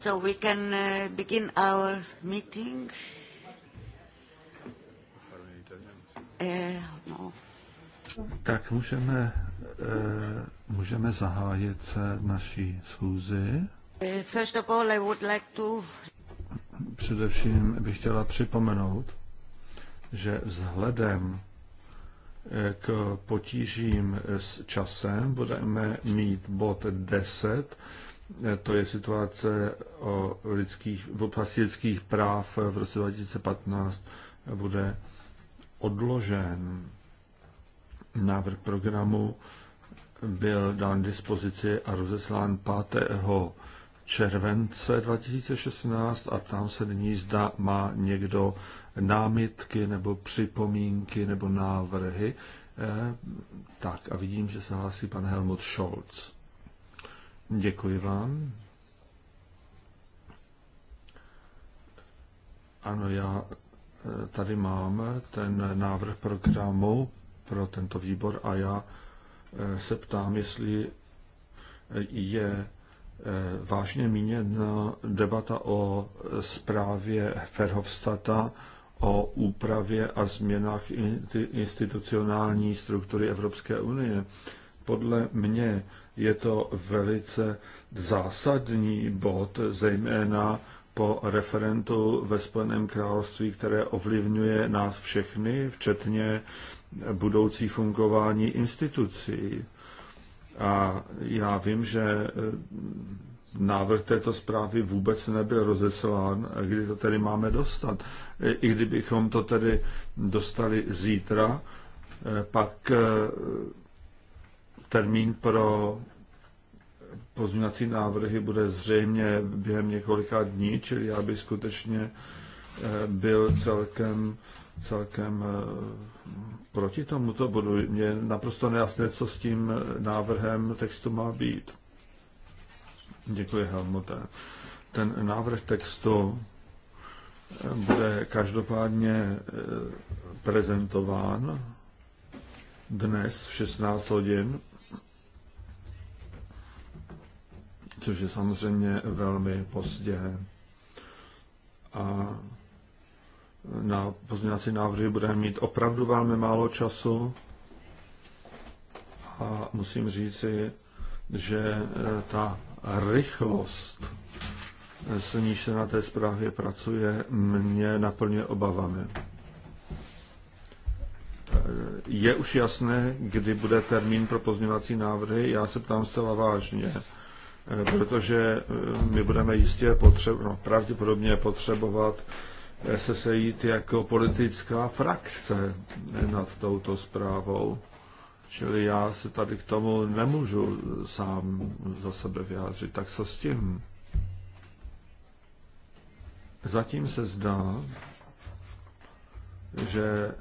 So we can uh, begin our meeting. Uh, no. Tak můžeme, uh, můžeme zahájit uh, naší schůzi. Uh, first of all, I would like to... Především bych chtěla připomenout, že vzhledem k potížím s časem budeme mít bod 10 Eh, to je situace o lidských, v oblasti lidských práv v roce 2015 bude odložen. Návrh programu byl dán dispozici a rozeslán 5. července 2016 a tam se nyní zda má někdo námitky nebo připomínky nebo návrhy. Eh, tak a vidím, že se hlásí pan Helmut Scholz. Děkuji vám. Ano, já eh, tady mám ten návrh programu pro tento výbor a já eh, se ptám, jestli eh, je vážně míněna debata o zprávě Ferhofstata o úpravě a změnách institucionální struktury Evropské unie. Podle mě je to velice zásadní bod, zejména po referentu ve Spojeném království, které ovlivňuje nás všechny, včetně budoucí fungování institucí. A já vím, že eh, návrh této zprávy vůbec nebyl rozeslán, kdy to tedy máme dostat. I kdybychom to tedy dostali zítra, eh, pak eh, Termín pro pozměňovací návrhy bude zřejmě během několika dní, čili já bych skutečně eh, byl celkem, celkem eh, proti tomuto bodu. Mně naprosto nejasné, co s tím eh, návrhem textu má být. Děkuji, Helmute. Ten návrh textu bude každopádně prezentován dnes v 16 hodin což je samozřejmě velmi pozdě. A na pozměňovací návrhy budeme mít opravdu velmi málo času a musím říci, že e, ta rychlost, e, s níž se na té zprávě pracuje, mě naplně obavami. E, je už jasné, kdy bude termín pro pozměňovací návrhy? Já se ptám zcela vážně. Eh, protože eh, my budeme jistě potřebovat, no, pravděpodobně potřebovat eh, se sejít jako politická frakce nad touto zprávou. Čili já se tady k tomu nemůžu sám za sebe vyjádřit. Tak co s tím? Zatím se zdá, že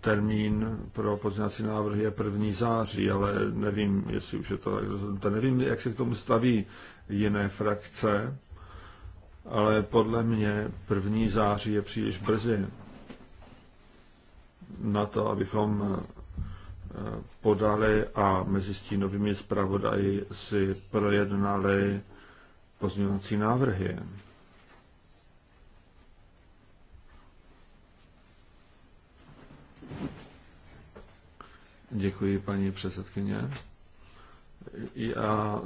termín pro pozměňovací návrh je 1. září, ale nevím, jestli už je to tak rozhodnuté. Nevím, jak se k tomu staví jiné frakce, ale podle mě 1. září je příliš brzy na to, abychom eh, podali a mezi stínovými zpravodaji si projednali pozměňovací návrhy. Děkuji, paní předsedkyně. Já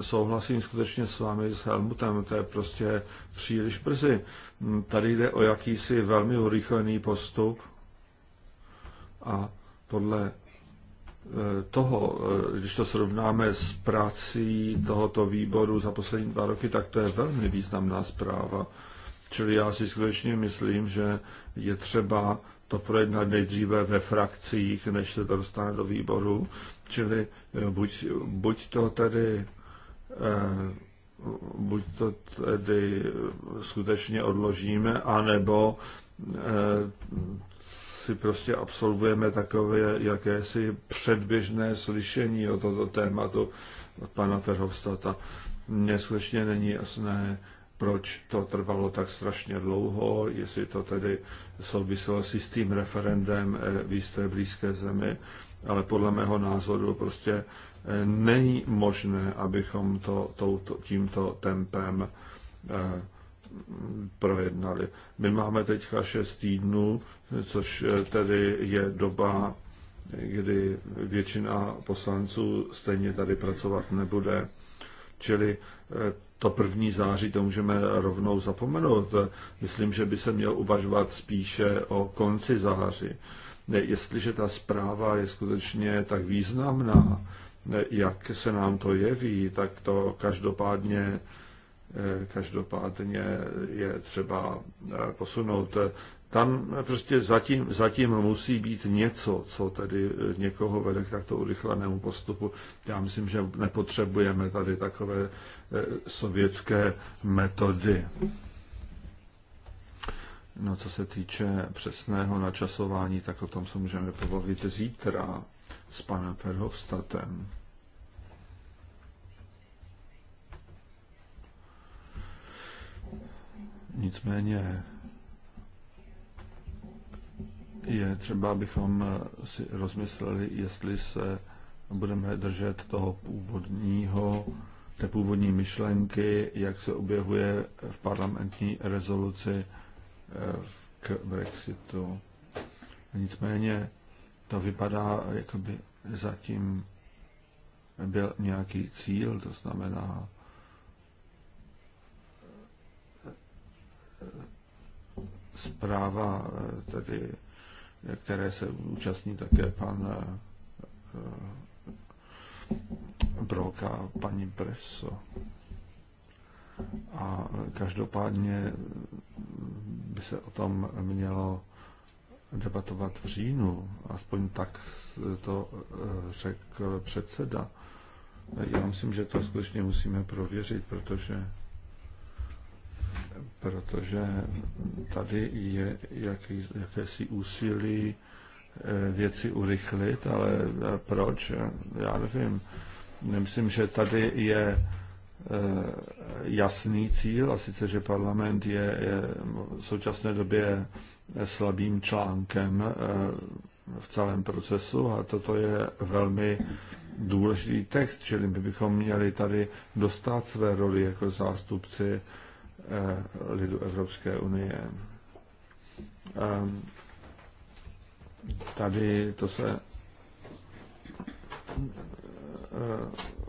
souhlasím skutečně s vámi s Helmutem, to je prostě příliš brzy. Tady jde o jakýsi velmi urychlený postup a podle eh, toho, eh, když to srovnáme s prací tohoto výboru za poslední dva roky, tak to je velmi významná zpráva. Čili já si skutečně myslím, že je třeba to projednat nejdříve ve frakcích, než se to dostane do výboru. Čili eh, buď, buď to tedy eh, buď to tedy skutečně odložíme, anebo eh, si prostě absolvujeme takové jakési předběžné slyšení o toto tématu od pana Ferhovstata. Mně skutečně není jasné, proč to trvalo tak strašně dlouho, jestli to tedy souviselo si s tím referendem eh, v jisté blízké zemi, ale podle mého názoru prostě eh, není možné, abychom to, to, to tímto tempem eh, projednali. My máme teďka 6 týdnů, což tedy je doba, kdy většina poslanců stejně tady pracovat nebude. Čili to první září to můžeme rovnou zapomenout. Myslím, že by se měl uvažovat spíše o konci září. Jestliže ta zpráva je skutečně tak významná, jak se nám to jeví, tak to každopádně, eh, každopádně je třeba eh, posunout. Tam prostě zatím, zatím musí být něco, co tedy eh, někoho vede k takto urychlenému postupu. Já myslím, že nepotřebujeme tady takové eh, sovětské metody. No, co se týče přesného načasování, tak o tom se můžeme pobavit zítra s panem Verhofstadtem. Nicméně je třeba, abychom eh, si rozmysleli, jestli se budeme držet toho původního, té původní myšlenky, jak se objevuje v parlamentní rezoluci eh, k Brexitu. Nicméně to vypadá, jako by zatím byl nějaký cíl, to znamená eh, zpráva tedy které se účastní také pan eh, eh, Brok a paní Preso. A každopádně by se o tom mělo debatovat v říjnu, aspoň tak to eh, řekl předseda. Já myslím, že to skutečně musíme prověřit, protože protože tady je jaký, jakési úsilí eh, věci urychlit, ale eh, proč? Já nevím. Nemyslím, že tady je eh, jasný cíl, a sice, že parlament je v současné době slabým článkem v celém procesu a toto je velmi důležitý text, čili my bychom měli tady dostat své roli jako zástupci Eh, lidu Evropské unie. Ehm, tady to se eh,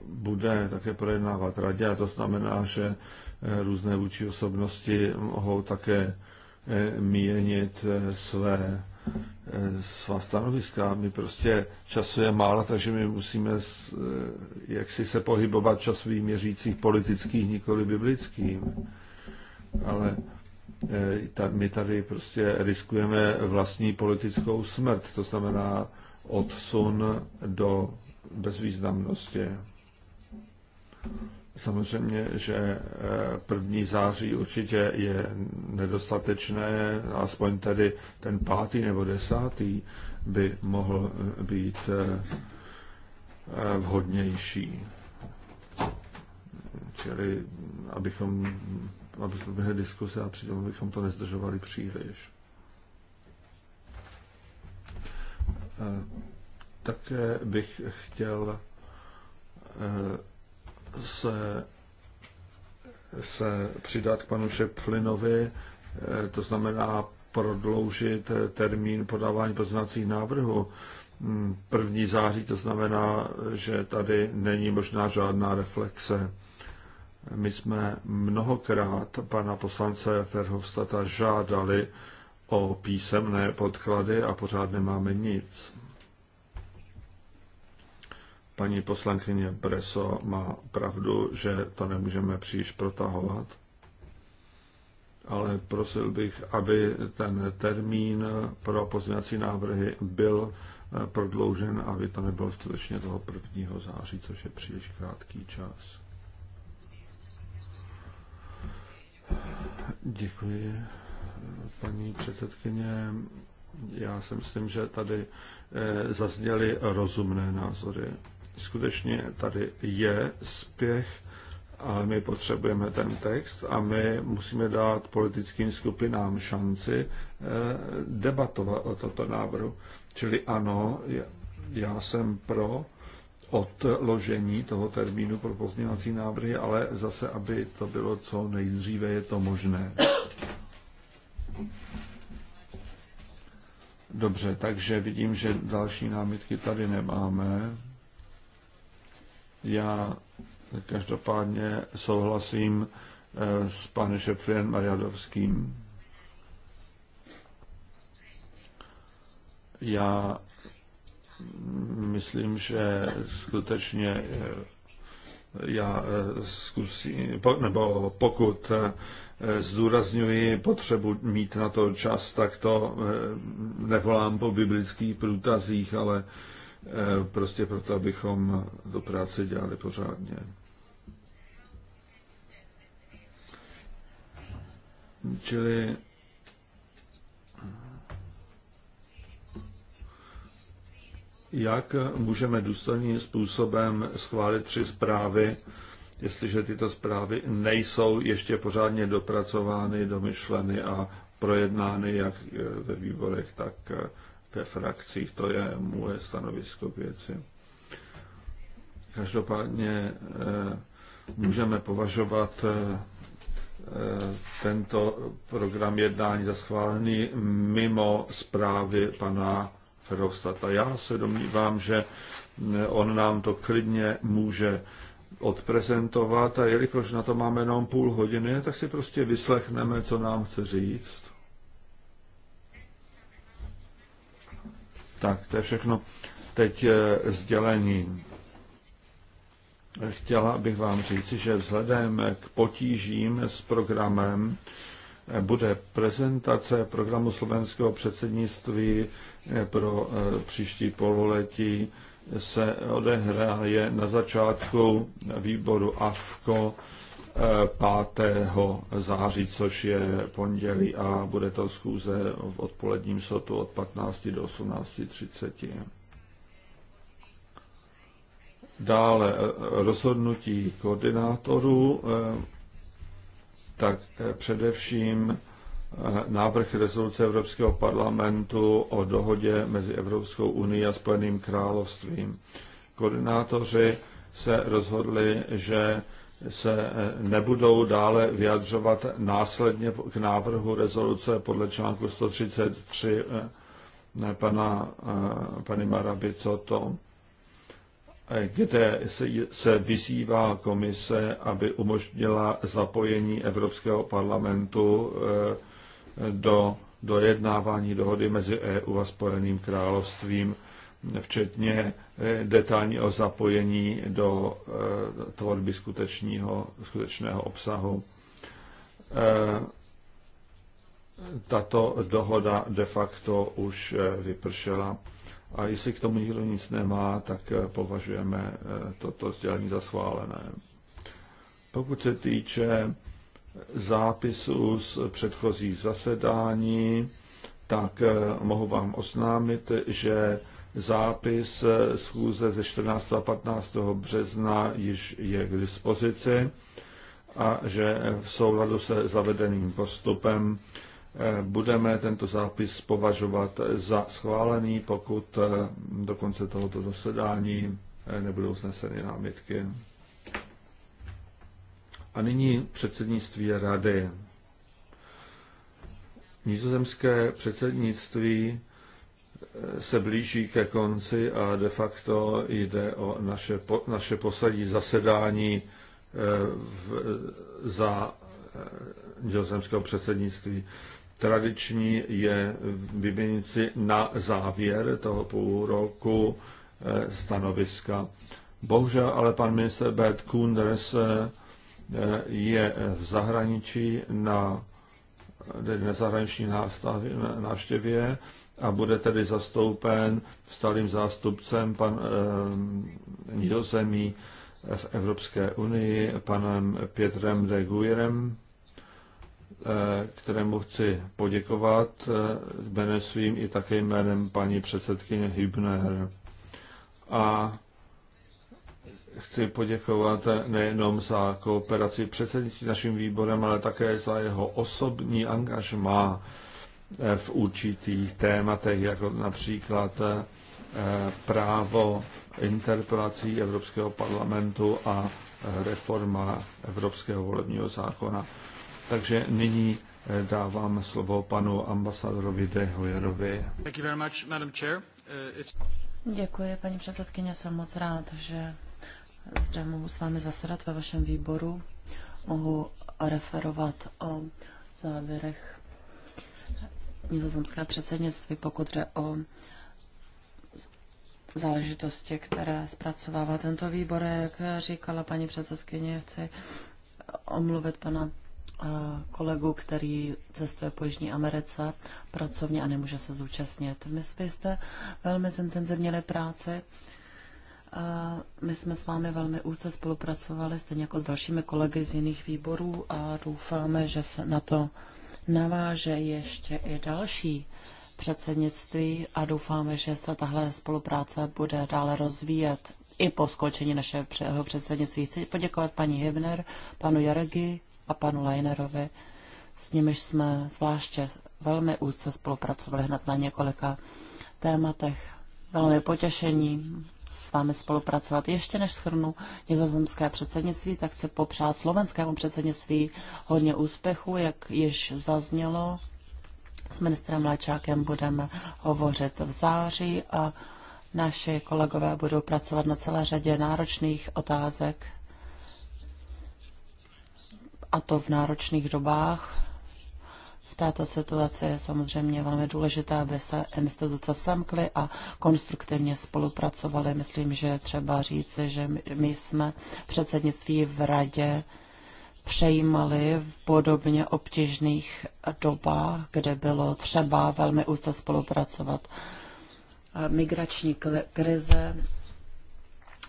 bude také projednávat radě a to znamená, že eh, různé vůči osobnosti mohou také měnit své, svá stanoviska. My prostě času je málo, takže my musíme jaksi se pohybovat časovým měřících politických, nikoli biblickým ale e, my tady prostě riskujeme vlastní politickou smrt, to znamená odsun do bezvýznamnosti. Samozřejmě, že e, první září určitě je nedostatečné, aspoň tedy ten pátý nebo desátý by mohl být e, vhodnější. Čili abychom aby proběhly diskuse a přitom bychom to nezdržovali příliš. Eh, také bych chtěl eh, se, se přidat k panu Šeplinovi, eh, to znamená prodloužit termín podávání poznacích návrhů. 1. Hmm, září, to znamená, že tady není možná žádná reflexe. My jsme mnohokrát pana poslance Ferhovstata žádali o písemné podklady a pořád nemáme nic. Paní poslankyně Breso má pravdu, že to nemůžeme příliš protahovat, ale prosil bych, aby ten termín pro pozměňovací návrhy byl prodloužen, aby to nebylo skutečně toho 1. září, což je příliš krátký čas. Děkuji, paní předsedkyně. Já si myslím, že tady eh, zazněly rozumné názory. Skutečně tady je spěch, ale my potřebujeme ten text a my musíme dát politickým skupinám šanci eh, debatovat o toto návrhu. Čili ano, já jsem pro odložení toho termínu pro pozměňovací návrhy, ale zase, aby to bylo co nejdříve je to možné. Dobře, takže vidím, že další námitky tady nemáme. Já každopádně souhlasím eh, s panem Šefrem Mariadovským. Já myslím, že skutečně eh, já eh, zkusím, nebo pokud eh, zdůrazňuji potřebu mít na to čas, tak to nevolám po biblických průtazích, ale prostě proto, abychom do práce dělali pořádně. Čili jak můžeme důstojným způsobem schválit tři zprávy, jestliže tyto zprávy nejsou ještě pořádně dopracovány, domyšleny a projednány jak eh, ve výborech, tak eh, ve frakcích. To je moje stanovisko k věci. Každopádně eh, můžeme považovat tento program jednání za schválený mimo zprávy pana a Já se domnívám, že on nám to klidně může odprezentovat a jelikož na to máme jenom půl hodiny, tak si prostě vyslechneme, co nám chce říct. Tak, to je všechno. Teď eh, sdělení. Chtěla bych vám říct, že vzhledem k potížím s programem eh, bude prezentace programu slovenského předsednictví Eh, pro eh, příští pololetí se odehraje na začátku výboru AFKO 5. Eh, září, což je pondělí a bude to schůze v odpoledním sotu od 15 do 18.30. Dále rozhodnutí koordinátorů, tak především návrh rezoluce Evropského parlamentu o dohodě mezi Evropskou unii a Spojeným královstvím. Koordinátoři se rozhodli, že se eh, nebudou dále vyjadřovat následně k návrhu rezoluce podle článku 133 eh, pana, eh, paní Marabi, co to, kde se vyzývá komise, aby umožnila zapojení Evropského parlamentu do dojednávání dohody mezi EU a Spojeným královstvím, včetně eh, detailního zapojení do eh, tvorby skutečního, skutečného obsahu. Eh, tato dohoda de facto už vypršela. A jestli k tomu nikdo nic nemá, tak považujeme toto sdělení za schválené. Pokud se týče zápisu z předchozích zasedání, tak eh, mohu vám oznámit, že zápis eh, schůze ze 14. a 15. března již je k dispozici a že v souladu se zavedeným postupem eh, budeme tento zápis považovat za schválený, pokud do konce tohoto zasedání nebudou zneseny námitky. A nyní předsednictví rady. Nizozemské předsednictví eh, se blíží ke konci a de facto jde o naše, naše poslední zasedání eh, v, za eh, nizozemského předsednictví. Tradiční je vyměnit si na závěr toho půl roku stanoviska. Bohužel ale pan minister Bert Kunders je v zahraničí na, na zahraniční návštěvě a bude tedy zastoupen stálým zástupcem pan eh, Nizozemí v Evropské unii, panem Pietrem de Guirem, eh, kterému chci poděkovat eh, jménem svým i také jménem paní předsedkyně Hübner. A chci poděkovat nejenom za kooperaci předsednictví naším výborem, ale také za jeho osobní angažmá eh, v určitých tématech, jako například eh, právo interpelací Evropského parlamentu a eh, reforma Evropského volebního zákona. Takže nyní dávám slovo panu ambasadorovi De Hoyerovi. Děkuji, paní předsedkyně, jsem moc rád, že zde mohu s vámi zasedat ve vašem výboru. Mohu referovat o závěrech nizozemské předsednictví, pokud jde o záležitosti, které zpracovává tento výbor. Jak říkala paní předsedkyně, chci omluvit pana eh, kolegu, který cestuje po Jižní Americe pracovně a nemůže se zúčastnit. My jste velmi zintenzivněli práci my jsme s vámi velmi úzce spolupracovali, stejně jako s dalšími kolegy z jiných výborů a doufáme, že se na to naváže ještě i další předsednictví a doufáme, že se tahle spolupráce bude dále rozvíjet i po skončení našeho předsednictví. Chci poděkovat paní Hibner, panu Jaregi a panu Leinerovi, s nimiž jsme zvláště velmi úzce spolupracovali hned na několika tématech. Velmi potěšení s vámi spolupracovat. Ještě než schrnu nizozemské předsednictví, tak chci popřát slovenskému předsednictví hodně úspěchu, jak již zaznělo. S ministrem Léčákem budeme hovořit v září a naši kolegové budou pracovat na celé řadě náročných otázek, a to v náročných dobách této situaci je samozřejmě velmi důležité, aby se instituce semkly a konstruktivně spolupracovaly. Myslím, že třeba říci, že my jsme předsednictví v radě přejímali v podobně obtížných dobách, kde bylo třeba velmi úzce spolupracovat. Migrační krize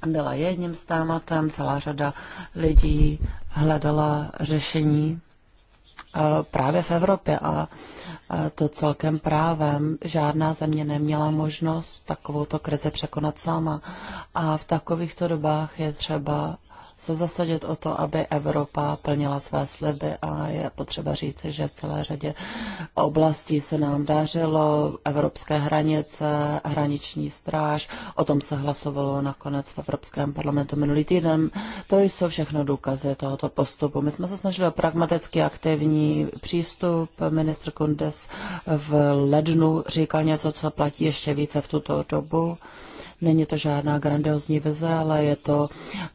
byla jedním z tématem, celá řada lidí hledala řešení Eh, právě v Evropě a eh, to celkem právem. Žádná země neměla možnost takovouto krizi překonat sama a v takovýchto dobách je třeba se zasadit o to, aby Evropa plnila své sliby a je potřeba říci, že v celé řadě oblastí se nám dařilo, evropské hranice, hraniční stráž, o tom se hlasovalo nakonec v Evropském parlamentu minulý týden. To jsou všechno důkazy tohoto postupu. My jsme se snažili o pragmaticky aktivní přístup. Ministr Kundes v lednu říkal něco, co platí ještě více v tuto dobu. Není to žádná grandiozní vize, ale je to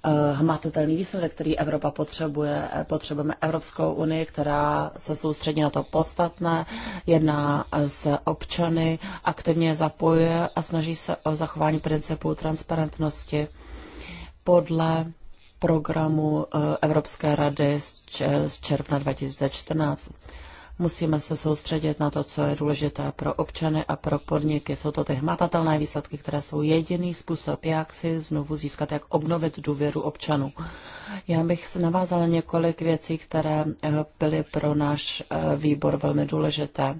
eh, hmatatelný výsledek, který Evropa potřebuje. Eh, potřebujeme Evropskou unii, která se soustředí na to podstatné, jedná eh, s občany, aktivně zapojuje a snaží se o zachování principu transparentnosti podle programu Evropské rady z června 2014. Musíme se soustředit na to, co je důležité pro občany a pro podniky. Jsou to ty hmatatelné výsledky, které jsou jediný způsob, jak si znovu získat, jak obnovit důvěru občanů. Já bych navázala několik věcí, které eh, byly pro náš eh, výbor velmi důležité.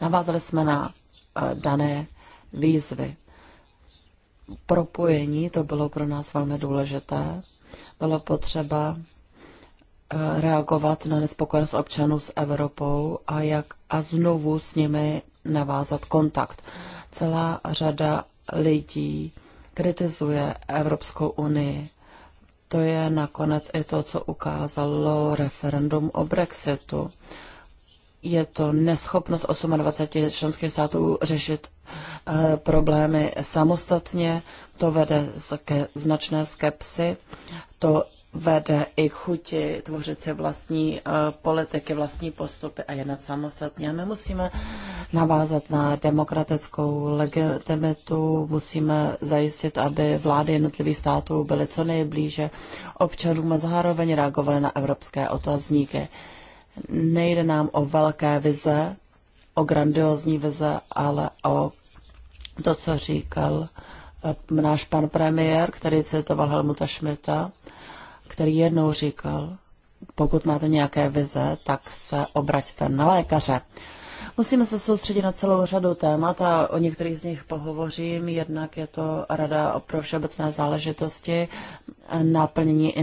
Navázali jsme na eh, dané výzvy. Propojení, to bylo pro nás velmi důležité. Bylo potřeba Eh, reagovat na nespokojenost občanů s Evropou a jak a znovu s nimi navázat kontakt. Celá řada lidí kritizuje Evropskou unii. To je nakonec i to, co ukázalo referendum o Brexitu. Je to neschopnost 28 členských států řešit e, problémy samostatně. To vede ke značné skepsy. To vede i k chuti tvořit si vlastní eh, politiky, vlastní postupy a jednat samostatně. A my musíme navázat na demokratickou legitimitu, musíme zajistit, aby vlády jednotlivých států byly co nejblíže občanům a zároveň reagovaly na evropské otazníky. Nejde nám o velké vize, o grandiozní vize, ale o to, co říkal eh, náš pan premiér, který citoval Helmuta Schmidta, který jednou říkal, pokud máte nějaké vize, tak se obraťte na lékaře. Musíme se soustředit na celou řadu témat a o některých z nich pohovořím. Jednak je to Rada pro všeobecné záležitosti, naplnění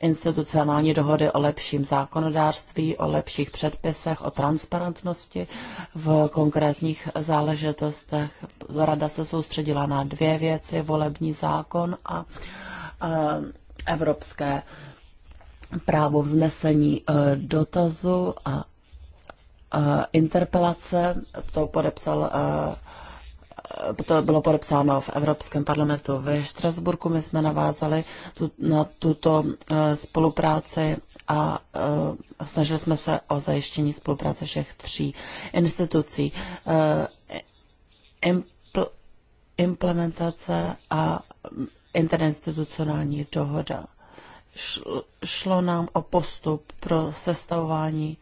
institucionální dohody o lepším zákonodárství, o lepších předpisech, o transparentnosti v konkrétních záležitostech. Rada se soustředila na dvě věci, volební zákon a, a evropské právo vznesení eh, dotazu a eh, interpelace. To podepsal eh, to bylo podepsáno v Evropském parlamentu ve Štrasburku. My jsme navázali tu, na tuto spolupráci a snažili jsme se o zajištění spolupráce všech tří institucí. implementace a interinstitucionální dohoda. Šlo nám o postup pro sestavování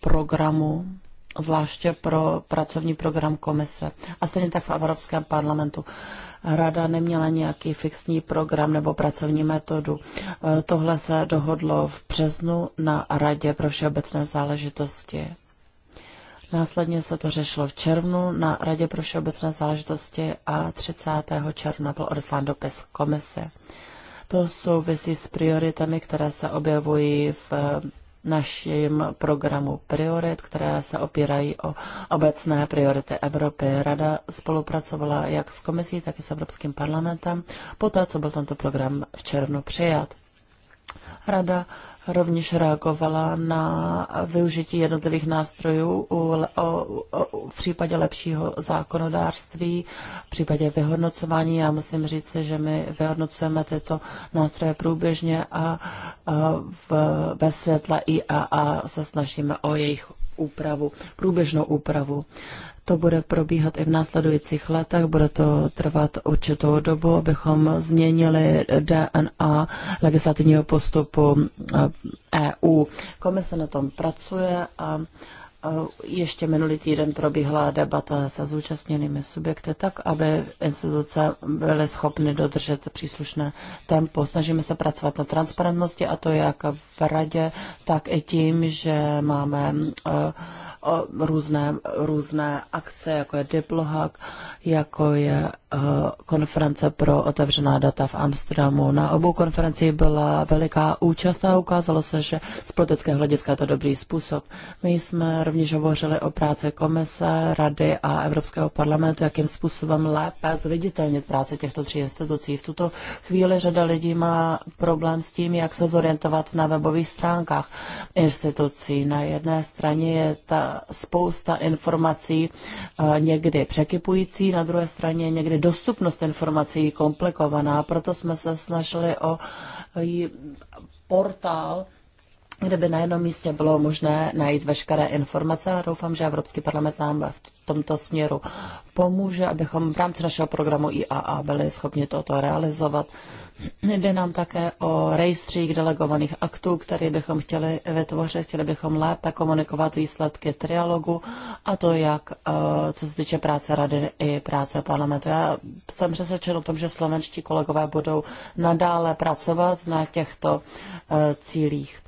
programu, zvláště pro pracovní program komise. A stejně tak v Evropském parlamentu. Rada neměla nějaký fixní program nebo pracovní metodu. E, tohle se dohodlo v březnu na Radě pro všeobecné záležitosti. Následně se to řešilo v červnu na Radě pro všeobecné záležitosti a 30. června byl odeslán dopis komise. To souvisí s prioritami, které se objevují v eh, naším programu priorit, které se opírají o obecné priority Evropy. Rada spolupracovala jak s komisí, tak i s Evropským parlamentem, poté co byl tento program v červnu přijat. Rada rovněž reagovala na využití jednotlivých nástrojů u, o, o, v případě lepšího zákonodárství, v případě vyhodnocování. Já musím říct, že my vyhodnocujeme tyto nástroje průběžně a, a v, ve světle IAA se snažíme o jejich úpravu, průběžnou úpravu. To bude probíhat i v následujících letech, bude to trvat určitou dobu, abychom změnili DNA legislativního postupu EU. Eh, e Komise na tom pracuje a ještě minulý týden probíhala debata se zúčastněnými subjekty tak, aby instituce byly schopny dodržet příslušné tempo. Snažíme se pracovat na transparentnosti a to jak v radě, tak i tím, že máme eh, o různé, různé akce, jako je Diplohack, jako je eh, konference pro otevřená data v Amsterdamu. Na obou konferencích byla veliká účast a ukázalo se, že z politického hlediska je to dobrý způsob. My jsme rovněž hovořili o práci komise, rady a Evropského parlamentu, jakým způsobem lépe zviditelnit práci těchto tří institucí. V tuto chvíli řada lidí má problém s tím, jak se zorientovat na webových stránkách institucí. Na jedné straně je ta spousta informací eh, někdy překypující, na druhé straně někdy dostupnost informací komplikovaná, proto jsme se snažili o eh, portál, kde by na jednom místě bylo možné najít veškeré informace a doufám, že Evropský parlament nám v tomto směru pomůže, abychom v rámci našeho programu IAA byli schopni toto realizovat. Jde nám také o rejstřík delegovaných aktů, který bychom chtěli vytvořit, chtěli bychom lépe komunikovat výsledky trialogu a to jak, eh, co se týče práce rady i práce parlamentu. Já jsem přesvědčen o tom, že slovenští kolegové budou nadále pracovat na těchto eh, cílích.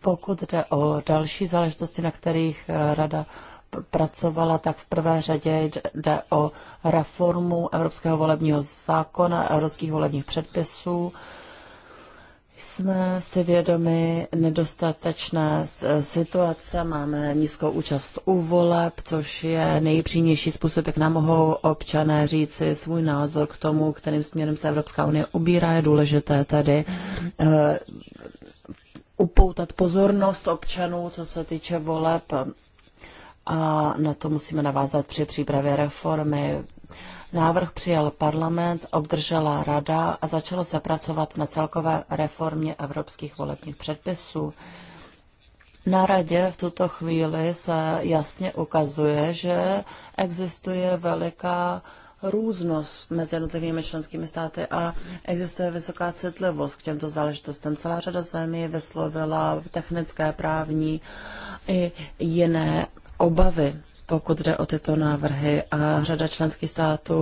Pokud jde o další záležitosti, na kterých eh, Rada pracovala, tak v prvé řadě jde o reformu Evropského volebního zákona, evropských volebních předpisů. Jsme si vědomi nedostatečné situace, máme nízkou účast u voleb, což je nejpřímější způsob, jak nám mohou občané říci svůj názor k tomu, kterým směrem se Evropská unie ubírá. Je důležité tedy eh, upoutat pozornost občanů, co se týče voleb a na to musíme navázat při přípravě reformy. Návrh přijal parlament, obdržela rada a začalo se pracovat na celkové reformě evropských volebních předpisů. Na radě v tuto chvíli se jasně ukazuje, že existuje veliká různost mezi jednotlivými členskými státy a existuje vysoká citlivost k těmto záležitostem. Celá řada zemí vyslovila technické, právní i jiné obavy pokud jde o tyto návrhy. A řada členských států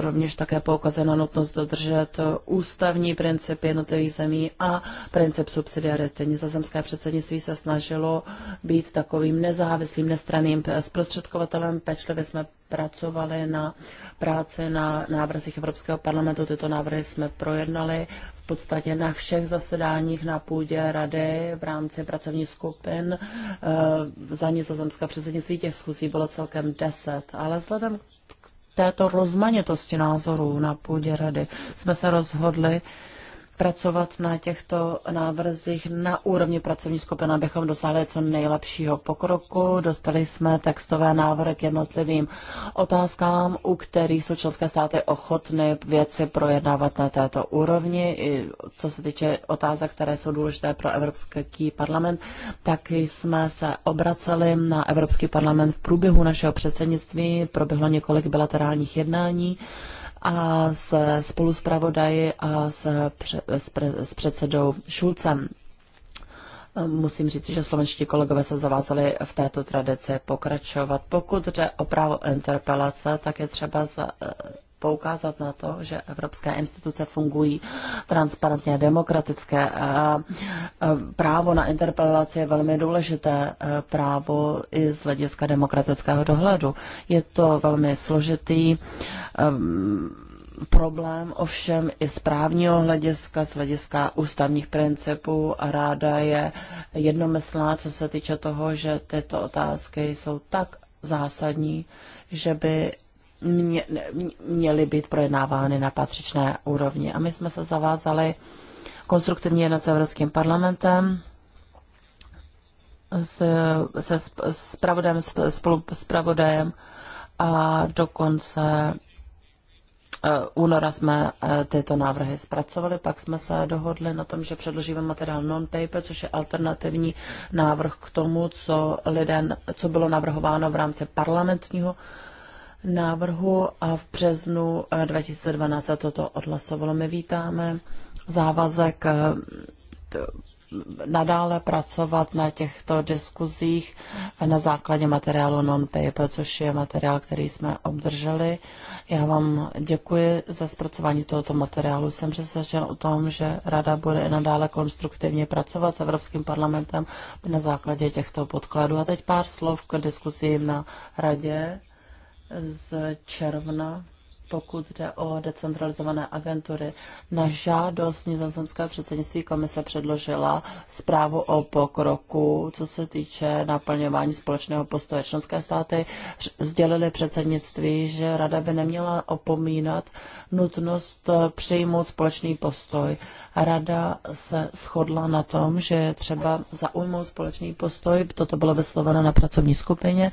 rovněž také poukazuje na nutnost dodržet ústavní princip jednotlivých zemí a princip subsidiarity. Nizozemské předsednictví se snažilo být takovým nezávislým, nestraným zprostředkovatelem. Pečlivě jsme pracovali na práci na návrzích Evropského parlamentu. Tyto návrhy jsme projednali v podstatě na všech zasedáních na půdě rady v rámci pracovních skupin. Eh, za nizozemské předsednictví těch schůzí bylo celkem deset, ale vzhledem k této rozmanitosti názorů na půdě rady jsme se rozhodli, pracovat na těchto návrzích na úrovni pracovní skupiny, abychom dosáhli co nejlepšího pokroku. Dostali jsme textové návrhy k jednotlivým otázkám, u kterých jsou členské státy ochotny věci projednávat na této úrovni. I co se týče otázek, které jsou důležité pro Evropský parlament, tak jsme se obraceli na Evropský parlament v průběhu našeho předsednictví. Proběhlo několik bilaterálních jednání a s spoluzpravodaji a s, pře, s, pre, s předsedou Šulcem. Musím říct, že slovenští kolegové se zavázali v této tradici pokračovat. Pokud jde o právo interpelace, tak je třeba za poukázat na to, že evropské instituce fungují transparentně demokratické. Právo na interpelaci je velmi důležité e, právo i z hlediska demokratického dohledu. Je to velmi složitý e, problém ovšem i z právního hlediska, z hlediska ústavních principů a ráda je jednomyslná, co se týče toho, že tyto otázky jsou tak zásadní, že by mě, měly být projednávány na patřičné úrovni. A my jsme se zavázali konstruktivně jednat s Evropským parlamentem, se, s spravodem, spolu pravodajem a dokonce eh, února jsme eh, tyto návrhy zpracovali, pak jsme se dohodli na tom, že předložíme materiál non-paper, což je alternativní návrh k tomu, co, lidem, co bylo navrhováno v rámci parlamentního návrhu a v březnu eh, 2012 se toto odhlasovalo. My vítáme závazek eh, nadále pracovat na těchto diskuzích eh, na základě materiálu non-paper, což je materiál, který jsme obdrželi. Já vám děkuji za zpracování tohoto materiálu. Jsem přesvědčen o tom, že Rada bude i nadále konstruktivně pracovat s Evropským parlamentem na základě těchto podkladů. A teď pár slov k diskuzím na Radě z června, pokud jde o decentralizované agentury. Na žádost nizozemského předsednictví komise předložila zprávu o pokroku, co se týče naplňování společného postoje. Členské státy sdělili předsednictví, že rada by neměla opomínat nutnost přijmout společný postoj. Rada se shodla na tom, že třeba zaujmout společný postoj, toto bylo vysloveno na pracovní skupině,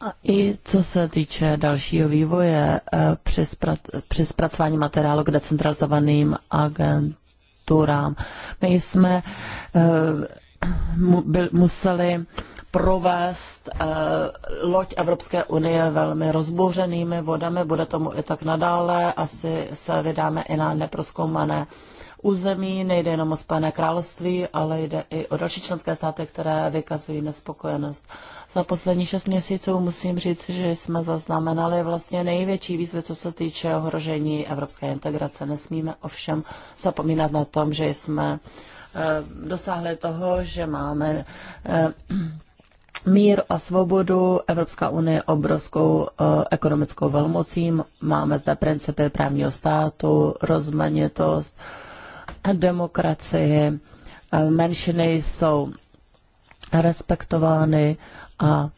a i co se týče dalšího vývoje při, eh, při zpracování materiálu k decentralizovaným agenturám, my jsme eh, museli provést eh, loď Evropské unie velmi rozbouřenými vodami. Bude tomu i tak nadále. Asi se vydáme i na neproskoumané území, nejde jenom o Spojené království, ale jde i o další členské státy, které vykazují nespokojenost. Za poslední šest měsíců musím říct, že jsme zaznamenali vlastně největší výzvy, co se týče ohrožení evropské integrace. Nesmíme ovšem zapomínat na tom, že jsme eh, dosáhli toho, že máme eh, mír a svobodu. Evropská unie obrovskou eh, ekonomickou velmocí. Máme zde principy právního státu, rozmanitost, Demokracie, menšiny jsou respektovány a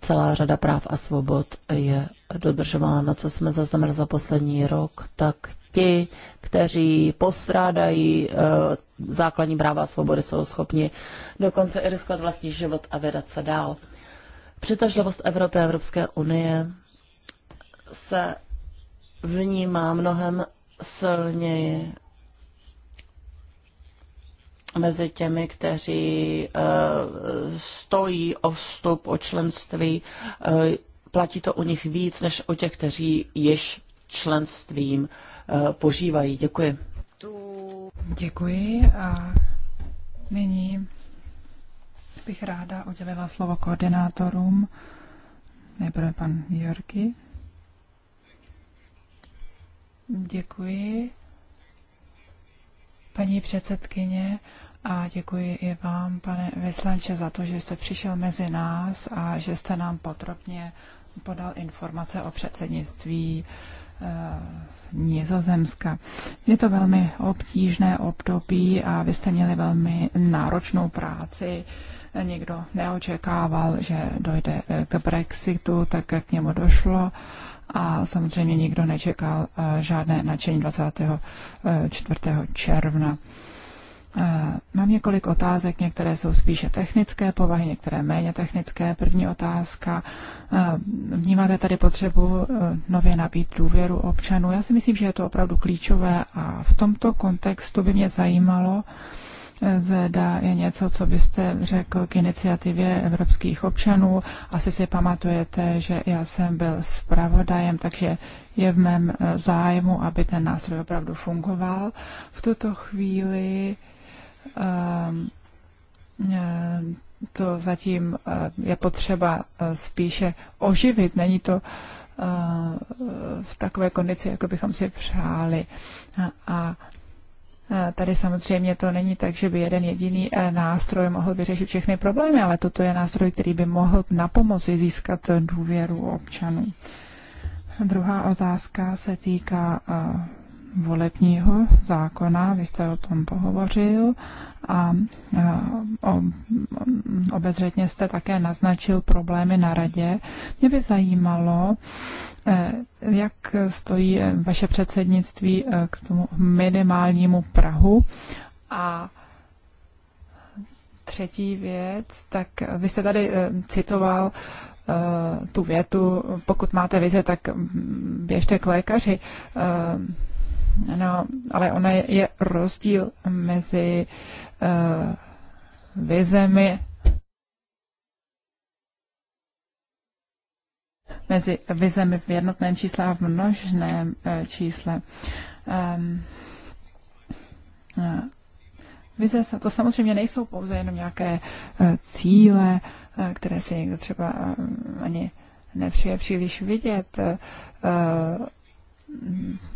celá řada práv a svobod je dodržována. Co jsme zaznamenali za poslední rok, tak ti, kteří postrádají eh, základní práva a svobody, jsou schopni dokonce i riskovat vlastní život a vydat se dál. Přitažlivost Evropy a Evropské unie se vnímá mnohem silněji mezi těmi, kteří eh, stojí o vstup, o členství. Eh, platí to u nich víc, než o těch, kteří již členstvím eh, požívají. Děkuji. Děkuji a nyní bych ráda udělila slovo koordinátorům. Nejprve pan Jorky. Děkuji paní předsedkyně, a děkuji i vám, pane vyslanče, za to, že jste přišel mezi nás a že jste nám podrobně podal informace o předsednictví eh, Nizozemska. Je to velmi obtížné období a vy jste měli velmi náročnou práci. Nikdo neočekával, že dojde eh, k Brexitu, tak jak k němu došlo a samozřejmě nikdo nečekal eh, žádné nadšení 24. Eh, června. Eh, mám několik otázek, některé jsou spíše technické povahy, některé méně technické. První otázka, vnímáte tady potřebu nově nabít důvěru občanů? Já si myslím, že je to opravdu klíčové a v tomto kontextu by mě zajímalo, zda je něco, co byste řekl k iniciativě evropských občanů. Asi si pamatujete, že já jsem byl zpravodajem, takže je v mém eh, zájmu, aby ten nástroj opravdu fungoval. V tuto chvíli um, to zatím eh, je potřeba spíše oživit. Není to v takové kondici, jako bychom si přáli. A, a Eh, tady samozřejmě to není tak, že by jeden jediný eh, nástroj mohl vyřešit všechny problémy, ale toto je nástroj, který by mohl na pomoci získat důvěru občanů. Druhá otázka se týká eh, volebního zákona, vy jste o tom pohovořil a obezřetně jste také naznačil problémy na radě. Mě by zajímalo, e, jak stojí e, vaše předsednictví e, k tomu minimálnímu Prahu a třetí věc, tak vy jste tady citoval tu větu, pokud máte vize, tak běžte k lékaři. No, ale ona je, je rozdíl mezi uh, vizemi mezi vizemi v jednotném čísle a v množném uh, čísle. Um, uh, vize, to samozřejmě nejsou pouze jenom nějaké uh, cíle, uh, které si někdo třeba uh, ani nepřije příliš vidět. Uh,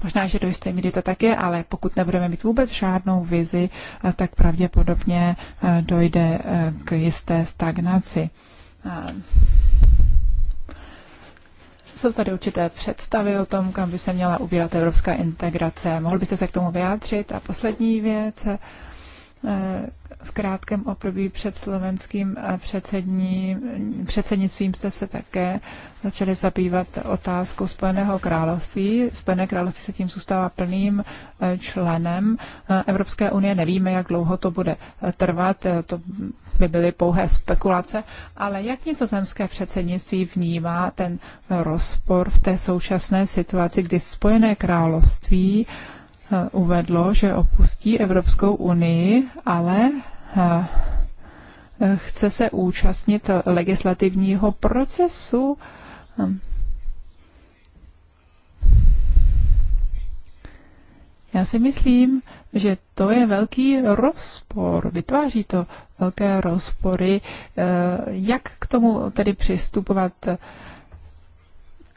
Možná, že do jisté míry to tak je, ale pokud nebudeme mít vůbec žádnou vizi, eh, tak pravděpodobně eh, dojde eh, k jisté stagnaci. Jsou tady určité představy o tom, kam by se měla ubírat evropská integrace. Mohl byste se k tomu vyjádřit? A poslední věc, v krátkém období před slovenským eh, předsednictvím jste se také začali zabývat otázkou Spojeného království. Spojené království se tím zůstává plným eh, členem eh, Evropské unie. Nevíme, jak dlouho to bude trvat. To by byly pouhé spekulace, ale jak nizozemské předsednictví vnímá ten rozpor v té současné situaci, kdy Spojené království uh, Eh, uvedlo, že opustí Evropskou unii, ale eh, chce se účastnit legislativního procesu. Já si myslím, že to je velký rozpor, vytváří to velké rozpory, eh, jak k tomu tedy přistupovat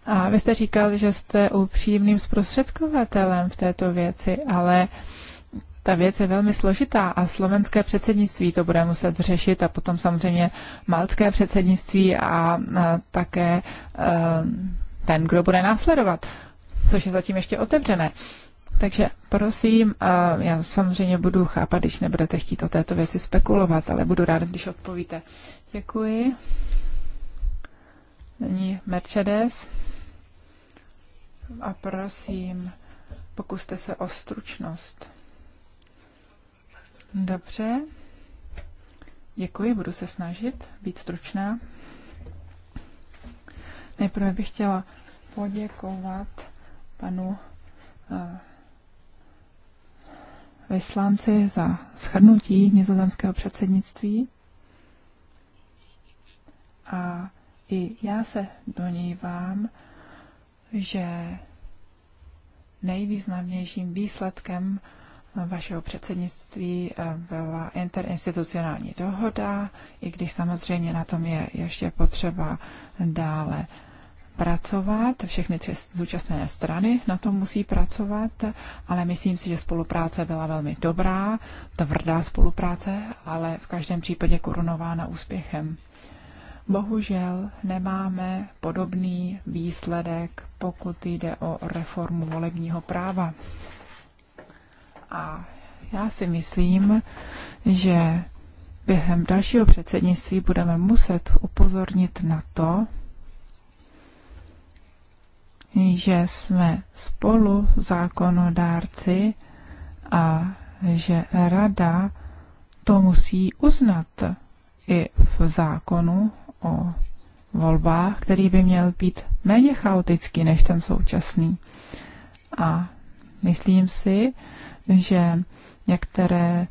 a vy jste říkal, že jste upřímným zprostředkovatelem v této věci, ale ta věc je velmi složitá a slovenské předsednictví to bude muset řešit a potom samozřejmě maltské předsednictví a, a také ehm, ten, kdo bude následovat, což je zatím ještě otevřené. Takže prosím, já samozřejmě budu chápat, když nebudete chtít o této věci spekulovat, ale budu rád, když odpovíte. Děkuji. Není Mercedes a prosím, pokuste se o stručnost. Dobře. Děkuji, budu se snažit být stručná. Nejprve bych chtěla poděkovat panu eh, vyslanci za shrnutí nizozemského předsednictví. A i já se do vám že nejvýznamnějším výsledkem vašeho předsednictví eh, byla interinstitucionální dohoda, i když samozřejmě na tom je ještě potřeba dále pracovat, všechny tři zúčastněné strany na tom musí pracovat, ale myslím si, že spolupráce byla velmi dobrá, tvrdá spolupráce, ale v každém případě korunována úspěchem. Bohužel nemáme podobný výsledek pokud jde o reformu volebního práva. A já si myslím, že během dalšího předsednictví budeme muset upozornit na to, že jsme spolu zákonodárci a že rada to musí uznat i v zákonu o volbách, který by měl být méně chaotický než ten současný. A myslím si, že některé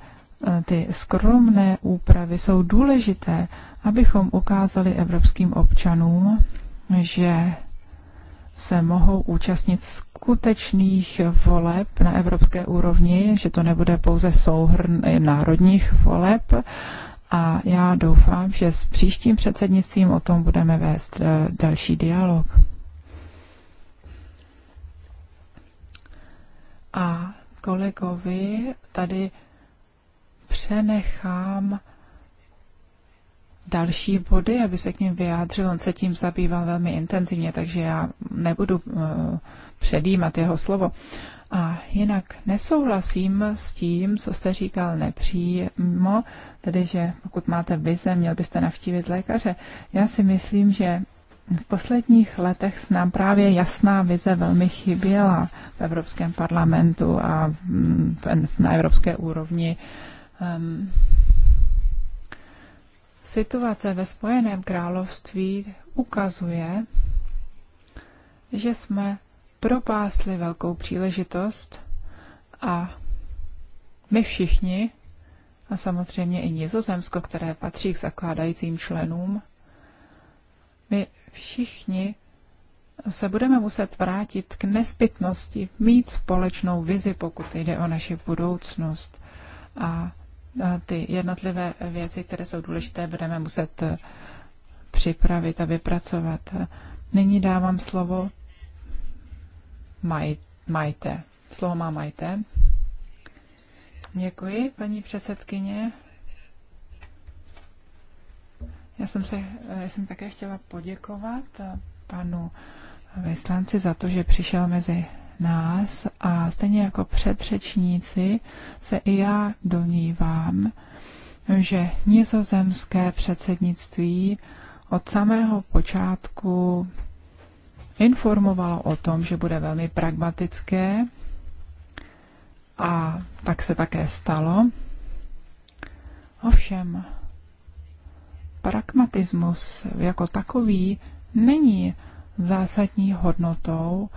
eh, ty skromné úpravy jsou důležité, abychom ukázali evropským občanům, že se mohou účastnit skutečných voleb na evropské úrovni, že to nebude pouze souhrn eh, národních voleb, a já doufám, že s příštím předsednictvím o tom budeme vést eh, další dialog. A kolegovi tady přenechám další body, aby se k ním vyjádřil. On se tím zabýval velmi intenzivně, takže já nebudu eh, předjímat jeho slovo. Uh, a jinak nesouhlasím s tím, co jste říkal nepřímo, tedy že pokud máte vize, měl byste navštívit lékaře. Já si myslím, že v posledních letech nám právě jasná vize velmi chyběla v Evropském parlamentu a na evropské úrovni. Ehm, situace ve Spojeném království ukazuje, že jsme propásli velkou příležitost a my všichni, a samozřejmě i Nizozemsko, které patří k zakládajícím členům, my všichni se budeme muset vrátit k nezbytnosti mít společnou vizi, pokud jde o naši budoucnost. A ty jednotlivé věci, které jsou důležité, budeme muset připravit a vypracovat. Nyní dávám slovo Maj, Majte. Slovo má Majte. Děkuji, paní předsedkyně. Já jsem, se, já jsem také chtěla poděkovat panu vyslanci za to, že přišel mezi nás a stejně jako předřečníci se i já domnívám, že nizozemské předsednictví od samého počátku informovalo o tom, že bude velmi pragmatické a tak se také stalo. Ovšem, pragmatismus jako takový není zásadní hodnotou,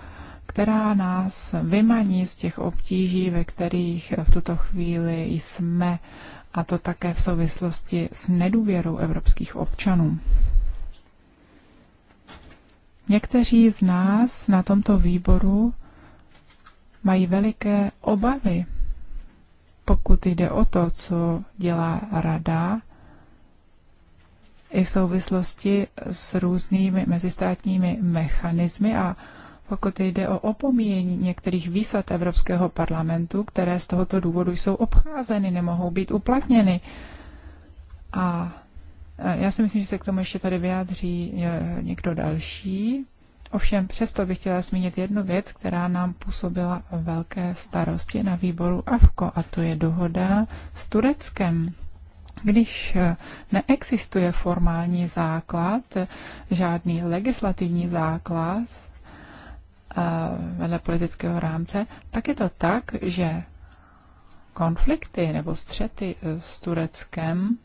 která nás vymaní z těch obtíží, ve kterých v tuto chvíli jsme, a to také v souvislosti s nedůvěrou evropských občanů. Někteří z nás na tomto výboru mají veliké obavy, pokud jde o to, co dělá rada, i v souvislosti s různými mezistátními mechanismy a pokud jde o opomíjení některých výsad Evropského parlamentu, které z tohoto důvodu jsou obcházeny, nemohou být uplatněny. A Eh, já si myslím, že se k tomu ještě tady vyjádří eh, někdo další. Ovšem přesto bych chtěla zmínit jednu věc, která nám působila velké starosti na výboru AFKO, a to je dohoda s Tureckem. Když eh, neexistuje formální základ, žádný legislativní základ vedle politického rámce, tak je to tak, že konflikty nebo střety s Tureckem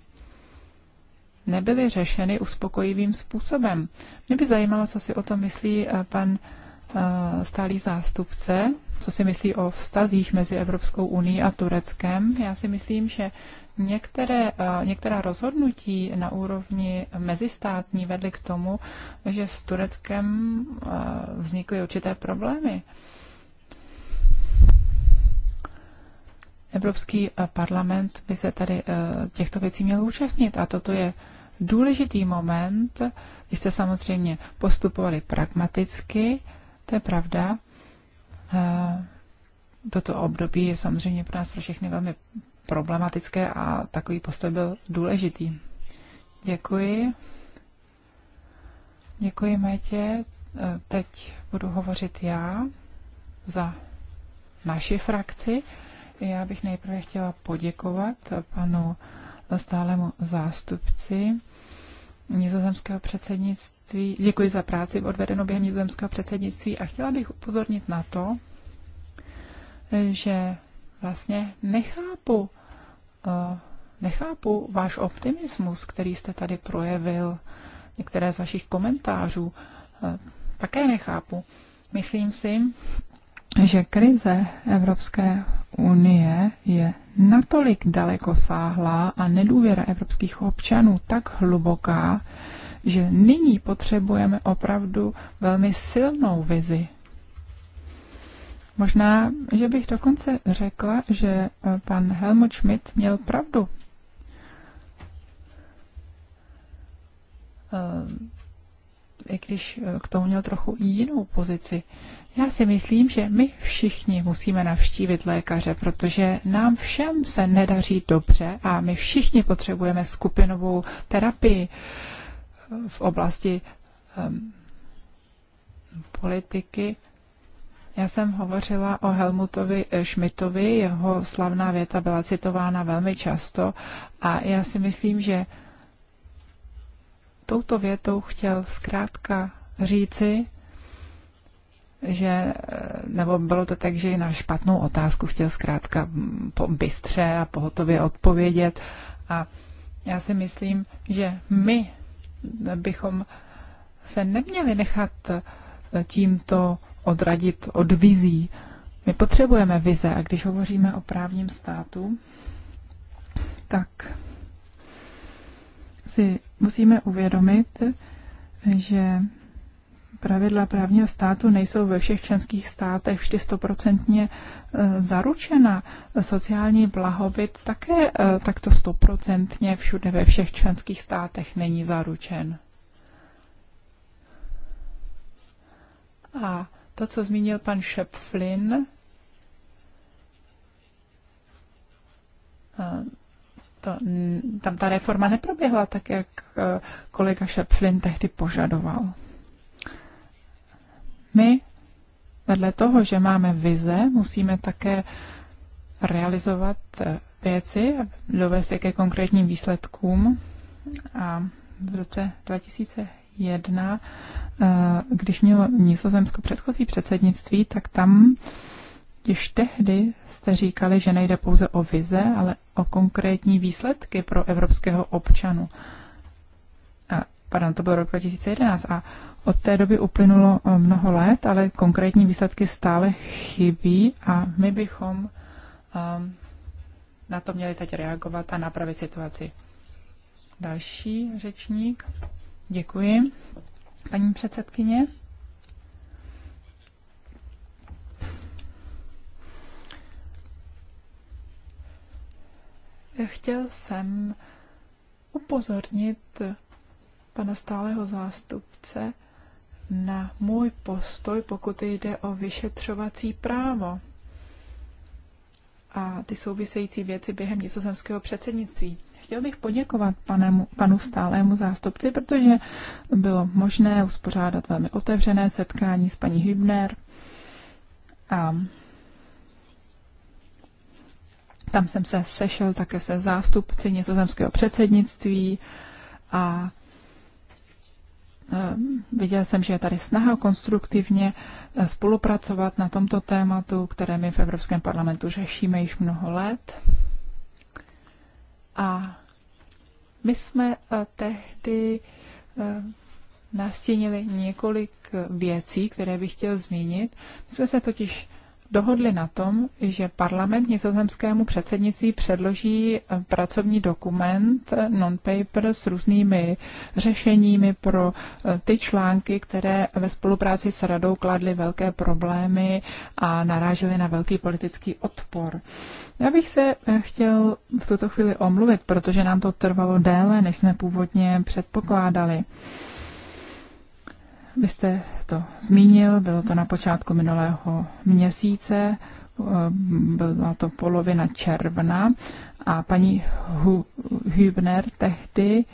nebyly řešeny uspokojivým způsobem. Mě by zajímalo, co si o tom myslí eh, pan eh, stálý zástupce, co si myslí o vztazích mezi Evropskou unii a Tureckem. Já si myslím, že Některé, eh, některá rozhodnutí na úrovni mezistátní vedly k tomu, že s Tureckem vznikly určité problémy. Evropský eh, parlament by se tady eh, těchto věcí měl účastnit a toto je důležitý moment. Vy jste samozřejmě postupovali pragmaticky, to je pravda. Eh, toto období je samozřejmě pro nás pro všechny velmi problematické a takový postoj byl důležitý. Děkuji. Děkuji, Métě. Teď budu hovořit já za naši frakci. Já bych nejprve chtěla poděkovat panu stálemu zástupci nizozemského předsednictví. Děkuji za práci odvedenou během nizozemského předsednictví a chtěla bych upozornit na to, že vlastně nechápu, eh, nechápu váš optimismus, který jste tady projevil, některé z vašich komentářů, eh, také nechápu. Myslím si, že krize Evropské unie je natolik dalekosáhlá a nedůvěra evropských občanů tak hluboká, že nyní potřebujeme opravdu velmi silnou vizi. Možná, že bych dokonce řekla, že eh, pan Helmut Schmidt měl pravdu. Eh, I když eh, k tomu měl trochu jinou pozici. Já si myslím, že my všichni musíme navštívit lékaře, protože nám všem se nedaří dobře a my všichni potřebujeme skupinovou terapii eh, v oblasti um, politiky. Já jsem hovořila o Helmutovi eh, Schmidtovi, jeho slavná věta byla citována velmi často a já si myslím, že touto větou chtěl zkrátka říci, že, nebo bylo to tak, že i na špatnou otázku chtěl zkrátka bystře a pohotově odpovědět. A já si myslím, že my bychom se neměli nechat tímto odradit od vizí. My potřebujeme vize a když hovoříme o právním státu, tak si musíme uvědomit, že pravidla právního státu nejsou ve všech členských státech vždy stoprocentně e, zaručena. Sociální blahobyt také e, takto stoprocentně všude ve všech členských státech není zaručen. A to, co zmínil pan Šepflin, e, to, tam ta reforma neproběhla tak, jak kolega Šepflin tehdy požadoval. My vedle toho, že máme vize, musíme také realizovat eh, věci a dovést je ke konkrétním výsledkům. A v roce 2001, eh, když mělo Nizozemsko předchozí předsednictví, tak tam již tehdy jste říkali, že nejde pouze o vize, ale o konkrétní výsledky pro evropského občanu. A, pardon, to bylo rok 2011. A od té doby uplynulo eh, mnoho let, ale konkrétní výsledky stále chybí a my bychom ehm, na to měli teď reagovat a napravit situaci. Další řečník. Děkuji. Paní předsedkyně. Chtěl jsem upozornit pana stáleho zástupce na můj postoj, pokud jde o vyšetřovací právo a ty související věci během nizozemského předsednictví. Chtěl bych poděkovat panemu, panu stálému zástupci, protože bylo možné uspořádat velmi otevřené setkání s paní Hübner a tam jsem se sešel také se zástupci nizozemského předsednictví a Eh, viděl jsem, že je tady snaha konstruktivně eh, spolupracovat na tomto tématu, které my v Evropském parlamentu řešíme již mnoho let. A my jsme eh, tehdy nastínili několik věcí, které bych chtěl zmínit. My jsme se totiž dohodli na tom, že parlament nizozemskému předsednictví předloží eh, pracovní dokument eh, non-paper s různými řešeními pro eh, ty články, které ve spolupráci s radou kladly velké problémy a narážely na velký politický odpor. Já bych se chtěl v tuto chvíli omluvit, protože nám to trvalo déle, než jsme původně předpokládali. Vy jste to zmínil, bylo to na počátku minulého měsíce, eh, byla to polovina června a paní Hübner tehdy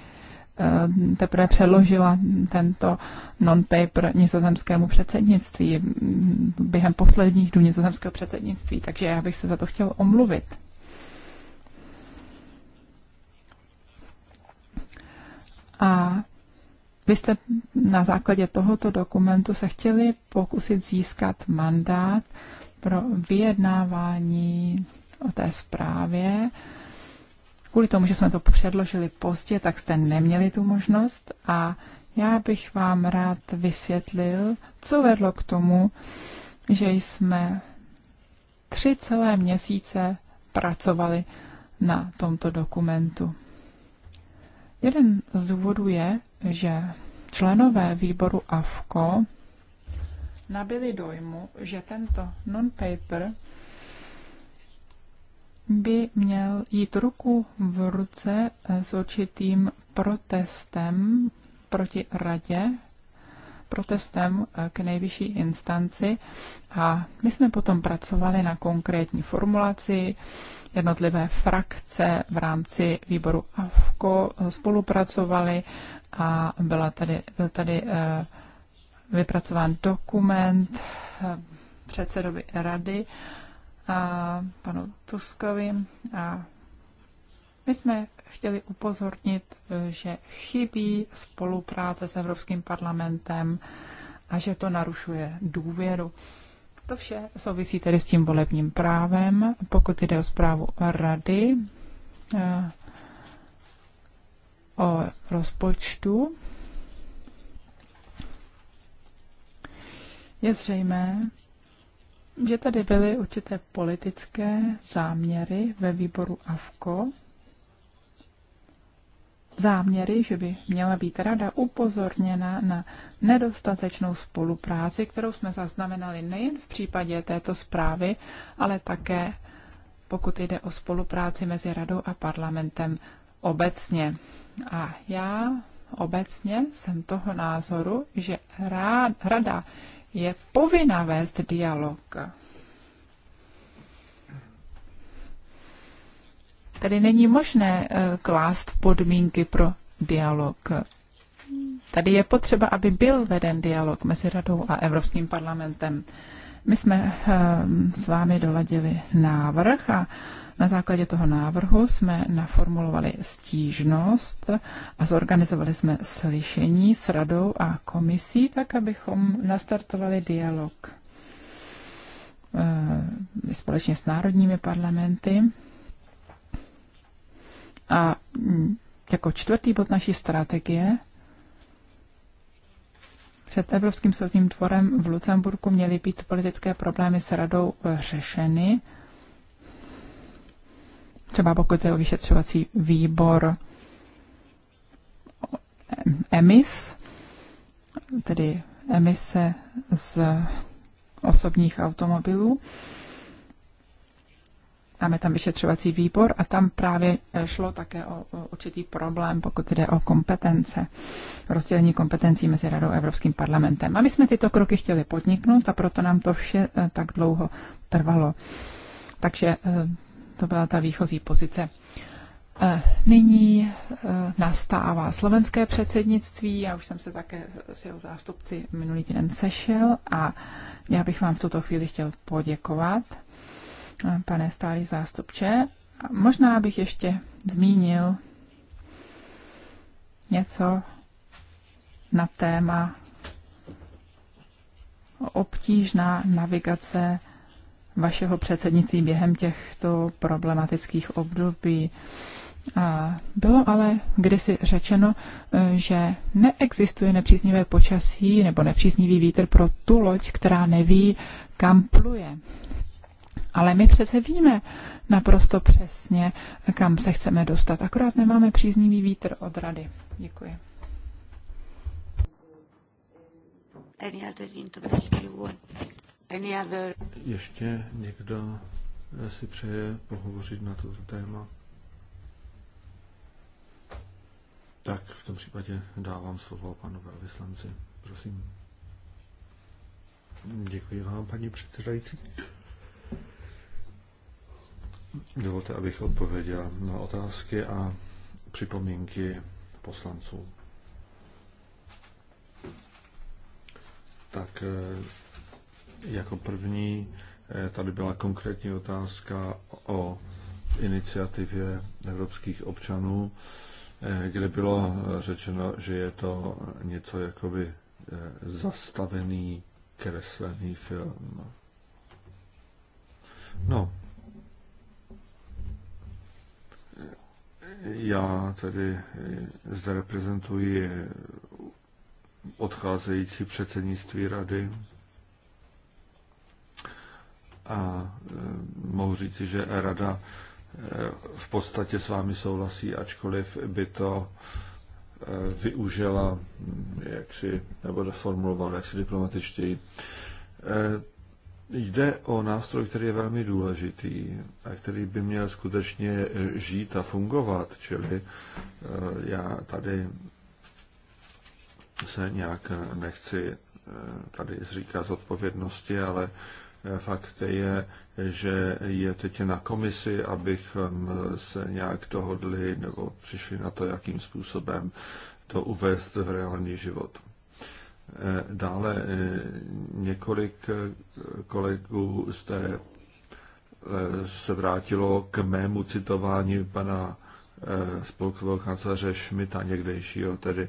eh, teprve přeložila tento non-paper nizozemskému předsednictví během posledních dnů nizozemského předsednictví, takže já bych se za to chtěl omluvit. A vy jste na základě tohoto dokumentu se chtěli pokusit získat mandát pro vyjednávání o té zprávě. Kvůli tomu, že jsme to předložili pozdě, tak jste neměli tu možnost a já bych vám rád vysvětlil, co vedlo k tomu, že jsme tři celé měsíce pracovali na tomto dokumentu. Jeden z důvodů je, že členové výboru AFKO nabili dojmu, že tento non-paper by měl jít ruku v ruce s určitým protestem proti radě, protestem k nejvyšší instanci a my jsme potom pracovali na konkrétní formulaci. Jednotlivé frakce v rámci výboru AFKO spolupracovali a byla tady, byl tady eh, vypracován dokument eh, předsedovi rady a panu Tuskovi a my jsme chtěli upozornit, eh, že chybí spolupráce s Evropským parlamentem a že to narušuje důvěru. To vše souvisí tedy s tím volebním právem. Pokud jde o zprávu rady, o rozpočtu, je zřejmé, že tady byly určité politické záměry ve výboru AFKO, záměry, že by měla být rada upozorněna na nedostatečnou spolupráci, kterou jsme zaznamenali nejen v případě této zprávy, ale také pokud jde o spolupráci mezi radou a parlamentem obecně. A já obecně jsem toho názoru, že rada je povinna vést dialog. Tady není možné eh, klást podmínky pro dialog. Tady je potřeba, aby byl veden dialog mezi radou a Evropským parlamentem. My jsme eh, s vámi doladili návrh a na základě toho návrhu jsme naformulovali stížnost a zorganizovali jsme slyšení s radou a komisí, tak abychom nastartovali dialog eh, společně s národními parlamenty. A mm, jako čtvrtý bod naší strategie před Evropským soudním dvorem v Lucemburku měly být politické problémy s radou řešeny třeba pokud je o vyšetřovací výbor emis, tedy emise z osobních automobilů. Máme tam vyšetřovací výbor a tam právě eh, šlo také o, o určitý problém, pokud jde o kompetence, rozdělení kompetencí mezi Radou a Evropským parlamentem. A my jsme tyto kroky chtěli podniknout a proto nám to vše eh, tak dlouho trvalo. Takže eh, to byla ta výchozí pozice. E, nyní e, nastává slovenské předsednictví, já už jsem se také s jeho zástupci minulý týden sešel a já bych vám v tuto chvíli chtěl poděkovat, e, pane stálý zástupče. Možná bych ještě zmínil něco na téma obtížná navigace vašeho předsednictví během těchto problematických období. A bylo ale kdysi řečeno, že neexistuje nepříznivé počasí nebo nepříznivý vítr pro tu loď, která neví, kam pluje. Ale my přece víme naprosto přesně, kam se chceme dostat. Akorát nemáme příznivý vítr od rady. Děkuji. Any other intervention you ještě někdo si přeje pohovořit na toto téma? Tak v tom případě dávám slovo panu velvyslanci. Prosím. Děkuji vám, paní předsedající. Dovolte, abych odpověděl na otázky a připomínky poslanců. Tak eh, jako první eh, tady byla konkrétní otázka o iniciativě evropských občanů, eh, kde bylo řečeno, že je to něco jakoby eh, zastavený kreslený film. No, já tedy zde reprezentuji odcházející předsednictví rady a e, mohu říci, že rada e, v podstatě s vámi souhlasí, ačkoliv by to e, využila, jak si, nebo deformulovala, jak si diplomatičtěji. Jde o nástroj, který je velmi důležitý a který by měl skutečně žít a fungovat, čili já tady se nějak nechci tady zříkat odpovědnosti, ale Fakt je, že je teď na komisi, abychom se nějak dohodli nebo přišli na to, jakým způsobem to uvést v reálný život. Dále několik kolegů zde eh, se vrátilo k mému citování pana eh, spolkového kanceláře Šmita někdejšího, tedy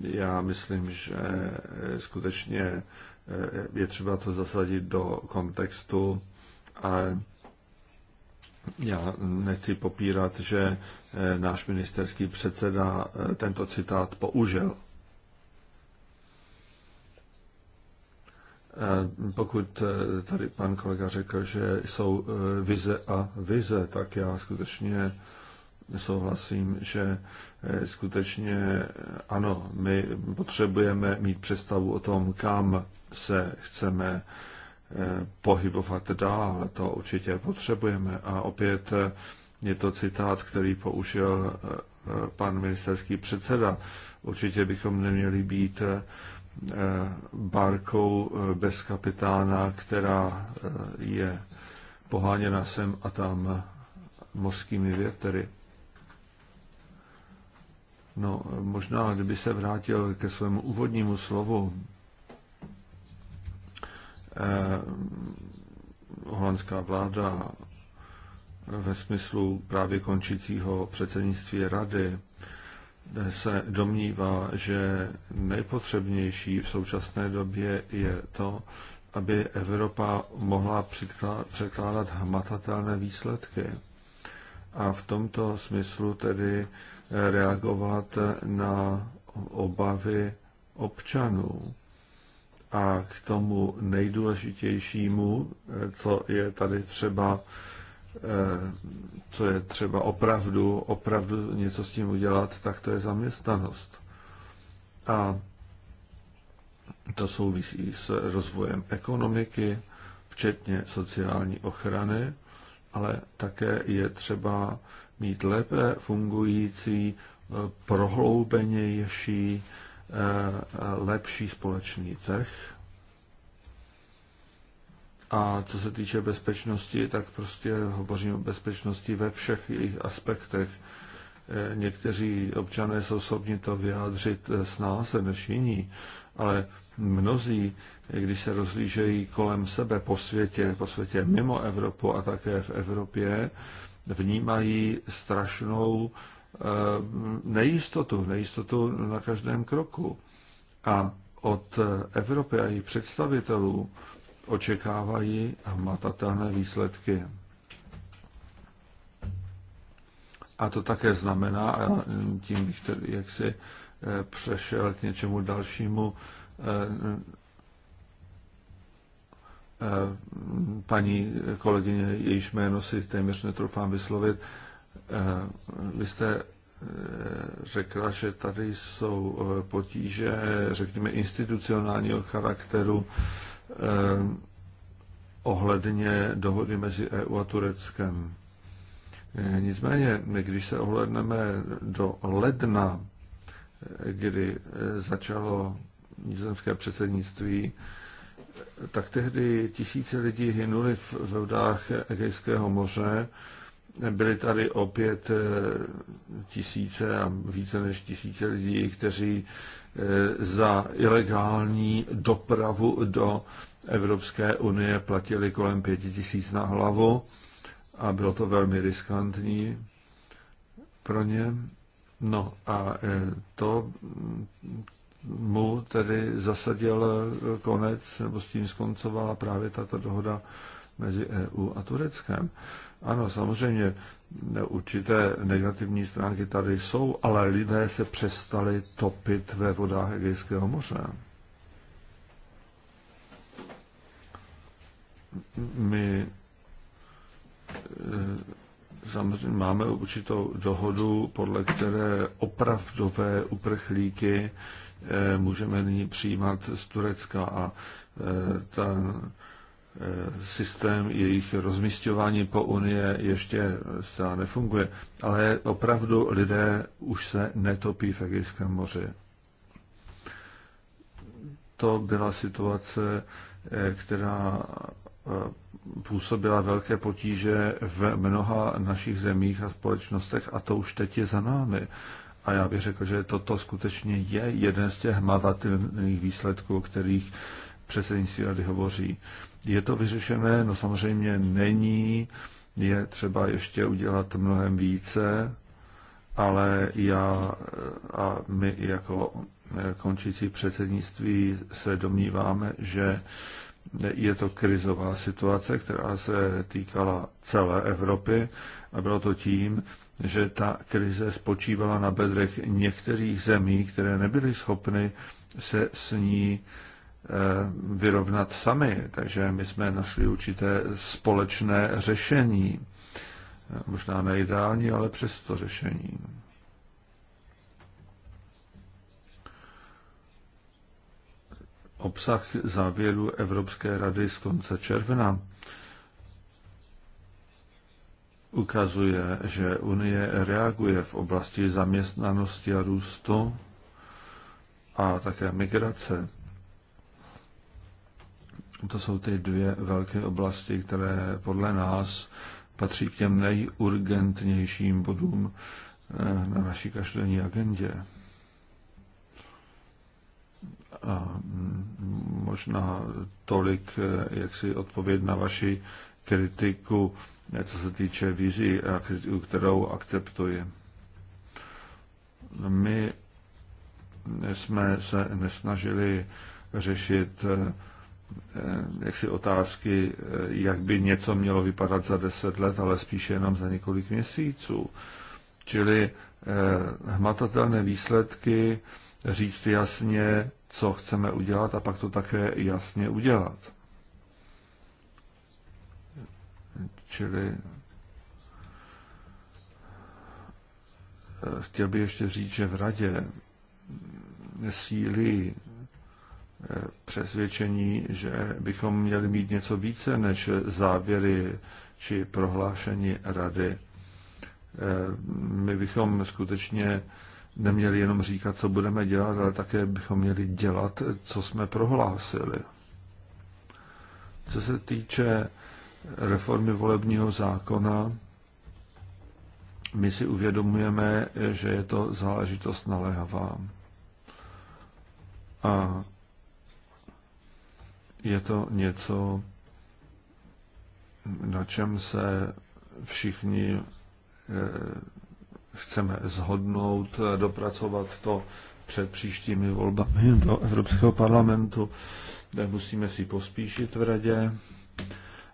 já myslím, že eh, skutečně Eh, je třeba to zasadit do kontextu a já nechci popírat, že eh, náš ministerský předseda eh, tento citát použil. Pokud tady pan kolega řekl, že jsou vize a vize, tak já skutečně souhlasím, že skutečně ano, my potřebujeme mít představu o tom, kam se chceme eh, pohybovat dál. To určitě potřebujeme. A opět eh, je to citát, který použil eh, pan ministerský předseda. Určitě bychom neměli být barkou bez kapitána, která je poháněna sem a tam mořskými větry. No, možná, kdyby se vrátil ke svému úvodnímu slovu, Eh, holandská vláda ve smyslu právě končícího předsednictví rady eh, se domnívá, že nejpotřebnější v současné době je to, aby Evropa mohla překládat hmatatelné výsledky. A v tomto smyslu tedy eh, reagovat na obavy občanů a k tomu nejdůležitějšímu, eh, co je tady třeba, eh, co je třeba opravdu, opravdu něco s tím udělat, tak to je zaměstnanost. A to souvisí s rozvojem ekonomiky, včetně sociální ochrany, ale také je třeba mít lépe fungující, eh, prohloubenější Eh, lepší společný trh. A co se týče bezpečnosti, tak prostě hovořím o bezpečnosti ve všech jejich aspektech. Eh, někteří občané jsou schopni to vyjádřit eh, s nás než jiní, ale mnozí, když se rozlížejí kolem sebe po světě, po světě mimo Evropu a také v Evropě, vnímají strašnou Eh, nejistotu, nejistotu na každém kroku. A od Evropy a jejich představitelů očekávají hmatatelné výsledky. A to také znamená, a tím bych tedy jaksi eh, přešel k něčemu dalšímu, eh, paní kolegyně, jejíž jméno si téměř netroufám vyslovit, Eh, vy jste eh, řekla, že tady jsou eh, potíže, řekněme, institucionálního charakteru ohledně dohody mezi EU a Tureckem. Nicméně, když se ohledneme do ledna, kdy začalo nizozemské předsednictví, tak tehdy tisíce lidí hynuli v vodách Egejského moře Byly tady opět eh, tisíce a více než tisíce lidí, kteří eh, za ilegální dopravu do Evropské unie platili kolem pěti tisíc na hlavu a bylo to velmi riskantní pro ně. No a eh, to mm, mu tedy zasadil konec, nebo s tím skoncovala právě tato dohoda mezi EU a Tureckem. Ano, samozřejmě určité negativní stránky tady jsou, ale lidé se přestali topit ve vodách Egejského moře. My e, samozřejmě máme určitou dohodu, podle které opravdové uprchlíky e, můžeme nyní přijímat z Turecka a e, ten Eh, systém jejich rozmístování po Unie ještě zcela nefunguje, ale opravdu lidé už se netopí v Egejském moři. To byla situace, eh, která eh, působila velké potíže v mnoha našich zemích a společnostech a to už teď je za námi. A já bych řekl, že toto skutečně je jeden z těch hmatatelných výsledků, o kterých předsednictví rady hovoří. Je to vyřešené? No samozřejmě není. Je třeba ještě udělat mnohem více, ale já eh, a my jako eh, končící předsednictví se domníváme, že je to krizová situace, která se týkala celé Evropy a bylo to tím, že ta krize spočívala na bedrech některých zemí, které nebyly schopny se s ní Eh, vyrovnat sami. Takže my jsme našli určité společné řešení. Eh, možná neideální, ale přesto řešení. Obsah závěru Evropské rady z konce června ukazuje, že Unie reaguje v oblasti zaměstnanosti a růstu a také migrace to jsou ty dvě velké oblasti, které podle nás patří k těm nejurgentnějším bodům eh, na naší každodenní agendě. A možná tolik, eh, jak si odpověd na vaši kritiku, eh, co se týče vizi a kritiku, kterou akceptuji. My jsme se nesnažili řešit Eh, jaksi otázky, eh, jak by něco mělo vypadat za deset let, ale spíše jenom za několik měsíců. Čili eh, hmatatelné výsledky, říct jasně, co chceme udělat a pak to také jasně udělat. Čili chtěl bych ještě říct, že v radě sílí přesvědčení, že bychom měli mít něco více než závěry či prohlášení rady. Eh, my bychom skutečně neměli jenom říkat, co budeme dělat, ale také bychom měli dělat, co jsme prohlásili. Co se týče reformy volebního zákona, my si uvědomujeme, že je to záležitost naléhavá. A je to něco, na čem se všichni eh, chceme zhodnout, eh, dopracovat to před příštími volbami do Evropského parlamentu. Eh, musíme si pospíšit v radě.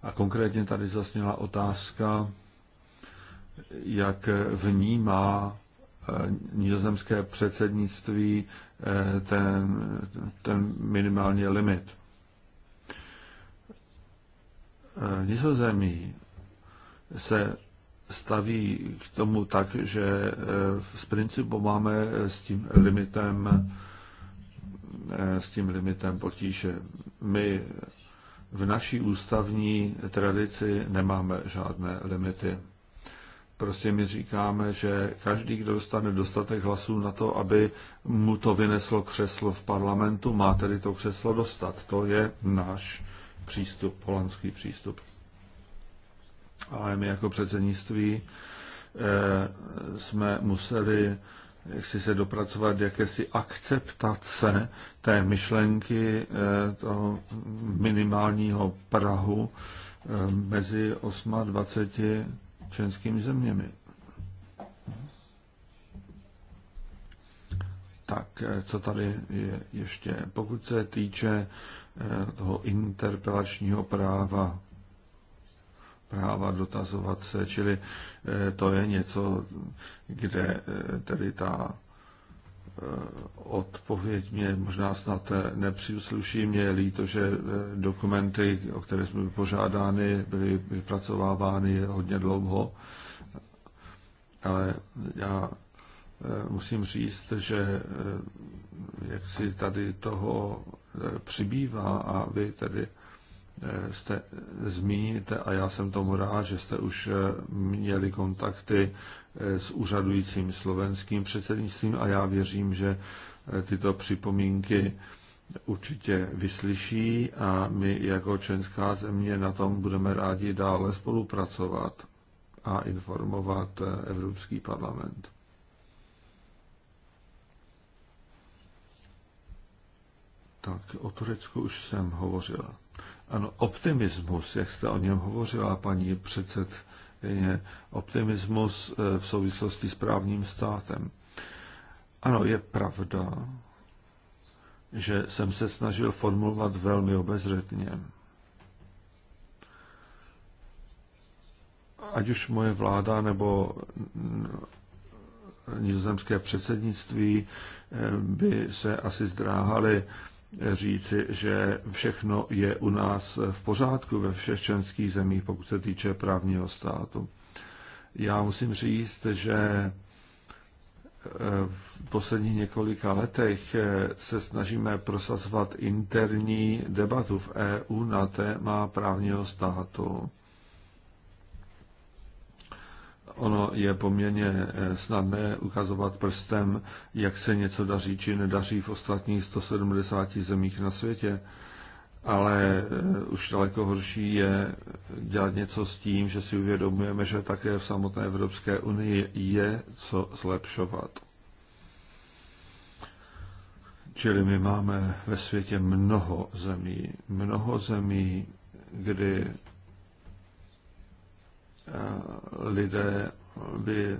A konkrétně tady zasněla otázka, jak vnímá nizozemské předsednictví ten, ten minimální limit. Eh, Nizozemí se staví k tomu tak, že z eh, principu máme eh, s tím limitem s tím limitem potíže. My v naší ústavní tradici nemáme žádné limity. Prostě my říkáme, že každý, kdo dostane dostatek hlasů na to, aby mu to vyneslo křeslo v parlamentu, má tedy to křeslo dostat. To je náš přístup, holandský přístup. Ale my jako předsednictví eh, jsme museli jak si se dopracovat jakési akceptace té myšlenky eh, toho minimálního Prahu eh, mezi 28 členskými zeměmi. Tak, co tady je ještě? Pokud se týče Eh, toho interpelačního práva, práva dotazovat se, čili eh, to je něco, kde eh, tedy ta odpověď mě možná snad nepřísluší. Mě je líto, že dokumenty, o které jsme požádány, byly vypracovávány hodně dlouho, ale já musím říct, že jak si tady toho Eh, přibývá a vy tedy eh, jste eh, zmíníte, a já jsem tomu rád, že jste už měli kontakty s úřadujícím slovenským předsednictvím a já věřím, že tyto připomínky určitě vyslyší a my jako členská země na tom budeme rádi dále spolupracovat a informovat Evropský parlament. Tak o Turecku už jsem hovořila. Ano, optimismus, jak jste o něm hovořila, paní je optimismus eh, v souvislosti s právním státem. Ano, je pravda, že jsem se snažil formulovat velmi obezřetně. Ať už moje vláda nebo nizozemské předsednictví eh, by se asi zdráhali říci, že všechno je u nás v pořádku ve všech členských zemích, pokud se týče právního státu. Já musím říct, že e, v posledních několika letech e, se snažíme prosazovat interní debatu v EU na téma právního státu ono je poměrně eh, snadné ukazovat prstem, jak se něco daří či nedaří v ostatních 170 zemích na světě, ale eh, už daleko horší je dělat něco s tím, že si uvědomujeme, že také v samotné Evropské unii je co zlepšovat. Čili my máme ve světě mnoho zemí, mnoho zemí, kdy Eh, lidé by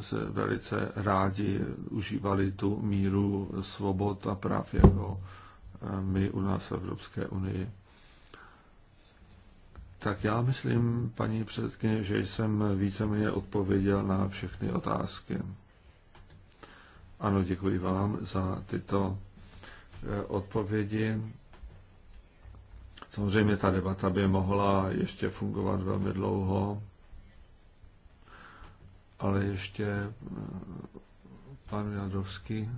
se velice rádi užívali tu míru svobod a práv jako eh, my u nás v Evropské unii. Tak já myslím, paní předsedkyně, že jsem víceméně odpověděl na všechny otázky. Ano, děkuji vám za tyto eh, odpovědi. Samozřejmě ta debata by mohla ještě fungovat velmi dlouho ale ještě eh, pan Jadovský.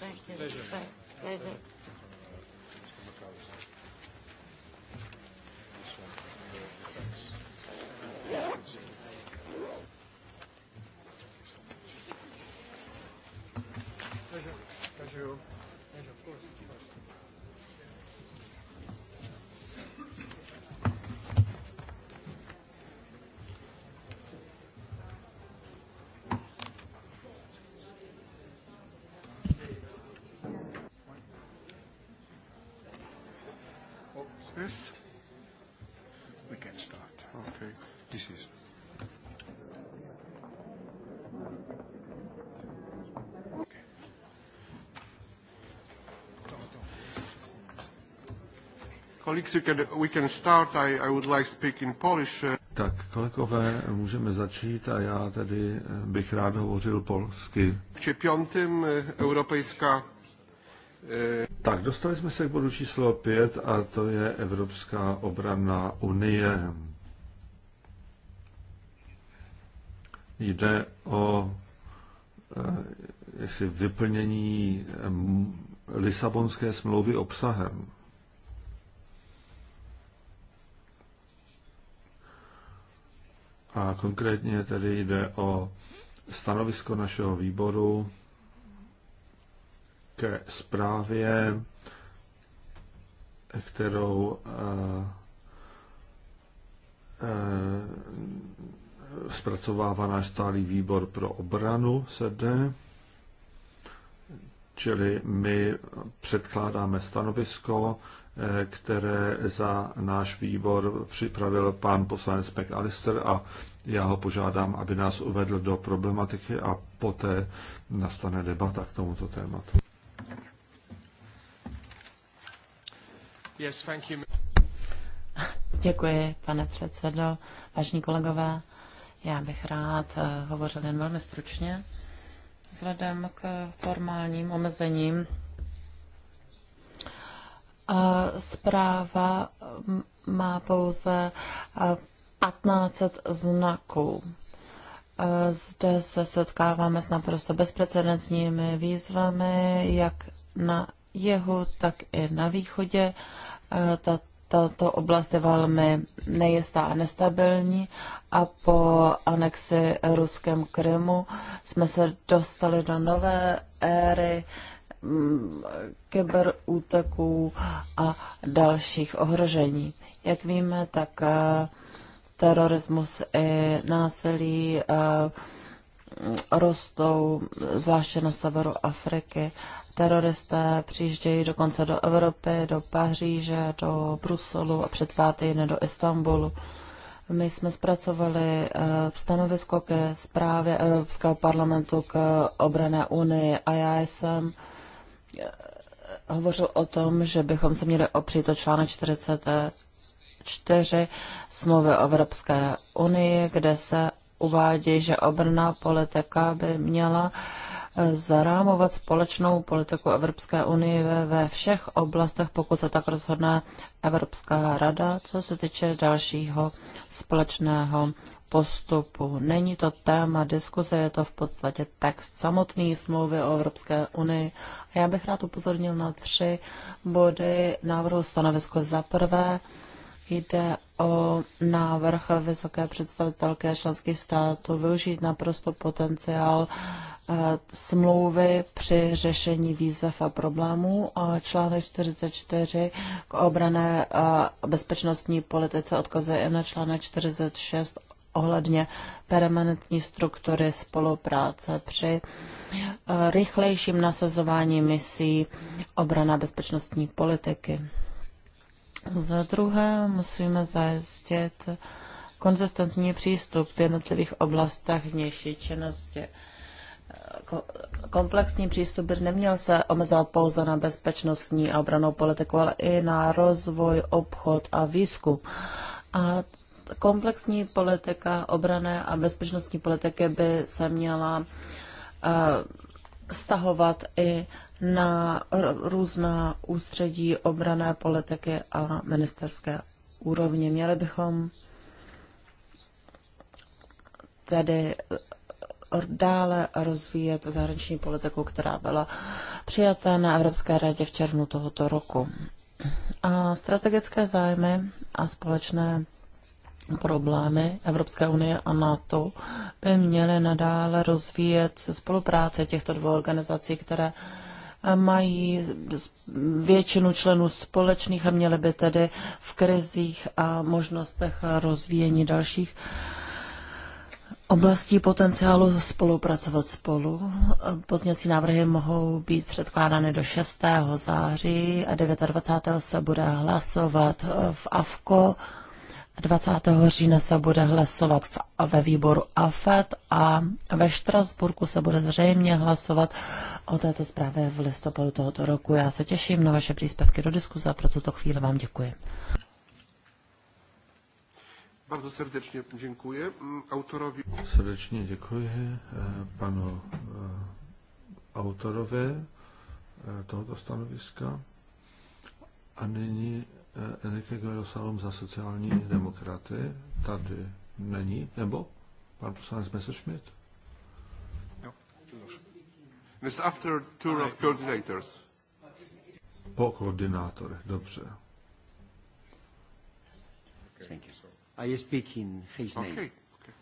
Thank you. Yes? We can start. Okay. This is. Okay. Colleagues, you can, we can start. I, I would like to speak in Polish. Uh, tak, kolegové, můžeme začít a já tedy eh, bych rád hovořil polsky. V pětém Europejská eh, eh, tak, dostali jsme se k bodu číslo 5 a to je Evropská obranná unie. Jde o eh, jestli vyplnění eh, Lisabonské smlouvy obsahem. A konkrétně tedy jde o stanovisko našeho výboru ke zprávě, kterou eh, eh, zpracovává náš stálý výbor pro obranu SD, čili my předkládáme stanovisko, eh, které za náš výbor připravil pan poslanec McAllister a já ho požádám, aby nás uvedl do problematiky a poté nastane debata k tomuto tématu. Děkuji, pane předsedo. vážní kolegové, já bych rád eh, hovořil jen velmi stručně vzhledem k formálním omezením. Eh, zpráva má pouze 1500 eh, znaků. Zde se setkáváme s naprosto bezprecedentními výzvami, jak na jihu, tak i na východě. E, tato oblast je velmi nejistá a nestabilní a po anexi Ruskem Krymu jsme se dostali do nové éry mm, kyberútoků a dalších ohrožení. Jak víme, tak e, terorismus i násilí e, rostou, zvláště na severu Afriky teroristé přijíždějí dokonce do Evropy, do Paříže, do Bruselu a předvádějí ne do Istanbulu. My jsme zpracovali eh, stanovisko ke zprávě Evropského parlamentu k obrané unii a já jsem eh, hovořil o tom, že bychom se měli opřít o článek 44 smlouvy o Evropské unii, kde se uvádí, že obrná politika by měla eh, zarámovat společnou politiku Evropské unie ve, ve všech oblastech, pokud se tak rozhodne Evropská rada, co se týče dalšího společného postupu. Není to téma diskuse, je to v podstatě text samotný smlouvy o Evropské unii. A já bych rád upozornil na tři body návrhu stanovisko. Za prvé, Jde o návrh vysoké představitelky členských států využít naprosto potenciál eh, smlouvy při řešení výzev a problémů. článek 44 k obrané eh, bezpečnostní politice odkazuje i na článek 46 ohledně permanentní struktury spolupráce při eh, rychlejším nasazování misí obrana bezpečnostní politiky. Za druhé musíme zajistit konzistentní přístup v jednotlivých oblastech vnější činnosti. Komplexní přístup by neměl se omezovat pouze na bezpečnostní a obranou politiku, ale i na rozvoj, obchod a výzkum. A komplexní politika obrané a bezpečnostní politiky by se měla uh, eh, stahovat i na různá ústředí obrané politiky a ministerské úrovně. Měli bychom tedy dále rozvíjet zahraniční politiku, která byla přijata na Evropské radě v červnu tohoto roku. A strategické zájmy a společné problémy Evropské unie a NATO by měly nadále rozvíjet spolupráce těchto dvou organizací, které mají většinu členů společných a měly by tedy v krizích a možnostech a rozvíjení dalších oblastí potenciálu spolupracovat spolu. Pozněcí návrhy mohou být předkládány do 6. září a 29. se bude hlasovat v AFKO 20. října se bude hlasovat v, ve výboru AFET a ve Štrasburku se bude zřejmě hlasovat o této zprávě v listopadu tohoto roku. Já se těším na vaše příspěvky do diskuze a pro tuto chvíli vám děkuji. Bardzo serdecznie dziękuję mm, autorowi. Serdecznie dziękuję e, panu e, autorowi e, tohoto stanoviska. A nyní Enrique Guerrero za sociální demokraty tady není, nebo pan poslanec Messerschmidt? No, This after tour of coordinators. Po koordinátorech, dobře. Thank you. I speak in his name. Okay. okay.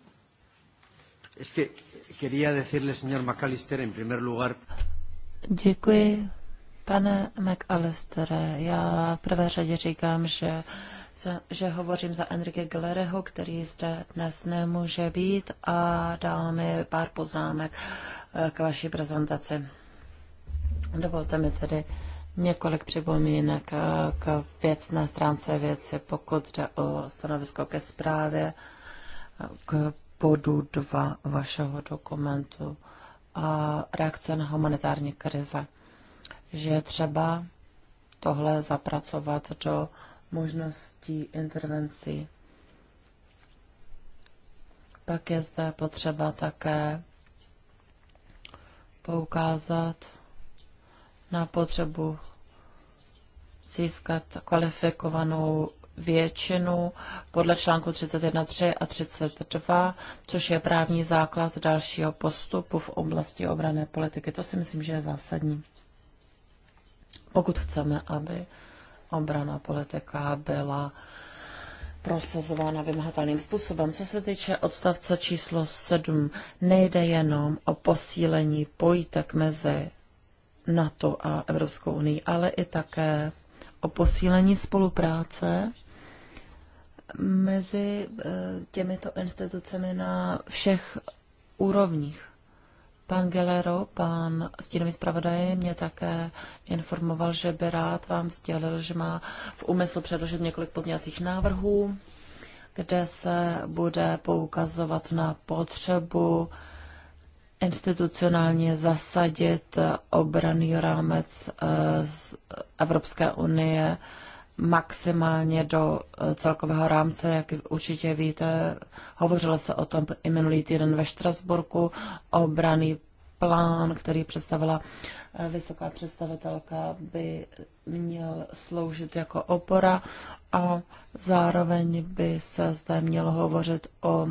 Es que quería decirle, señor McAllister, en primer lugar. Děkuji, Pane McAllister, já v prvé řadě říkám, že, že hovořím za Enrique Galereho, který zde dnes nemůže být a dal mi pár poznámek eh, k vaší prezentaci. Dovolte mi tedy několik připomínek eh, k věcné stránce věci, pokud jde o stanovisko ke zprávě, eh, k bodu 2 vašeho dokumentu a reakce na humanitární krize že je třeba tohle zapracovat do možností intervencí. Pak je zde potřeba také poukázat na potřebu získat kvalifikovanou většinu podle článku 31.3 a 32, což je právní základ dalšího postupu v oblasti obrané politiky. To si myslím, že je zásadní. Pokud chceme, aby obrana politika byla prosazována vymahatelným způsobem. Co se týče odstavce číslo 7, nejde jenom o posílení pojítek mezi NATO a Evropskou unii, ale i také o posílení spolupráce mezi eh, těmito institucemi na všech úrovních. Pan Gelero, pan stínový zpravodaj, mě také informoval, že by rád vám sdělil, že má v úmyslu předložit několik pozměňovacích návrhů, kde se bude poukazovat na potřebu institucionálně zasadit obraný rámec eh, z Evropské unie maximálně do eh, celkového rámce, jak určitě víte. Hovořilo se o tom i minulý týden ve Štrasburku, obraný plán, který představila eh, vysoká představitelka, by měl sloužit jako opora a zároveň by se zde mělo hovořit o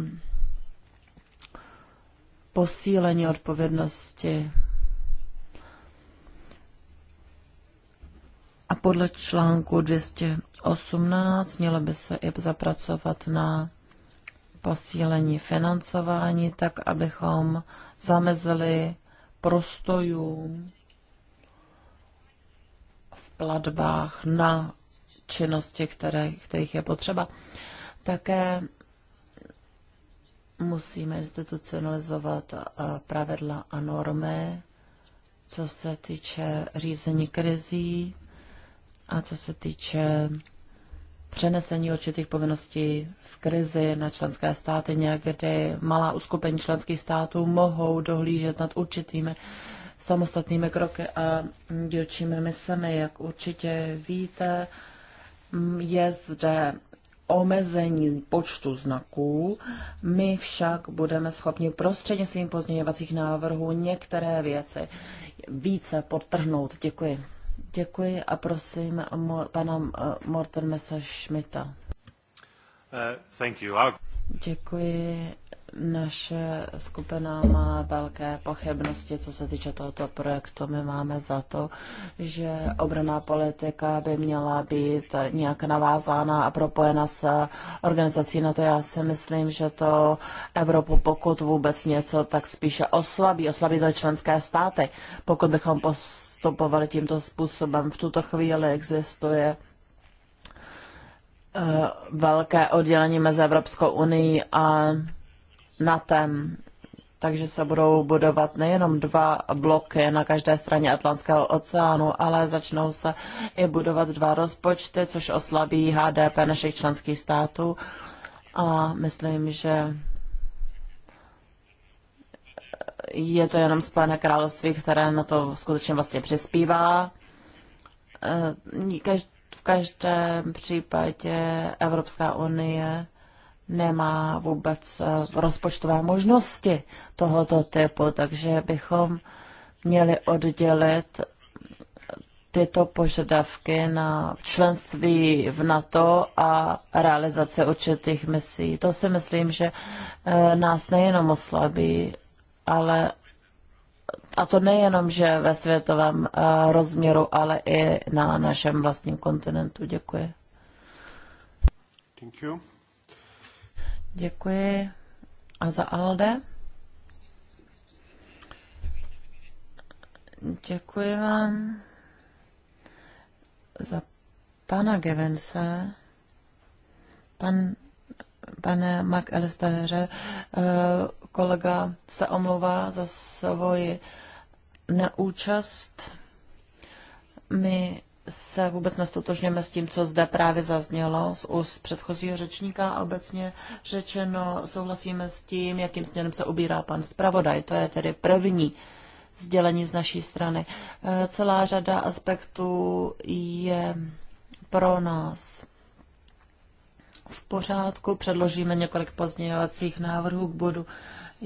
posílení odpovědnosti A podle článku 218 mělo by se i zapracovat na posílení financování, tak abychom zamezili prostojům v platbách na činnosti, které, kterých je potřeba. Také musíme institucionalizovat eh, pravidla a normy, co se týče řízení krizí, a co se týče přenesení určitých povinností v krizi na členské státy, někdy malá uskupení členských států mohou dohlížet nad určitými samostatnými kroky a dílčími misemi. Jak určitě víte, je zde omezení počtu znaků. My však budeme schopni prostřednictvím pozměňovacích návrhů některé věci více podtrhnout. Děkuji. Děkuji a prosím pana eh, Morten Messerschmitta. Eh, thank you. Děkuji. Naše skupina má velké pochybnosti, co se týče tohoto projektu. My máme za to, že obraná politika by měla být nějak navázána a propojena s organizací na to. Já si myslím, že to Evropu, pokud vůbec něco, tak spíše oslabí, oslabí to členské státy. Pokud bychom pos postupovali tímto způsobem. V tuto chvíli existuje eh, velké oddělení mezi Evropskou unii a NATEM, takže se budou budovat nejenom dva bloky na každé straně Atlantského oceánu, ale začnou se i budovat dva rozpočty, což oslabí HDP našich členských států. A myslím, že je to jenom Spojené království, které na to skutečně vlastně přispívá. Eh, v každém případě Evropská unie nemá vůbec eh, rozpočtové možnosti tohoto typu, takže bychom měli oddělit tyto požadavky na členství v NATO a realizace určitých misí. To si myslím, že eh, nás nejenom oslabí ale a to nejenom, že ve světovém eh, rozměru, ale i na našem vlastním kontinentu. Děkuji. Thank you. Děkuji. A za Alde? Děkuji vám za pana Gevense, pan, pane McAllistere, uh, kolega se omlouvá za svoji neúčast. My se vůbec nestotožňujeme s tím, co zde právě zaznělo z úst předchozího řečníka. obecně řečeno souhlasíme s tím, jakým směrem se ubírá pan zpravodaj. To je tedy první sdělení z naší strany. E, celá řada aspektů je pro nás v pořádku. Předložíme několik pozměňovacích návrhů k bodu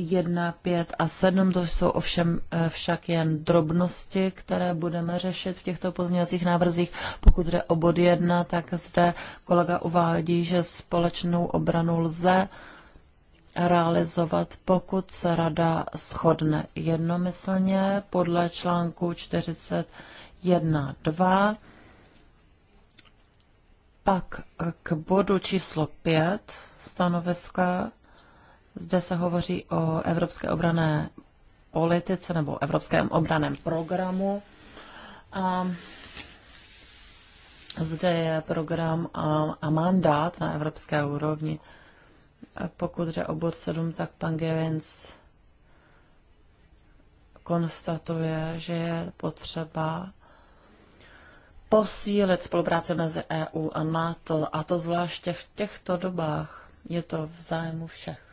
1, 5 a 7, to jsou ovšem eh, však jen drobnosti, které budeme řešit v těchto pozměňovacích návrzích. Pokud jde o bod 1, tak zde kolega uvádí, že společnou obranu lze realizovat, pokud se rada shodne jednomyslně podle článku 41, 2. Pak k bodu číslo 5 stanoviska zde se hovoří o evropské obrané politice nebo evropském obraném programu. A zde je program a, a mandát na evropské úrovni. A pokud jde o bod 7, tak pan Gevins konstatuje, že je potřeba posílit spolupráci mezi EU a NATO, a to zvláště v těchto dobách. Je to v zájmu všech.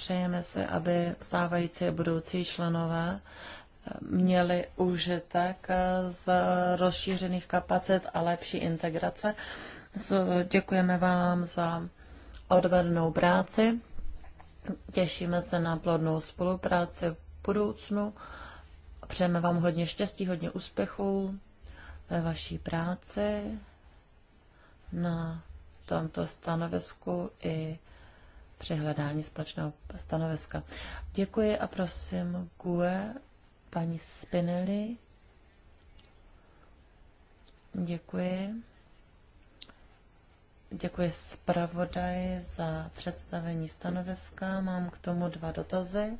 Přejeme si, aby stávající a budoucí členové eh, měli užitek eh, z rozšířených kapacit a lepší integrace. Děkujeme vám za odvednou práci. Těšíme se na plodnou spolupráci v budoucnu. Přejeme vám hodně štěstí, hodně úspěchů ve vaší práci na tomto stanovisku i při hledání společného stanoviska. Děkuji a prosím Gue, paní Spinelli. Děkuji. Děkuji zpravodaji za představení stanoviska. Mám k tomu dva dotazy.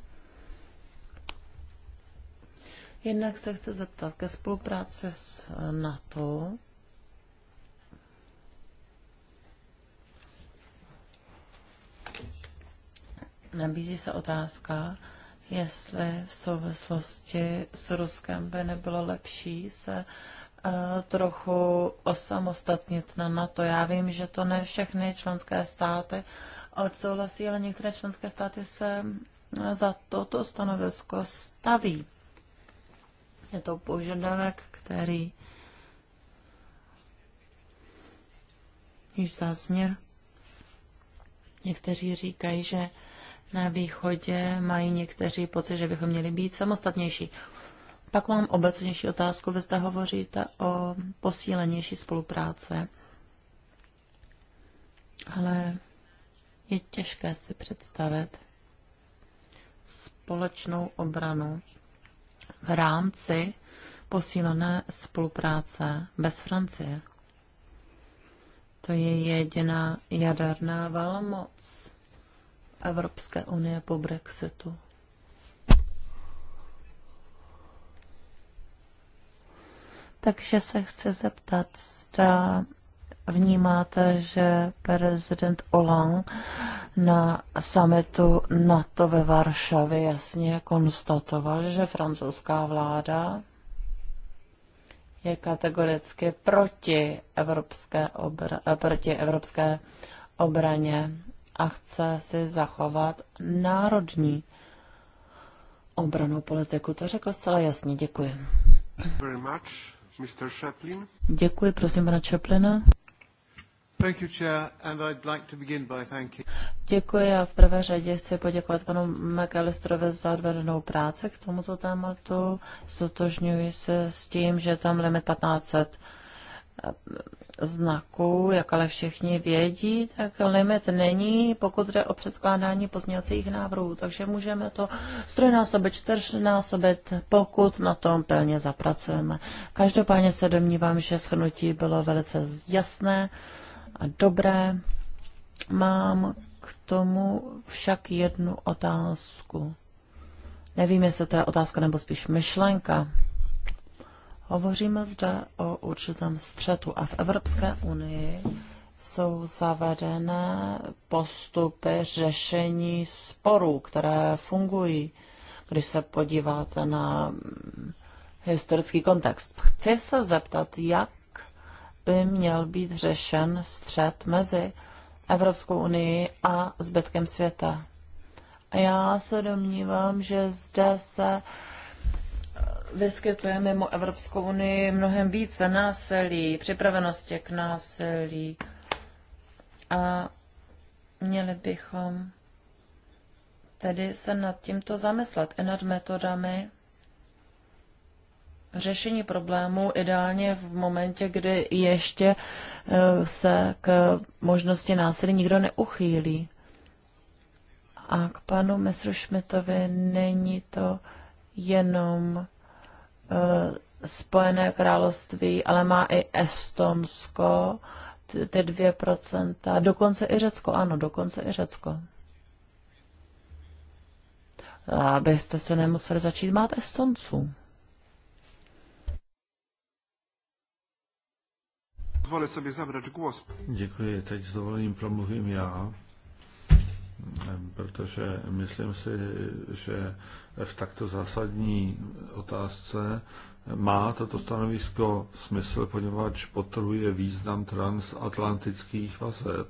Jednak se chci zeptat ke spolupráci s NATO. Nabízí se otázka, jestli v souvislosti s Ruskem by nebylo lepší se eh, trochu osamostatnit na NATO. Já vím, že to ne všechny členské státy odsouhlasí, ale některé členské státy se eh, za toto stanovisko staví. Je to požadavek, který již zazněl. Někteří říkají, že na východě mají někteří pocit, že bychom měli být samostatnější. Pak mám obecnější otázku. Vy zde hovoříte o posílenější spolupráce. Ale je těžké si představit společnou obranu v rámci posílené spolupráce bez Francie. To je jediná jaderná velmoc Evropské unie po Brexitu. Takže se chci zeptat, zda vnímáte, že prezident Olan na samitu NATO ve Varšavě jasně konstatoval, že francouzská vláda je kategoricky proti evropské, obra- proti evropské obraně a chce si zachovat národní obranou politiku. To řekl zcela jasně. Děkuji. Very much, Mr. Chaplin. Děkuji, prosím, pana Chaplina. Thank you, Chair, and I'd like to begin by thanking... Děkuji a v prvé řadě chci poděkovat panu McAllisterovi za odvedenou práci k tomuto tématu. Sotožňuji se s tím, že tam limit 1500 znaků, jak ale všichni vědí, tak limit není, pokud jde o předkládání pozměňovacích návrhů. Takže můžeme to strojnásobit, čtyřnásobit, pokud na tom plně zapracujeme. Každopádně se domnívám, že shrnutí bylo velice jasné a dobré. Mám k tomu však jednu otázku. Nevím, jestli to je otázka nebo spíš myšlenka. Hovoříme zde o určitém střetu a v Evropské unii jsou zavedené postupy řešení sporů, které fungují, když se podíváte na historický kontext. Chci se zeptat, jak by měl být řešen střet mezi Evropskou unii a zbytkem světa. A já se domnívám, že zde se uh, vyskytuje mimo Evropskou unii mnohem více násilí, připravenosti k násilí a měli bychom tedy se nad tímto zamyslet i nad metodami řešení problému, ideálně v momentě, kdy ještě eh, se k možnosti násilí nikdo neuchýlí. A k panu Mesru Šmitovi není to jenom Eh, Spojené království, ale má i Estonsko, ty dvě procenta, dokonce i Řecko, ano, dokonce i Řecko. Abyste se nemuseli začít mát Estonců. Zvolím sobě zabrat głos. Děkuji, teď s dovolením promluvím já protože myslím si, že v takto zásadní otázce má toto stanovisko smysl, poněvadž potrhuje význam transatlantických vazeb.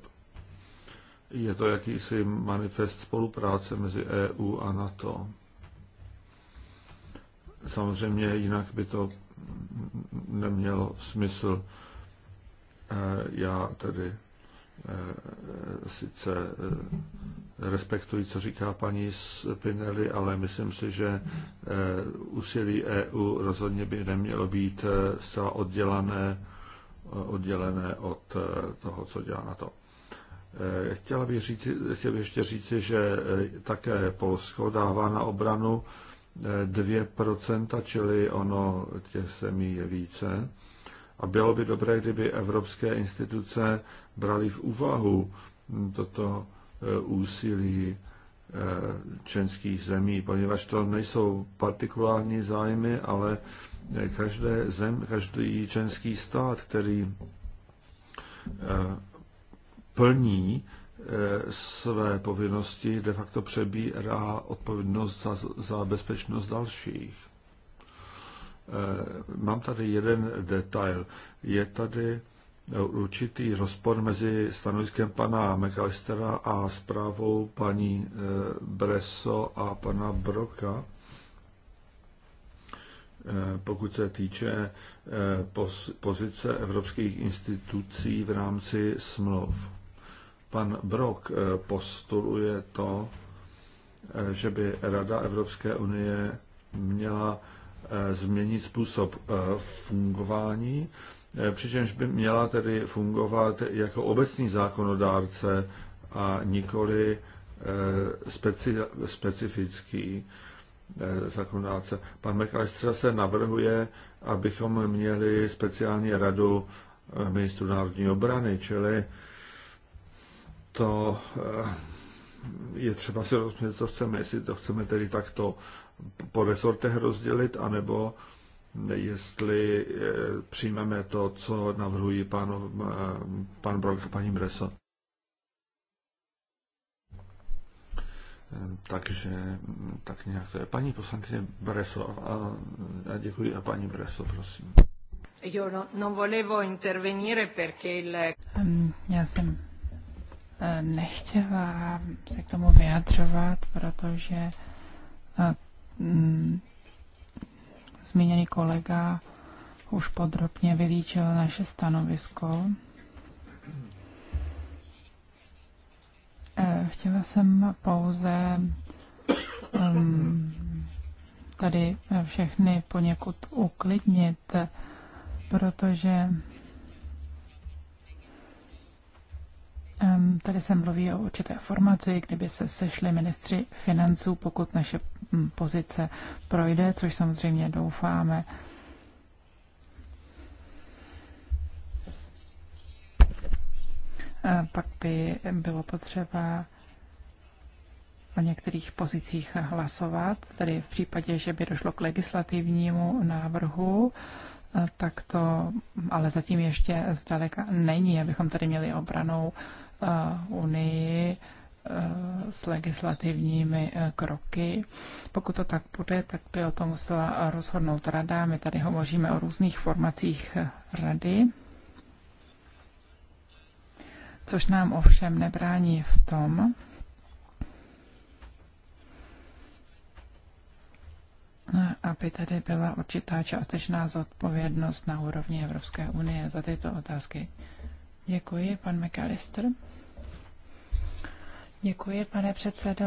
Je to jakýsi manifest spolupráce mezi EU a NATO. Samozřejmě jinak by to nemělo smysl. E, já tedy Eh, sice eh, respektuji, co říká paní Spinelli, ale myslím si, že eh, úsilí EU rozhodně by nemělo být zcela oddělené, oddělené od toho, co dělá na to. Chtěla bych, říci, chtěla bych ještě říci, že také Polsko dává na obranu 2%, čili ono těch semí je více. A bylo by dobré, kdyby evropské instituce brali v úvahu toto e, úsilí e, členských zemí, poněvadž to nejsou partikulární zájmy, ale e, každé zem, každý členský stát, který plní své povinnosti, de facto přebírá odpovědnost za, za bezpečnost dalších. Eh, mám tady jeden detail. Je tady eh, určitý rozpor mezi stanoviskem pana McAllistera a zprávou paní eh, Breso a pana Broka, pokud se týče pozice evropských institucí v rámci smluv. Pan Brok postuluje to, že by Rada Evropské unie měla Eh, změnit způsob eh, fungování, eh, přičemž by měla tedy fungovat jako obecný zákonodárce a nikoli speci, specifický zákonodárce. Pan McAllister se navrhuje, abychom měli speciální radu ministru národní obrany, čili to je třeba si rozumět, co chceme, jestli to chceme tedy takto po resortech rozdělit, anebo jestli eh, přijmeme to, co navrhují pan, eh, pan Brok a paní Breso. Eh, takže mm, tak nějak to je. Paní poslankyně Breso, a, a děkuji a paní Breso, prosím. Jo, no, non volevo intervenire perché il... Já jsem nechtěla se k tomu vyjadřovat, protože Mm. zmíněný kolega už podrobně vylíčil naše stanovisko. Eh, chtěla jsem pouze mm, tady všechny poněkud uklidnit, protože Tady se mluví o určité formaci, kdyby se sešli ministři financů, pokud naše Mm, pozice projde, což samozřejmě doufáme. Pak by bylo potřeba o některých pozicích hlasovat, tedy v případě, že by došlo k legislativnímu návrhu, tak to ale zatím ještě zdaleka není, abychom tady měli obranou eh, unii, Eh, s legislativními eh, kroky. Pokud to tak bude, tak by o tom musela rozhodnout rada. My tady hovoříme o různých formacích eh, rady, což nám ovšem nebrání v tom, aby tady byla určitá částečná zodpovědnost na úrovni Evropské unie za tyto otázky. Děkuji, pan McAllister. Děkuji, pane předsedo.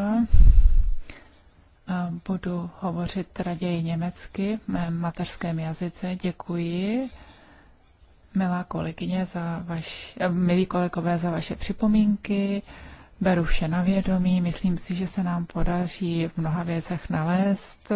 Budu hovořit raději německy, v mém mateřském jazyce. Děkuji, milá kolegyně, za vaš, eh, milí kolegové, za vaše připomínky. Beru vše na vědomí. Myslím si, že se nám podaří v mnoha věcech nalézt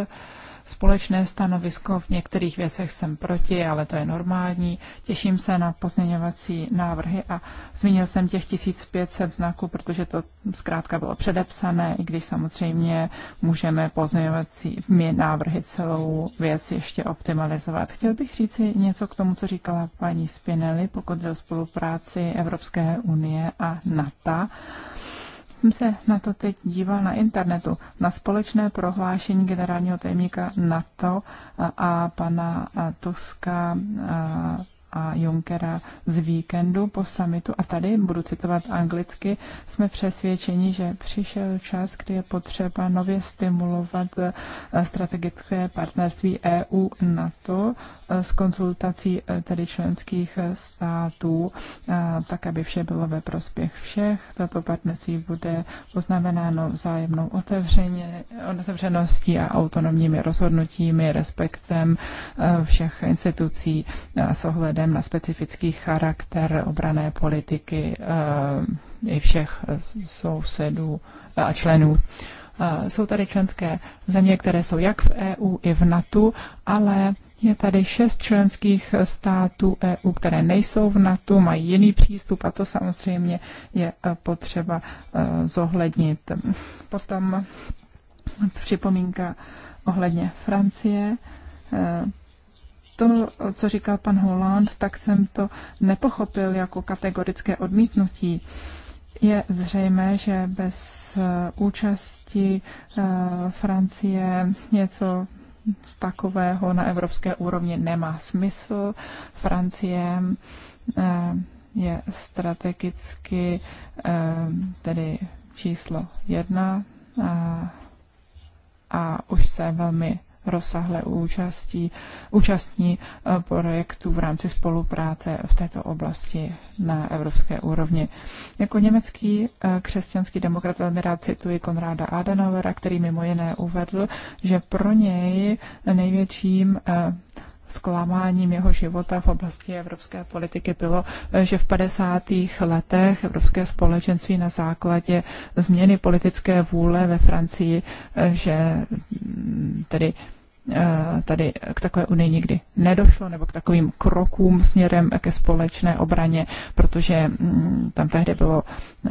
společné stanovisko, v některých věcech jsem proti, ale to je normální. Těším se na pozměňovací návrhy a zmínil jsem těch 1500 znaků, protože to zkrátka bylo předepsané, i když samozřejmě můžeme pozměňovací my návrhy celou věc ještě optimalizovat. Chtěl bych říci něco k tomu, co říkala paní Spinelli, pokud jde o spolupráci Evropské unie a NATO jsem se na to teď díval na internetu, na společné prohlášení generálního tajemníka NATO a pana Tuska a Junckera z víkendu po summitu, a tady budu citovat anglicky, jsme přesvědčeni, že přišel čas, kdy je potřeba nově stimulovat eh, strategické partnerství EU-NATO eh, s konzultací eh, tedy členských států, tak aby vše bylo ve prospěch všech. Tato partnerství bude poznamenáno vzájemnou otevřeně, otevřeností a autonomními rozhodnutími, respektem všech institucí s ohledem ohledem na specifický charakter obrané politiky eh, i všech sousedů eh, a členů. Eh, jsou tady členské země, které jsou jak v EU, i v NATO, ale je tady šest členských států EU, které nejsou v NATO, mají jiný přístup a to samozřejmě je potřeba zohlednit. Potom připomínka ohledně Francie to, co říkal pan Holland, tak jsem to nepochopil jako kategorické odmítnutí. Je zřejmé, že bez eh, účasti eh, Francie něco takového na evropské úrovni nemá smysl. Francie eh, je strategicky tedy číslo jedna a, a už se velmi rozsahle účastí, účastní eh, projektů v rámci spolupráce v této oblasti na evropské úrovni. Jako německý eh, křesťanský demokrat velmi rád cituji Konráda Adenauera, který mimo jiné uvedl, že pro něj největším eh, zklamáním jeho života v oblasti evropské politiky bylo, že v 50. letech evropské společenství na základě změny politické vůle ve Francii, že mm, tedy Eh, tady k takové unii nikdy nedošlo, nebo k takovým krokům směrem ke společné obraně, protože mm, tam tehdy bylo eh,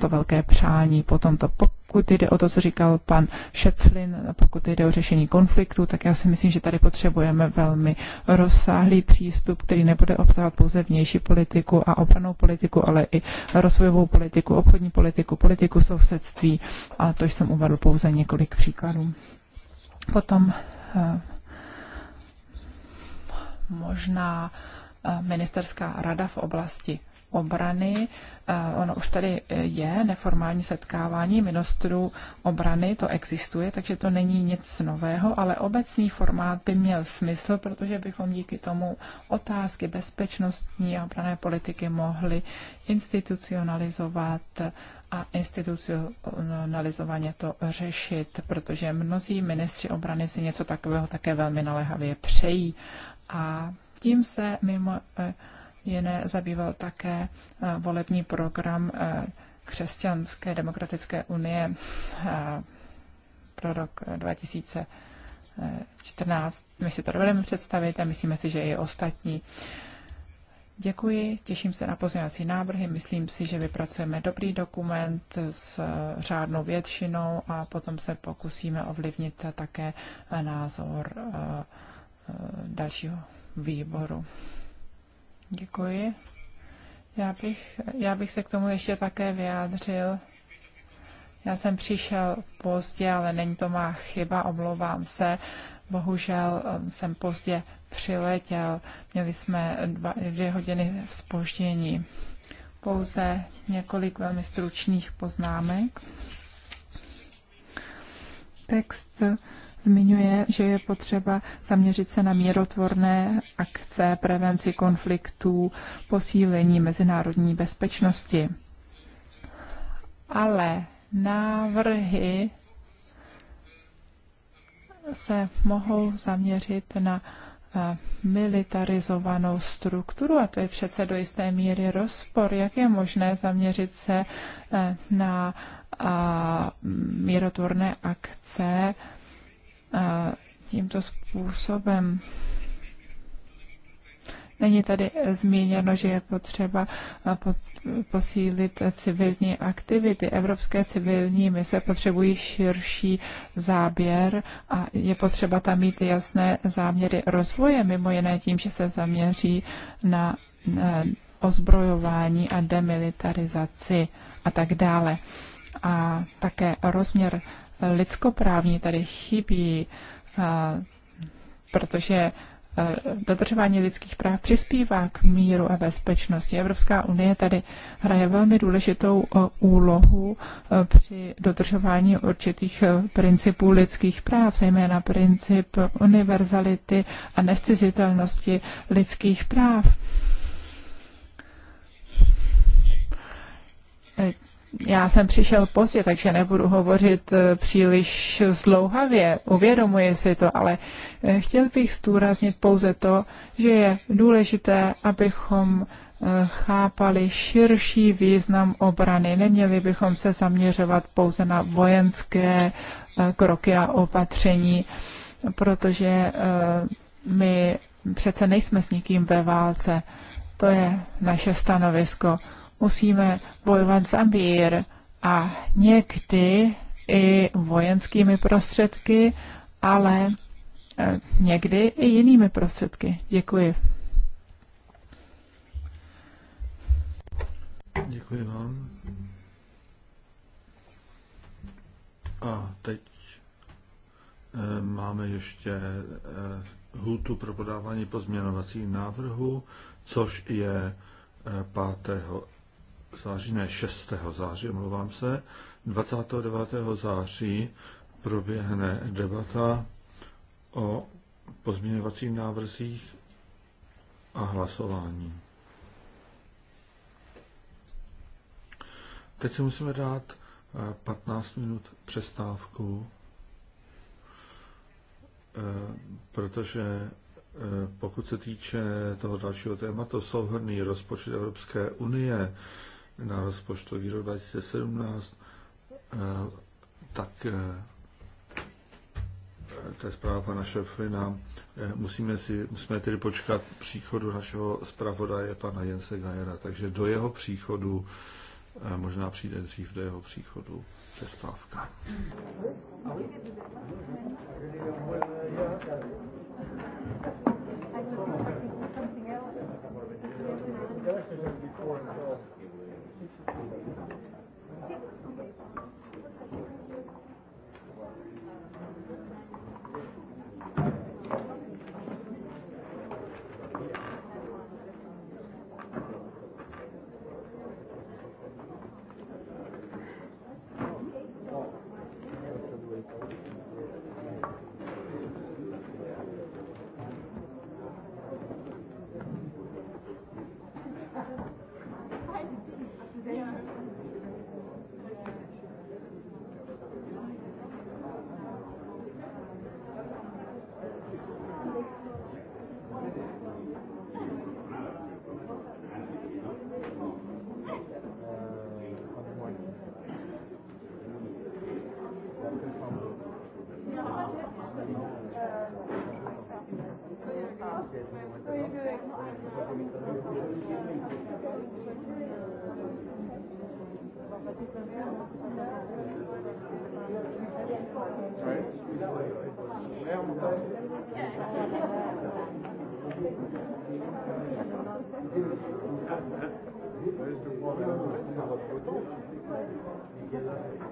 to velké přání po tomto pokud jde o to, co říkal pan Šeplin, pokud jde o řešení konfliktu, tak já si myslím, že tady potřebujeme velmi rozsáhlý přístup, který nebude obsahovat pouze vnější politiku a obranou politiku, ale i rozvojovou politiku, obchodní politiku, politiku sousedství. A to jsem uvedl pouze několik příkladů. Potom Eh, možná eh, ministerská rada v oblasti obrany. Eh, ono už tady je neformální setkávání ministrů obrany, to existuje, takže to není nic nového, ale obecný formát by měl smysl, protože bychom díky tomu otázky bezpečnostní a obrané politiky mohli institucionalizovat a institucionalizovaně to řešit, protože mnozí ministři obrany si něco takového také velmi naléhavě přejí. A tím se mimo eh, jiné zabýval také eh, volební program eh, Křesťanské demokratické unie pro rok 2014. My si to dovedeme představit a myslíme si, že i ostatní. Uh, Děkuji, těším se na pozměňovací návrhy. Myslím si, že vypracujeme dobrý dokument s řádnou většinou a potom se pokusíme ovlivnit také názor eh, eh, dalšího výboru. Děkuji. Já bych, já bych se k tomu ještě také vyjádřil. Já jsem přišel pozdě, ale není to má chyba, omlouvám se. Bohužel um, jsem pozdě přiletěl, měli jsme dva, dvě hodiny spoždění. Pouze několik velmi stručných poznámek. Text zmiňuje, že je potřeba zaměřit se na mírotvorné akce, prevenci konfliktů, posílení mezinárodní bezpečnosti. Ale návrhy se mohou zaměřit na eh, militarizovanou strukturu a to je přece do jisté míry rozpor. Jak je možné zaměřit se eh, na mírotvorné akce eh, tímto způsobem? Není tady zmíněno, že je potřeba eh, posílit civilní aktivity. Evropské civilní mise potřebují širší záběr a je potřeba tam mít jasné záměry rozvoje, mimo jiné tím, že se zaměří na ozbrojování a demilitarizaci a tak dále. A také rozměr lidskoprávní tady chybí, eh, protože Eh, dodržování lidských práv přispívá k míru a bezpečnosti. Evropská unie tady hraje velmi důležitou eh, úlohu eh, při dodržování určitých principů lidských práv, zejména princip univerzality a nescizitelnosti lidských práv. Já jsem přišel pozdě, takže nebudu hovořit eh, příliš zdlouhavě, uvědomuji si to, ale eh, chtěl bych zdůraznit pouze to, že je důležité, abychom eh, chápali širší význam obrany. Neměli bychom se zaměřovat pouze na vojenské kroky a opatření, protože my přece nejsme s nikým ve válce. To je naše stanovisko musíme bojovat za mír a někdy i vojenskými prostředky, ale eh, někdy i jinými prostředky. Děkuji. Děkuji vám. A teď eh, máme ještě eh, hůtu pro podávání pozměnovacích návrhů, což je 5 září, ne 6. září, omlouvám se, 29. září proběhne debata o pozměňovacích návrzích a hlasování. Teď si musíme dát 15 eh, minut přestávku, eh, protože eh, pokud se týče toho dalšího tématu, souhrný rozpočet Evropské unie, na rozpočtový rok 2017, eh, tak eh, eh, to je zpráva pana Šefina. Musíme, si, musíme tedy počkat příchodu našeho zpravodaje, pana Jense Gajera. Takže do jeho příchodu, možná přijde dřív do jeho příchodu, přestávka. Thank you. Thank you. Thank you.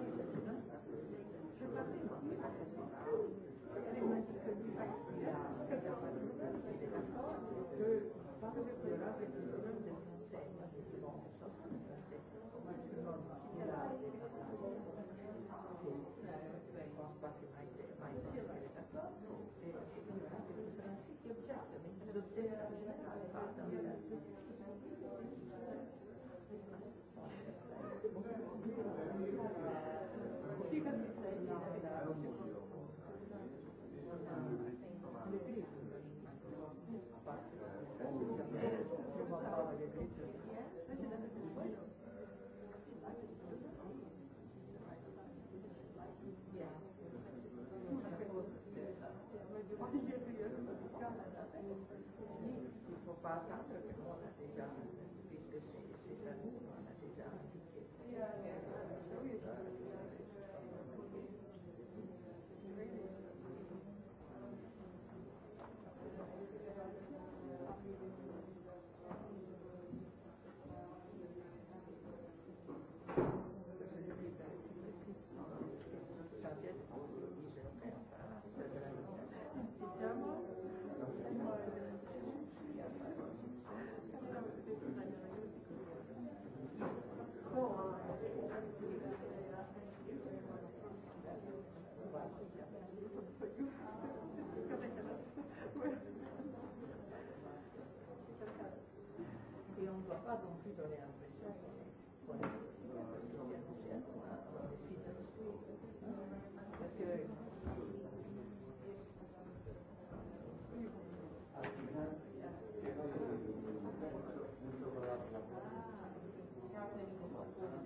Thank you.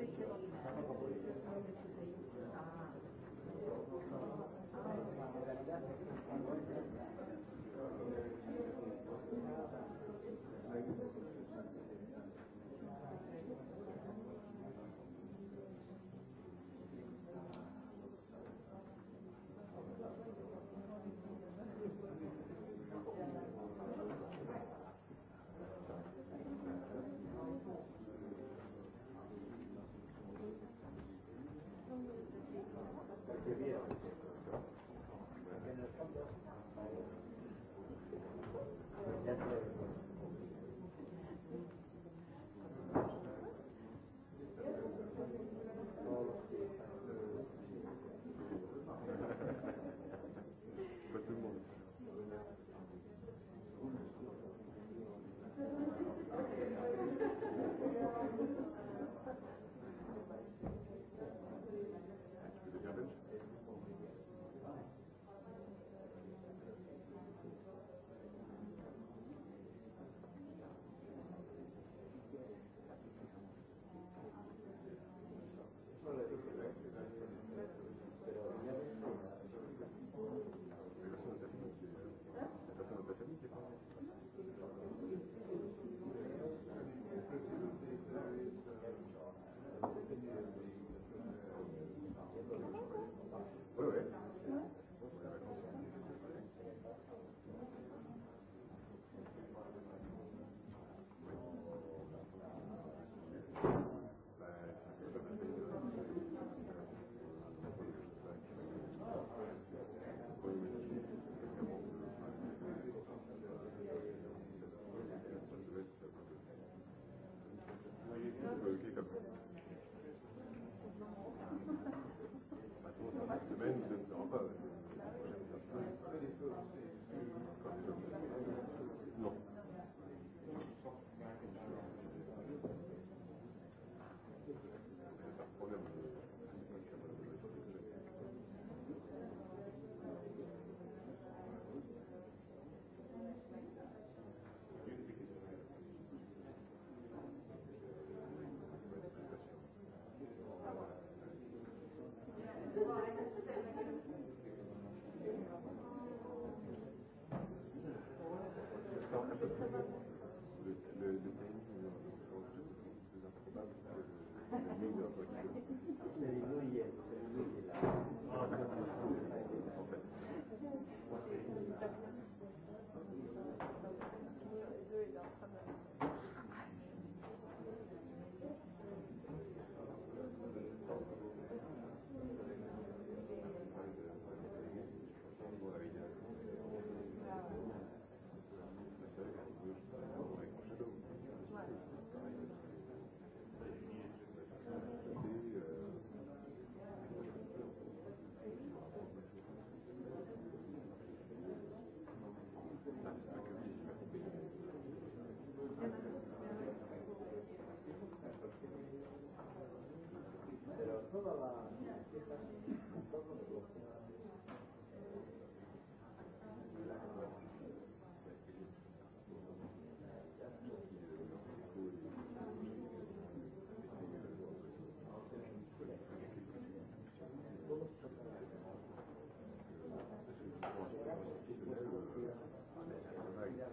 Gracias. Ça va pas, ouais. Yeah.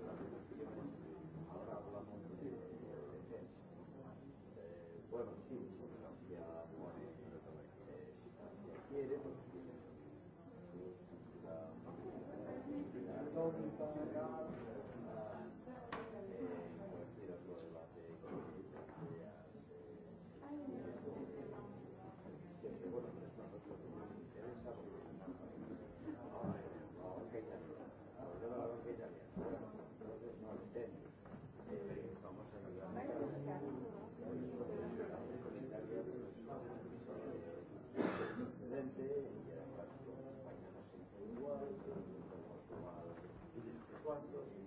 Thank you.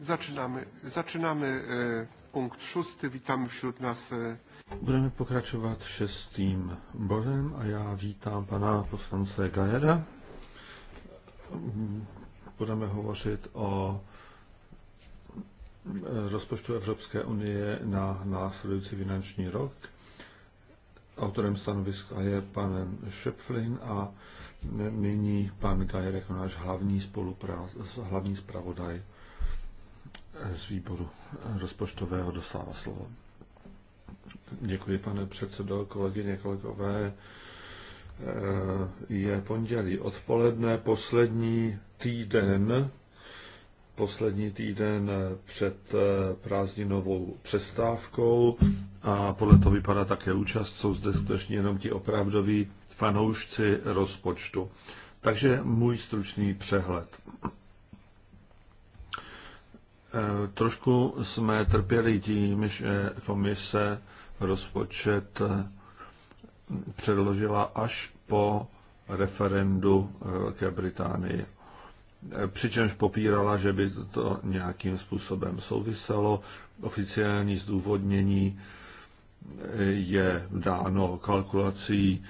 Zaczynamy, zaczynamy e, punkt szósty. Witamy wśród nas. Będziemy się z tym Bożem, a ja witam pana posłance Gajera. Będziemy hovořit o e, rozpoczęciu Europejskiej Unii na následující finansowy rok Autorem stanoviska je pan Šepflin a nyní pan Gajerek, jako náš hlavní, hlavní zpravodaj z výboru rozpočtového dostává slovo. Děkuji, pane předsedo, kolegyně, kolegové. Je pondělí odpoledne, poslední týden poslední týden před eh, prázdninovou přestávkou a podle to vypadá také účast, jsou zde skutečně jenom ti opravdoví fanoušci rozpočtu. Takže můj stručný přehled. Eh, trošku jsme trpěli tím, že komise rozpočet eh, předložila až po referendu Velké Británii přičemž popírala, že by to nějakým způsobem souviselo. Oficiální zdůvodnění eh, je dáno kalkulací,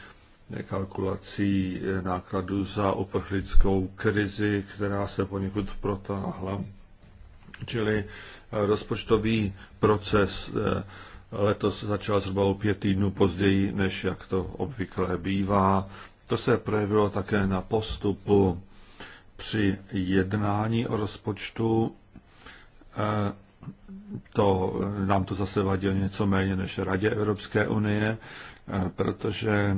kalkulací eh, nákladů za uprchlickou krizi, která se poněkud protáhla. Čili eh, rozpočtový proces letos začal zhruba o pět týdnů později, než jak to obvykle bývá. To se projevilo také na postupu při jednání o rozpočtu eh, to, nám to zase vadilo něco méně než Radě Evropské unie, eh, protože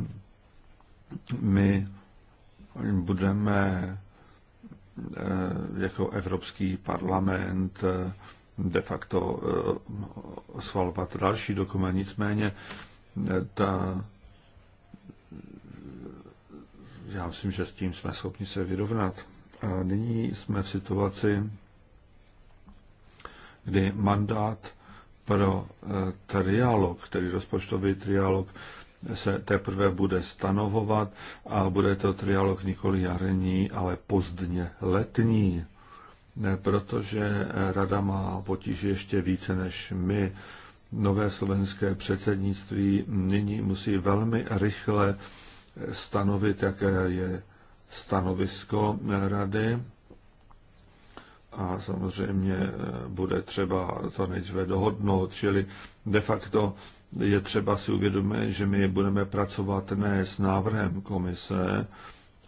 my budeme eh, jako Evropský parlament de facto svalovat další dokument. Nicméně ta, já myslím, že s tím jsme schopni se vyrovnat. A nyní jsme v situaci, kdy mandát pro e, trialog, tedy rozpočtový trialog, se teprve bude stanovovat a bude to trialog nikoli jarní, ale pozdně letní, e, protože e, rada má potíže ještě více než my. Nové slovenské předsednictví nyní musí velmi rychle stanovit, jaké je stanovisko eh, rady a samozřejmě eh, bude třeba to nejdříve dohodnout, čili de facto je třeba si uvědomit, že my budeme pracovat ne s návrhem komise,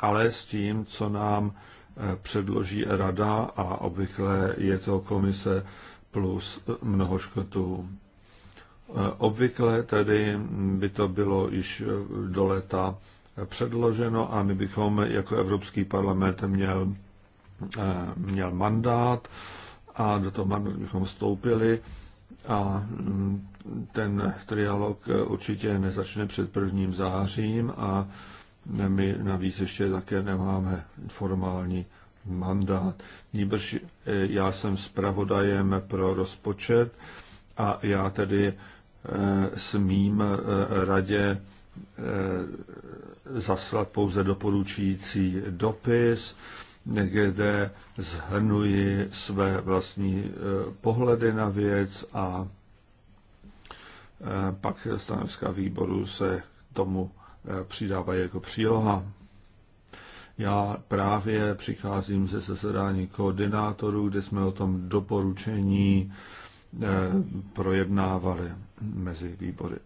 ale s tím, co nám eh, předloží rada a obvykle je to komise plus mnoho škotů. Obvykle tedy by to bylo již do léta předloženo a my bychom jako Evropský parlament měl, eh, měl mandát a do toho mandátu bychom vstoupili a mm, ten trialog eh, určitě nezačne před prvním zářím a my navíc ještě také nemáme formální mandát. Níbrž eh, já jsem zpravodajem pro rozpočet a já tedy smím radě zaslat pouze doporučující dopis, kde zhrnuji své vlastní e, pohledy na věc a e, pak stanoviska výboru se tomu e, přidávají jako příloha. Já právě přicházím ze zasedání koordinátorů, kde jsme o tom doporučení projednávali mezi výbory.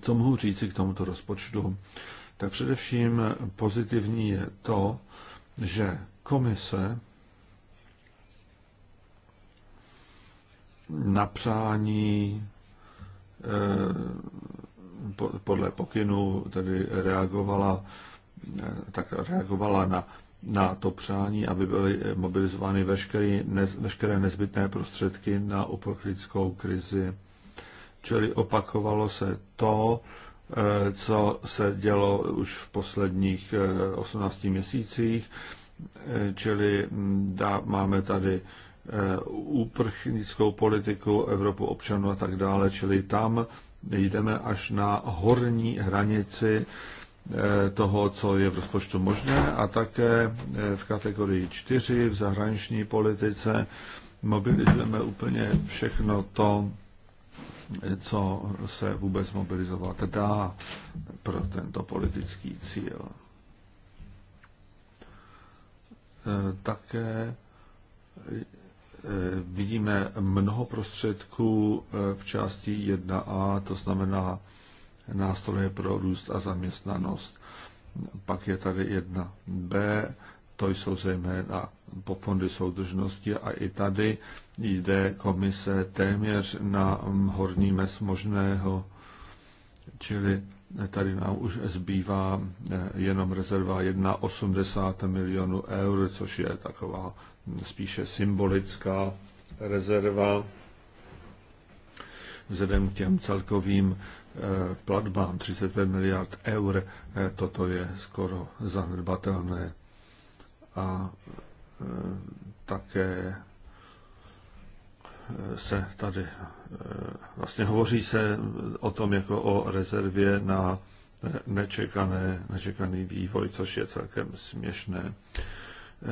Co mohu říci k tomuto rozpočtu? Tak především pozitivní je to, že komise na přání eh, podle pokynu tedy reagovala, eh, tak reagovala na, na to přání, aby byly mobilizovány veškeré, veškeré nezbytné prostředky na uprchlickou krizi Čili opakovalo se to, eh, co se dělo už v posledních 18 eh, měsících, eh, čili hm, máme tady úprchnickou politiku, Evropu občanů a tak dále, čili tam jdeme až na horní hranici toho, co je v rozpočtu možné a také v kategorii 4 v zahraniční politice mobilizujeme úplně všechno to, co se vůbec mobilizovat dá pro tento politický cíl. E, také e, vidíme mnoho prostředků e, v části 1a, to znamená nástroje pro růst a zaměstnanost. Pak je tady 1b, to jsou zejména po fondy soudržnosti a i tady jde komise téměř na horní mes možného, čili tady nám už zbývá eh, jenom rezerva 1,80 milionů eur, což je taková spíše symbolická rezerva vzhledem k těm celkovým eh, platbám 35 miliard eur, eh, toto je skoro zanedbatelné. A Eh, také eh, se tady eh, vlastně hovoří se o tom jako o rezervě na nečekané, nečekaný vývoj, což je celkem směšné.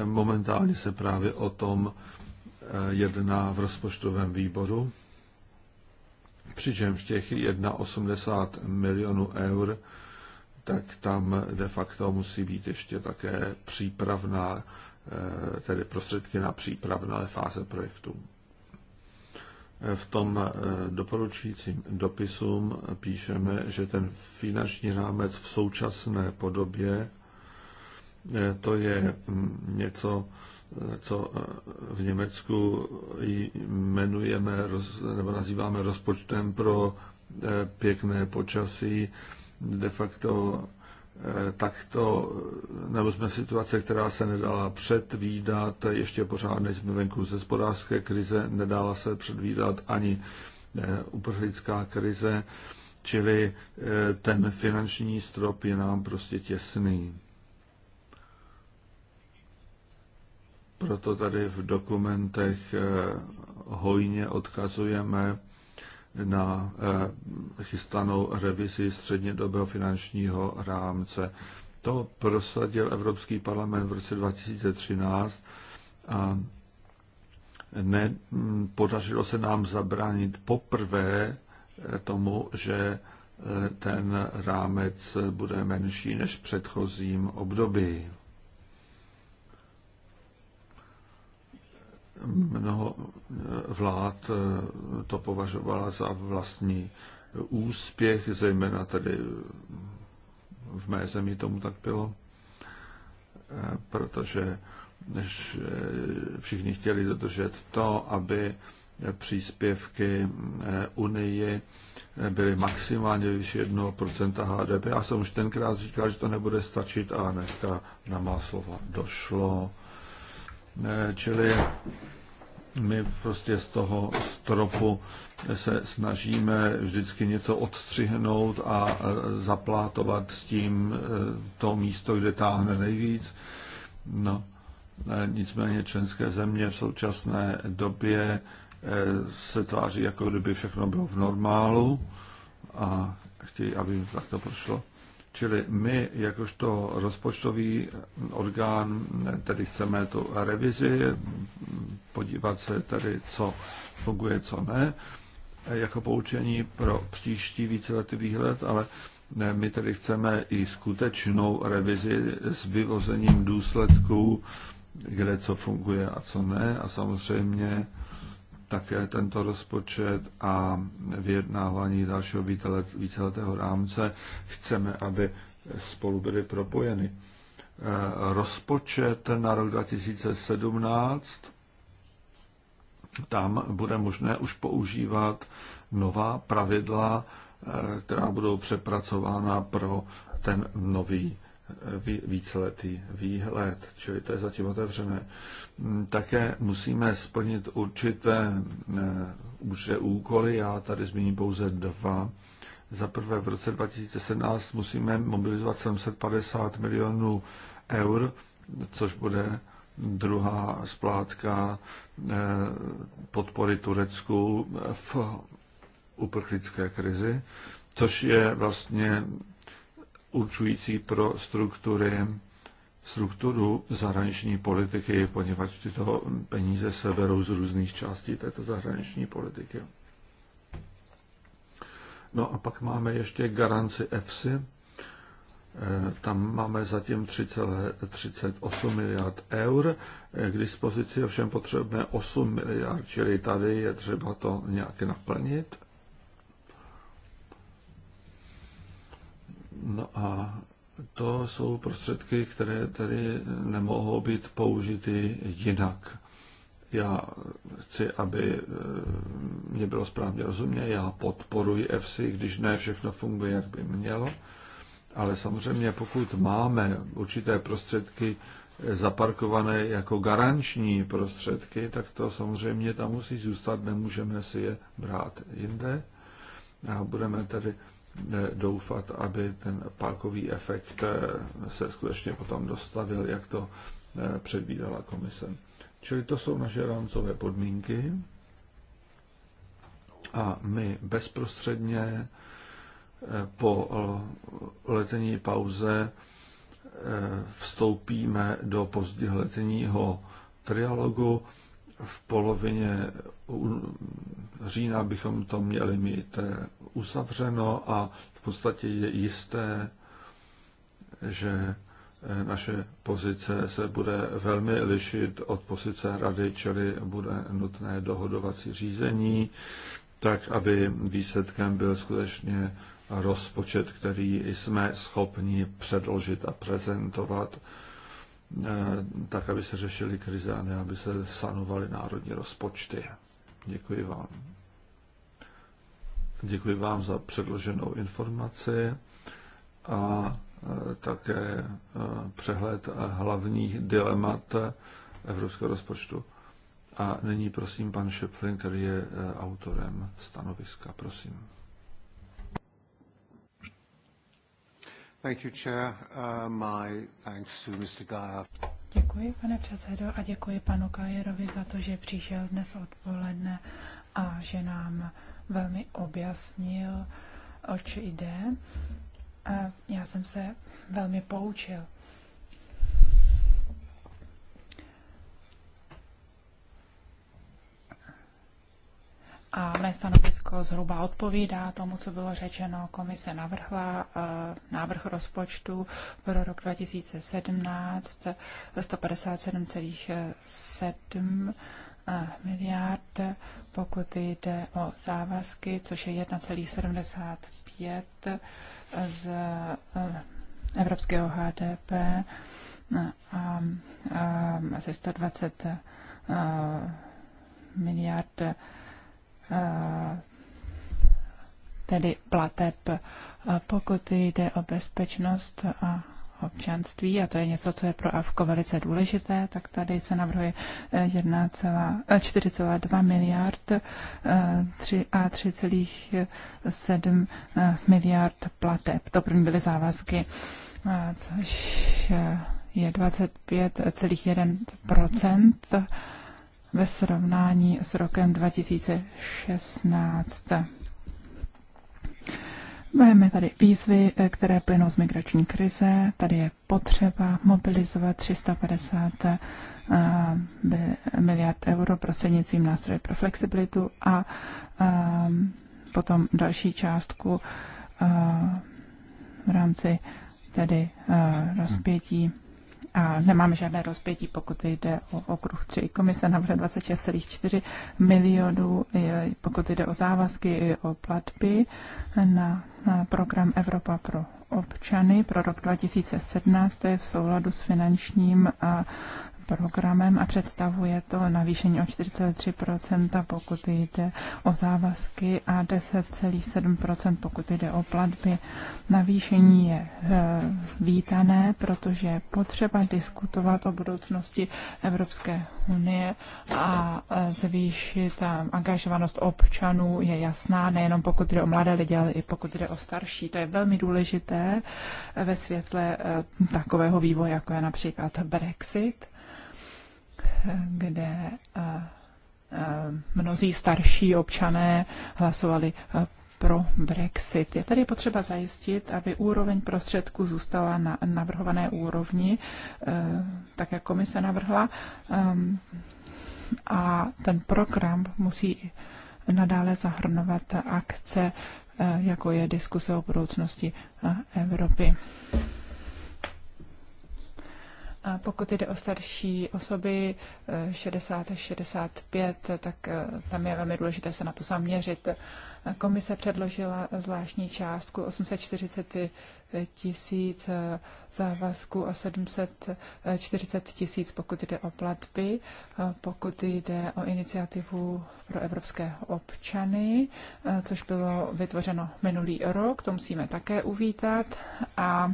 Momentálně se právě o tom jedná v rozpočtovém výboru, přičemž těch 1,80 milionů eur, tak tam de facto musí být ještě také přípravná Eh, tedy prostředky na přípravné fáze projektu. Eh, v tom eh, doporučujícím dopisu píšeme, že ten finanční rámec v současné podobě to je mm, něco, co v Německu jmenujeme, nebo nazýváme rozpočtem pro pěkné počasí. De facto Eh, tak to, nebo jsme situace, která se nedala předvídat, ještě pořád nejsme venku ze hospodářské krize, nedala se předvídat ani eh, uprchlická krize, čili eh, ten finanční strop je nám prostě těsný. Proto tady v dokumentech hojně odkazujeme na eh, chystanou revizi střednědobého finančního rámce. To prosadil Evropský parlament v roce 2013 a ne, podařilo se nám zabránit poprvé eh, tomu, že eh, ten rámec bude menší než v předchozím období. Mnoho eh, vlád eh, to považovala za vlastní úspěch, zejména tedy v mé zemi tomu tak bylo, eh, protože všichni chtěli dodržet to, aby příspěvky Unii byly maximálně vyšší 1% HDP. Já jsem už tenkrát říkal, že to nebude stačit a dneska na má slova došlo. Eh, čili my prostě z toho stropu se snažíme vždycky něco odstřihnout a eh, zaplátovat s tím eh, to místo, kde táhne nejvíc. No, nicméně členské země v současné době se tváří, jako kdyby všechno bylo v normálu a chtějí, aby tak to prošlo. Čili my, jakožto rozpočtový orgán, tedy chceme tu revizi, podívat se tedy, co funguje, co ne, jako poučení pro příští víceletý výhled, ale ne, my tedy chceme i skutečnou revizi s vyvozením důsledků, kde co funguje a co ne. A samozřejmě také tento rozpočet a vyjednávání dalšího víceletého rámce chceme, aby spolu byly propojeny. Eh, rozpočet na rok 2017, tam bude možné už používat nová pravidla, eh, která budou přepracována pro ten nový víceletý výhled, čili to je zatím otevřené. Mm, také musíme splnit určité, eh, určité úkoly, já tady zmíním pouze dva. Za prvé v roce 2017 musíme mobilizovat 750 milionů eur, což bude druhá splátka eh, podpory Turecku v uprchlické krizi, což je vlastně určující pro struktury, strukturu zahraniční politiky, poněvadž tyto peníze se berou z různých částí této zahraniční politiky. No a pak máme ještě garanci EFSI. Eh, tam máme zatím 3,38 miliard eur. Eh, k dispozici ovšem potřebujeme 8 miliard, čili tady je třeba to nějak naplnit. No a to jsou prostředky, které tady nemohou být použity jinak. Já chci, aby eh, mě bylo správně rozumě, já podporuji EFSI, když ne všechno funguje, jak by mělo, ale samozřejmě pokud máme určité prostředky eh, zaparkované jako garanční prostředky, tak to samozřejmě tam musí zůstat, nemůžeme si je brát jinde. A budeme tedy doufat, aby ten pákový efekt eh, se skutečně potom dostavil, jak to eh, předvídala komise. Čili to jsou naše rámcové podmínky a my bezprostředně eh, po letení pauze vstoupíme do pozdě letního trialogu. V polovině října bychom to měli mít uzavřeno a v podstatě je jisté, že eh, naše pozice se bude velmi lišit od pozice rady, čili bude nutné dohodovací řízení, tak aby výsledkem byl skutečně rozpočet, který jsme schopni předložit a prezentovat, eh, tak aby se řešily krize a ne aby se sanovaly národní rozpočty. Děkuji vám. Děkuji vám za předloženou informaci a e, také e, přehled hlavních dilemat evropského rozpočtu. A nyní prosím pan Šeplin, který je e, autorem stanoviska. Prosím. Thank you, Chair. Uh, my thanks to Mr. Gaia. Děkuji, pane předsedo, a děkuji panu Kajerovi za to, že přišel dnes odpoledne a že nám velmi objasnil, co jde. A já jsem se velmi poučil. A mé stanovisko zhruba odpovídá tomu, co bylo řečeno. Komise navrhla e, návrh rozpočtu pro rok 2017 157,7 miliard, pokud jde o závazky, což je 1,75 z eh, evropského HDP eh, a ze eh, 120 miliard tedy plateb. Pokud jde o bezpečnost a občanství, a to je něco, co je pro AVKO velice důležité, tak tady se navrhuje 4,2 eh, eh, miliard eh, a 3,7 miliard plateb. To první byly závazky, což je 25,1 ve srovnání s rokem 2016. Máme tady výzvy, eh, které plynou z migrační krize. Tady je potřeba mobilizovat 350 eh, miliard euro prostřednictvím nástroje pro flexibilitu a ehm, potom další částku eh, v rámci tedy hm. rozpětí a nemáme žádné rozpětí, pokud jde o okruh 3. Komise navrhne 26,4 milionů, pokud jde o závazky i o platby na, na program Evropa pro občany pro rok 2017, to je v souladu s finančním a programem a představuje to navýšení o 43%, pokud jde o závazky a 10,7%, pokud jde o platby. Navýšení je e, vítané, protože potřeba diskutovat o budoucnosti Evropské unie a e, zvýšit e, angažovanost občanů je jasná, nejenom pokud jde o mladé lidi, ale i pokud jde o starší. To je velmi důležité ve světle takového vývoje, jako je například Brexit kde eh, eh, mnozí starší občané hlasovali eh, pro Brexit. Je tady potřeba zajistit, aby úroveň prostředků zůstala na navrhované úrovni, tak jak komise navrhla. A ten program musí nadále zahrnovat akce, jako je diskuse o budoucnosti Evropy. A pokud jde o starší osoby 60 eh, až 65, tak eh, tam je velmi důležité se na to zaměřit. Komise předložila zvláštní částku 840 tisíc závazků a 740 tisíc, pokud jde o platby, pokud jde o iniciativu pro evropské občany, což bylo vytvořeno minulý rok, to musíme také uvítat. A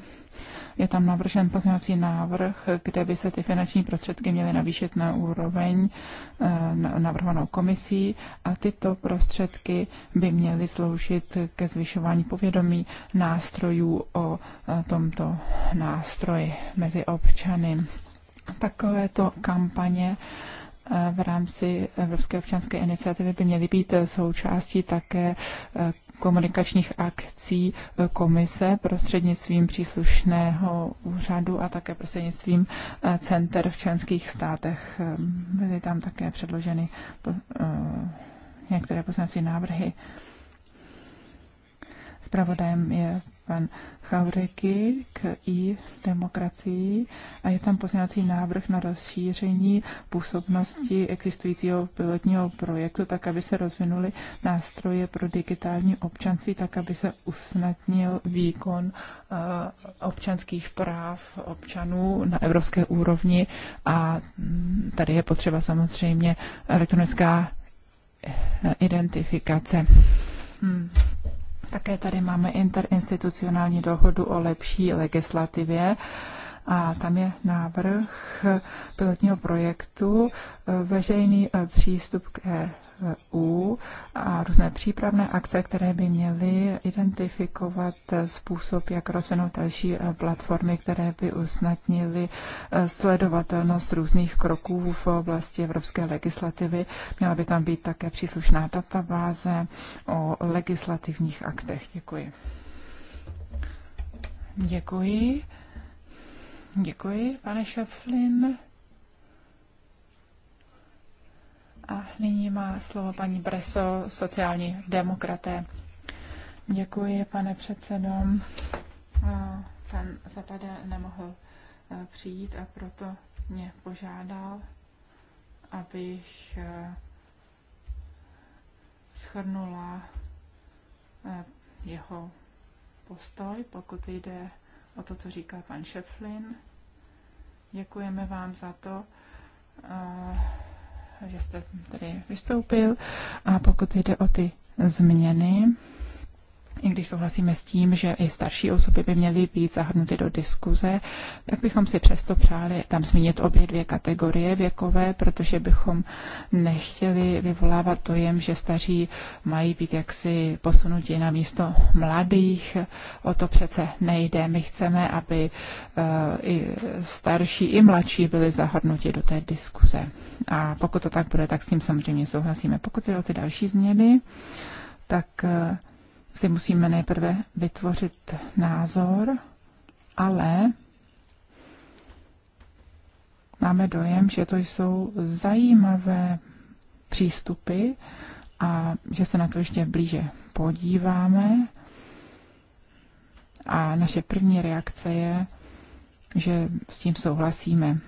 je tam navržen pozměňovací návrh, kde by se ty finanční prostředky měly navýšit na úroveň eh, navrhovanou komisí a tyto prostředky by měly sloužit ke zvyšování povědomí nástrojů o eh, tomto nástroji mezi občany. Takovéto kampaně eh, v rámci Evropské občanské iniciativy by měly být součástí také komunikačních akcí komise prostřednictvím příslušného úřadu a také prostřednictvím eh, center v členských státech. Eh, byly tam také předloženy eh, některé poslanecí návrhy. Spravodajem je pan Chavreky k i demokracii a je tam pozměňovací návrh na rozšíření působnosti existujícího pilotního projektu, tak aby se rozvinuly nástroje pro digitální občanství, tak aby se usnadnil výkon eh, občanských práv občanů na evropské úrovni a mm, tady je potřeba samozřejmě elektronická eh, identifikace. Hmm. Také tady máme interinstitucionální dohodu o lepší legislativě a tam je návrh pilotního projektu e, veřejný e, přístup k EU a různé přípravné akce, které by měly identifikovat způsob, jak rozvinout další e, platformy, které by usnadnily e, sledovatelnost různých kroků v oblasti evropské legislativy. Měla by tam být také příslušná databáze o legislativních aktech. Děkuji. Děkuji. Děkuji, pane Šeflin. A nyní má slovo paní Breso, sociální demokraté. Děkuji, pane předsedo. Pan Zapada nemohl eh, přijít a proto mě požádal, abych eh, schrnula eh, jeho postoj, pokud jde o to, co říká pan Šeflin. Děkujeme vám za to, že jste tady vystoupil. A pokud jde o ty změny, i když souhlasíme s tím, že i starší osoby by měly být zahrnuty do diskuze, tak bychom si přesto přáli tam zmínit obě dvě kategorie věkové, protože bychom nechtěli vyvolávat dojem, že staří mají být jaksi posunutí na místo mladých. O to přece nejde. My chceme, aby eh, i starší, i mladší byli zahrnuti do té diskuze. A pokud to tak bude, tak s tím samozřejmě souhlasíme. Pokud jde o ty další změny, tak eh, si musíme nejprve vytvořit názor, ale máme dojem, že to jsou zajímavé přístupy a že se na to ještě blíže podíváme. A naše první reakce je, že s tím souhlasíme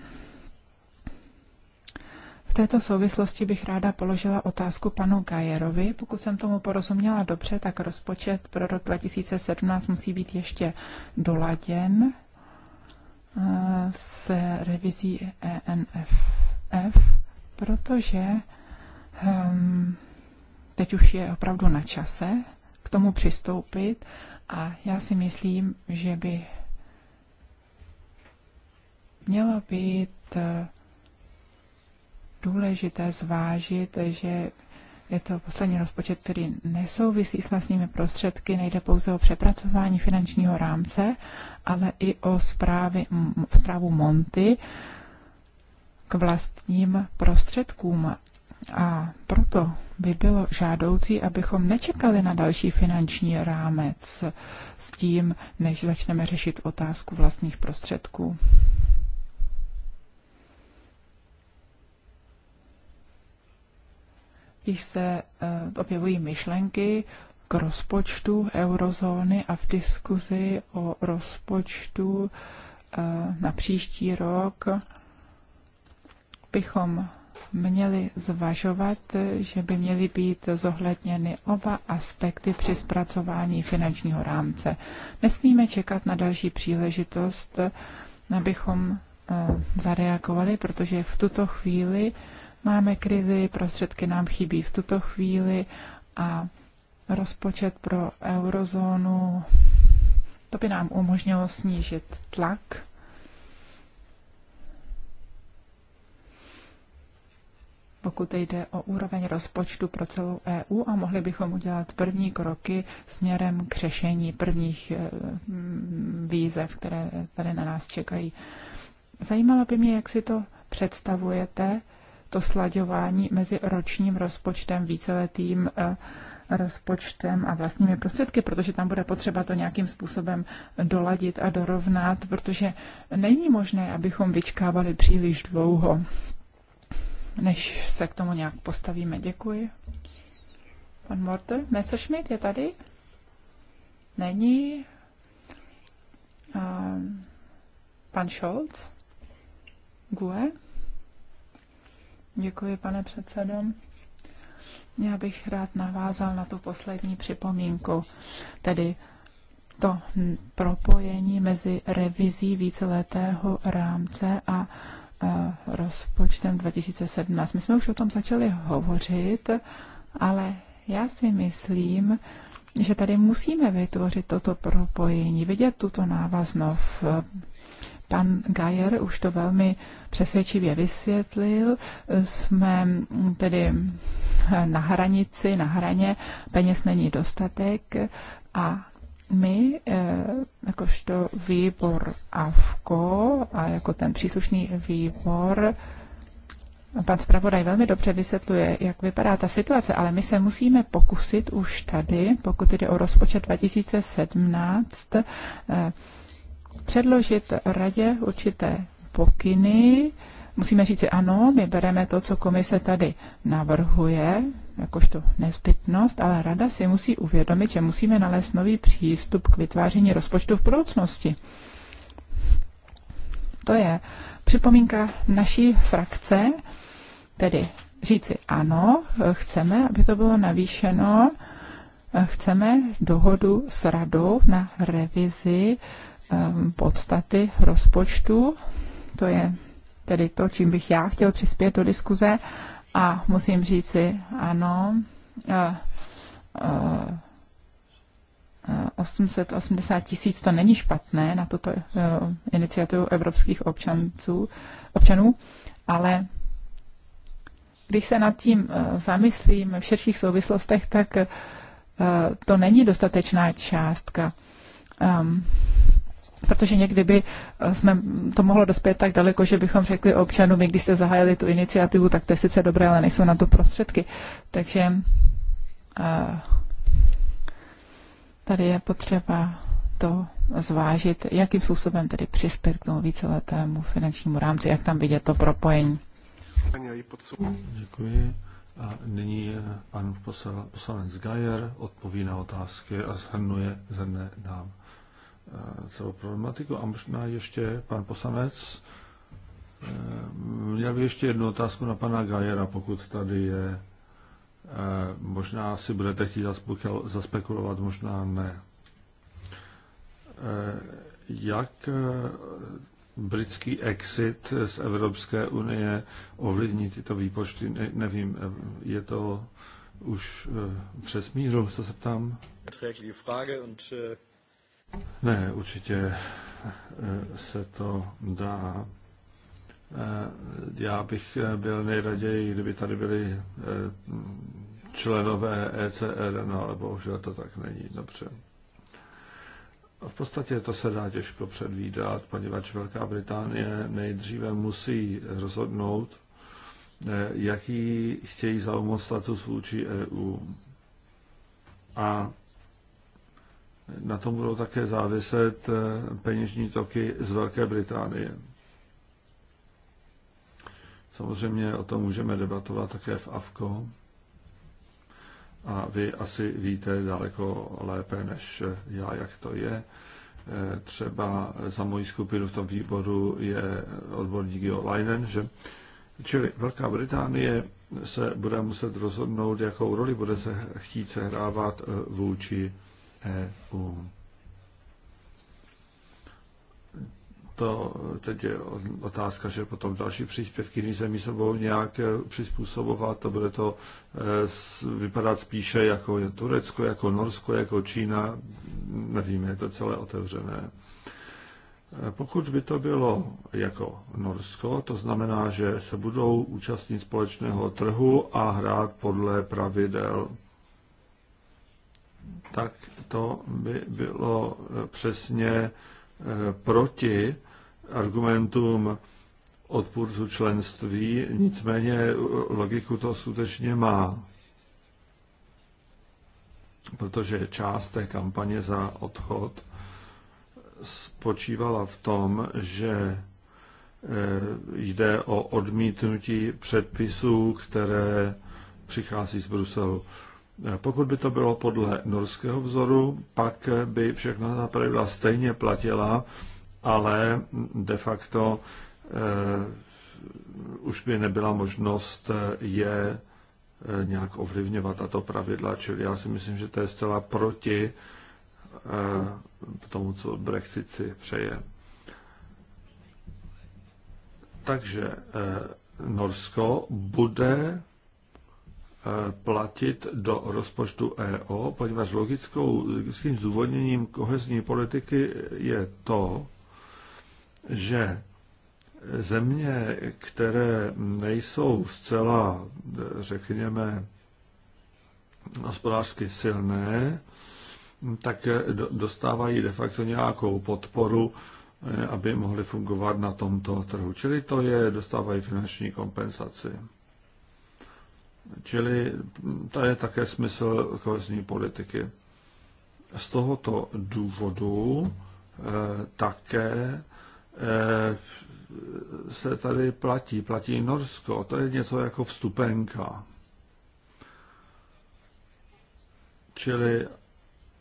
této souvislosti bych ráda položila otázku panu Gajerovi. Pokud jsem tomu porozuměla dobře, tak rozpočet pro rok 2017 musí být ještě doladěn eh, s revizí ENFF, protože um, teď už je opravdu na čase k tomu přistoupit a já si myslím, že by mělo být eh, důležité zvážit, že je to poslední rozpočet, který nesouvisí s vlastními prostředky, nejde pouze o přepracování finančního rámce, ale i o zprávy, zprávu Monty k vlastním prostředkům. A proto by bylo žádoucí, abychom nečekali na další finanční rámec s tím, než začneme řešit otázku vlastních prostředků. již se eh, objevují myšlenky k rozpočtu eurozóny a v diskuzi o rozpočtu eh, na příští rok bychom měli zvažovat, že by měly být zohledněny oba aspekty při zpracování finančního rámce. Nesmíme čekat na další příležitost, abychom eh, zareagovali, protože v tuto chvíli Máme krizi, prostředky nám chybí v tuto chvíli a rozpočet pro eurozónu, to by nám umožnilo snížit tlak pokud jde o úroveň rozpočtu pro celou EU a mohli bychom udělat první kroky směrem k řešení prvních eh, mm, výzev, které tady na nás čekají. Zajímalo by mě, jak si to představujete, to slaďování mezi ročním rozpočtem, víceletým eh, rozpočtem a vlastními prostředky, protože tam bude potřeba to nějakým způsobem doladit a dorovnat, protože není možné, abychom vyčkávali příliš dlouho, než se k tomu nějak postavíme. Děkuji. Pan Mortel, Messerschmidt je tady? Není. Um, pan Scholz? Gue? Děkuji, pane předsedo. Já bych rád navázal na tu poslední připomínku, tedy to propojení mezi revizí víceletého rámce a rozpočtem 2017. My jsme už o tom začali hovořit, ale já si myslím, že tady musíme vytvořit toto propojení, vidět tuto návaznost, Pan Gajer už to velmi přesvědčivě vysvětlil. Jsme tedy na hranici, na hraně, peněz není dostatek a my, eh, jakožto výbor AFKO a jako ten příslušný výbor, pan zpravodaj velmi dobře vysvětluje, jak vypadá ta situace, ale my se musíme pokusit už tady, pokud jde o rozpočet 2017, předložit radě určité pokyny. Musíme říct si ano, my bereme to, co komise tady navrhuje, jakožto nezbytnost, ale rada si musí uvědomit, že musíme nalézt nový přístup k vytváření rozpočtu v budoucnosti. To je připomínka naší frakce, tedy říci ano, chceme, aby to bylo navýšeno, chceme dohodu s radou na revizi Ehm, podstaty rozpočtu. To je tedy to, čím bych já chtěl přispět do diskuze. A musím říct, si, ano, 880 eh, eh, tisíc to není špatné na tuto eh, iniciativu evropských občanců, občanů, ale když se nad tím zamyslím v širších souvislostech, tak to není dostatečná částka. Ehm, protože někdy by eh, jsme to mohlo dospět tak daleko, že bychom řekli občanům, když jste zahájili tu iniciativu, tak to je sice dobré, ale nejsou na to prostředky. Takže eh, tady je potřeba to zvážit, jakým způsobem tedy přispět k tomu víceletému finančnímu rámci, jak tam vidět to propojení. Děkuji. A nyní pan poslanec Gajer odpoví na otázky a zhrnuje ze dne nám Eh, celou problematiku. A možná ještě pan poslanec. Eh, měl bych ještě jednu otázku na pana Gajera, pokud tady je. Eh, možná si budete chtít zaspekulovat, možná ne. Jak britský exit z Evropské unie ovlivní tyto výpočty, ne, nevím, je to už přes míru, co se ptám? Ne, určitě eh, se to dá. Eh, já bych eh, byl nejraději, kdyby tady byli členové ECR, no ale bohužel to tak není. Dobře. V podstatě to se dá těžko předvídat, poněvadž Velká Británie nejdříve musí rozhodnout, jaký chtějí zaujmout status vůči EU. A na tom budou také záviset eh, peněžní toky z Velké Británie. Samozřejmě o tom můžeme debatovat také v AFKO. A vy asi víte daleko lépe než eh, já, jak to je. Eh, třeba za moji skupinu v tom výboru je odborník Jo Leinen, že Čili Velká Británie se bude muset rozhodnout, jakou roli bude se chtít sehrávat vůči EU. To teď je otázka, že potom další příspěvky jiných zemí se budou nějak e, přizpůsobovat a bude to e, vypadat spíše jako je Turecko, jako Norsko, jako Čína. Nevíme, je to celé otevřené. E, pokud by to bylo jako Norsko, to znamená, že se budou účastnit společného trhu a hrát podle pravidel, tak to by bylo eh, přesně eh, proti argumentům odpůrců členství, nicméně eh, logiku to skutečně má. Protože část té kampaně za odchod spočívala v tom, že jde o odmítnutí předpisů, které přichází z Bruselu. Pokud by to bylo podle norského vzoru, pak by všechna ta pravidla stejně platila, ale de facto eh, už by nebyla možnost eh, je eh, nějak ovlivňovat tato pravidla. Čili já si myslím, že to je zcela proti tomu, co Brexit si přeje. Takže Norsko bude Eh, platit do rozpočtu EO, poněvadž logickou, logickým zdůvodněním kohezní politiky je to, že země, které nejsou zcela, řekněme, hospodářsky silné, tak dostávají de facto nějakou podporu, eh, aby mohly fungovat na tomto trhu. Čili to je, dostávají finanční kompenzaci. Čili to je také smysl kohezní politiky. Z tohoto důvodu eh, také eh, se tady platí, platí Norsko. To je něco jako vstupenka. Čili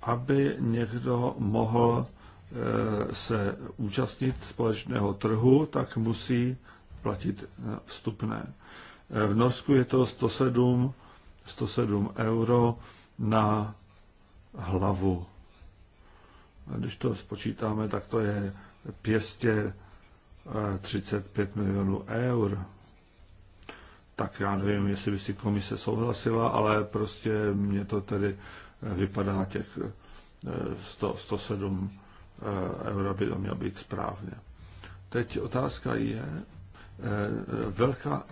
aby někdo mohl eh, se účastnit společného trhu, tak musí platit vstupné. V Norsku je to 107, 107 euro na hlavu. Když to spočítáme, tak to je 535 milionů eur. Tak já nevím, jestli by si komise souhlasila, ale prostě mě to tedy vypadá těch 100, eh, 107 eh, euro by to mělo být správně. Teď otázka je, eh, velká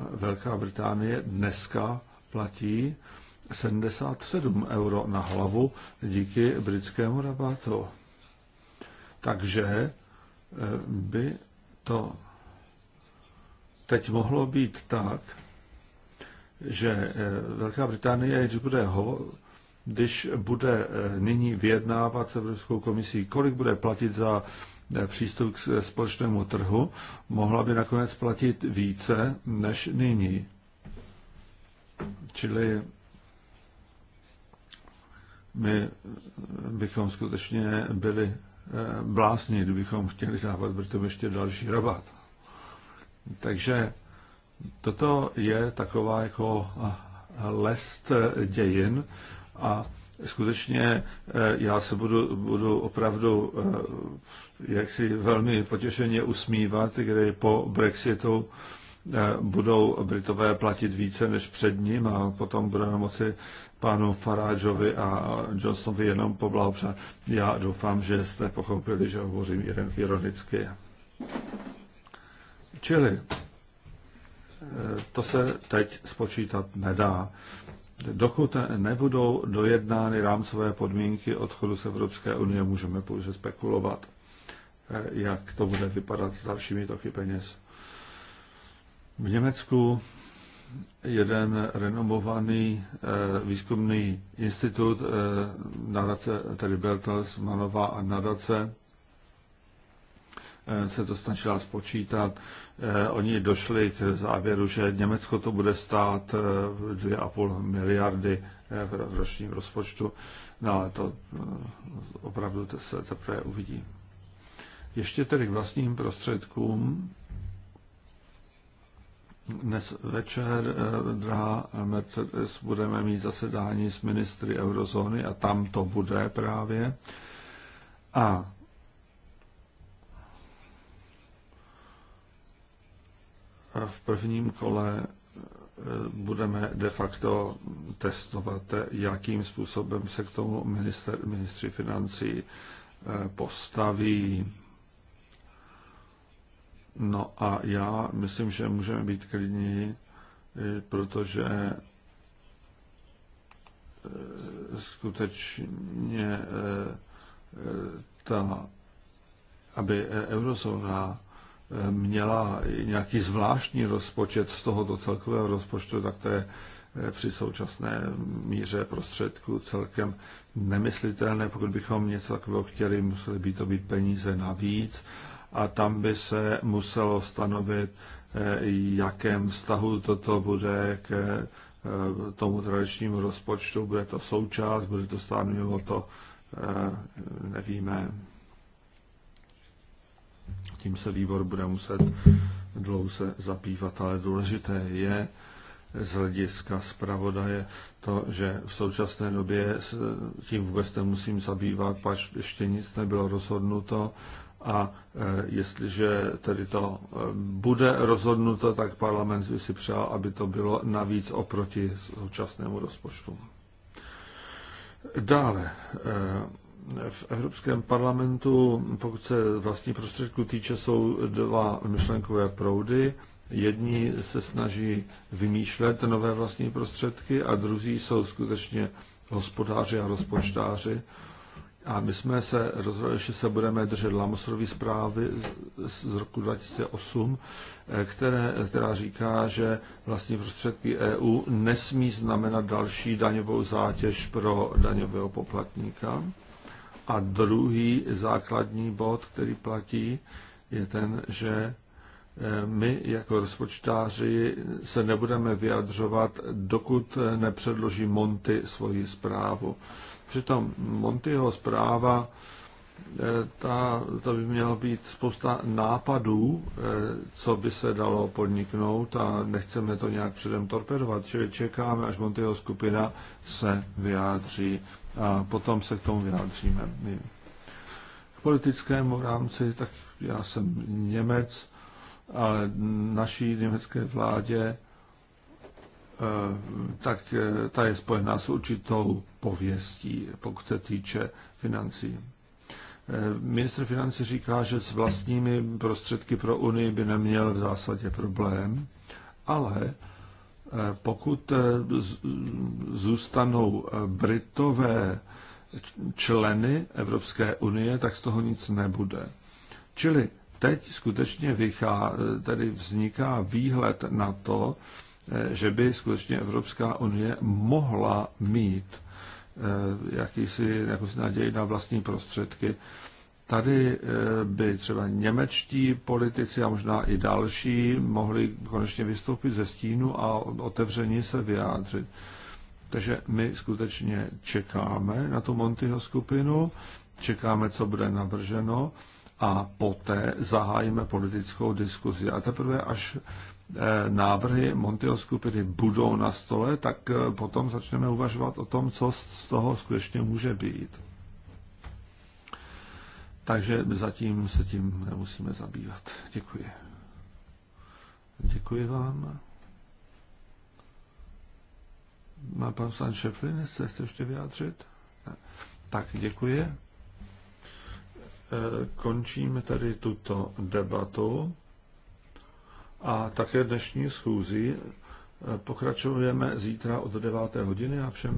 Velká Británie dneska platí 77 euro na hlavu díky britskému rabatu. Takže eh, by to teď mohlo být tak, že eh, Velká Británie, když bude, ho, když bude eh, nyní vyjednávat s Evropskou komisí, kolik bude platit za přístup k společnému trhu, mohla by nakonec platit více než nyní. Čili my bychom skutečně byli eh, blázni, kdybychom chtěli dávat Britům ještě další rabat. Takže toto je taková jako eh, lest eh, dějin a skutečně eh, já se budu, budu opravdu eh, jaksi velmi potěšeně usmívat, kdy po Brexitu eh, budou Britové platit více než před ním a potom budeme moci panu Farageovi a Johnsonovi jenom poblahopřát. Já doufám, že jste pochopili, že hovořím ironicky. Čili to se teď spočítat nedá. Dokud nebudou dojednány rámcové podmínky odchodu z Evropské unie, můžeme pouze spekulovat, eh, jak to bude vypadat s dalšími toky peněz. V Německu jeden renomovaný eh, výzkumný institut, eh, nadace, tedy Bertelsmanova nadace, se to snažila spočítat, Eh, oni došli k závěru, že Německo to bude stát 2,5 eh, miliardy eh, v ročním rozpočtu. No ale to opravdu to se teprve uvidí. Ještě tedy k vlastním prostředkům. Dnes večer, drahá Mercedes, budeme mít zasedání s ministry eurozóny a tam to bude právě. A v prvním kole e, budeme de facto testovat, e, jakým způsobem se k tomu minister, ministři financí e, postaví. No a já myslím, že můžeme být klidní, protože skutečně ta, aby eurozóna měla nějaký zvláštní rozpočet z tohoto celkového rozpočtu, tak to je eh, při současné míře prostředků celkem nemyslitelné. Pokud bychom něco takového chtěli, museli by to být peníze navíc a tam by se muselo stanovit, eh, jakém vztahu toto bude k eh, tomu tradičnímu rozpočtu. Bude to součást, bude to stát mimo to, nevíme tím se výbor bude muset dlouze zapívat, ale důležité je z hlediska zpravodaje to, že v současné době tím vůbec nemusím zabývat, pač ještě nic nebylo rozhodnuto a e, jestliže tedy to e, bude rozhodnuto, tak parlament by si přál, aby to bylo navíc oproti současnému rozpočtu. Dále e, v Evropském parlamentu, pokud se vlastní prostředku týče, jsou dva myšlenkové proudy. Jedni se snaží vymýšlet nové vlastní prostředky a druzí jsou skutečně hospodáři a rozpočtáři. A my jsme se rozhodli, že se budeme držet Lamosrový zprávy z roku 2008, které, která říká, že vlastní prostředky EU nesmí znamenat další daňovou zátěž pro daňového poplatníka. A druhý základní bod, který platí, je ten, že eh, my jako rozpočtáři se nebudeme vyjadřovat, dokud eh, nepředloží Monty svoji zprávu. Přitom Montyho zpráva, eh, ta, to by měla být spousta nápadů, co by se dalo podniknout a nechceme to nějak předem torpedovat, čili čekáme, až Montyho skupina se vyjádří a potom se k tomu vyjádříme. K politickému rámci, tak já jsem Němec, ale naší německé vládě e, tak e, ta je spojená s určitou pověstí, pokud se týče financí. E, ministr financí říká, že s vlastními prostředky pro Unii by neměl v zásadě problém, ale pokud eh, zůstanou eh, Britové členy Evropské unie, tak z toho nic nebude. Čili teď skutečně vychá, eh, tady vzniká výhled na to, že by skutečně Evropská unie mohla mít jakýsi, jakousi naději na vlastní prostředky Tady eh, by třeba němečtí politici a možná i další mohli konečně vystoupit ze stínu a otevřeně se vyjádřit. Takže my skutečně čekáme na tu Montyho skupinu, čekáme, co bude navrženo a poté zahájíme politickou diskuzi. A teprve až eh, návrhy Montyho skupiny budou na stole, tak eh, potom začneme uvažovat o tom, co z toho skutečně může být. Takže zatím se tím nemusíme zabývat. Děkuji. Děkuji vám. Má pan San Šeflin, se chce ještě vyjádřit? Ne. Tak, děkuji. E, končíme tady tuto debatu a také dnešní schůzi. E, pokračujeme zítra od 9. hodiny a všem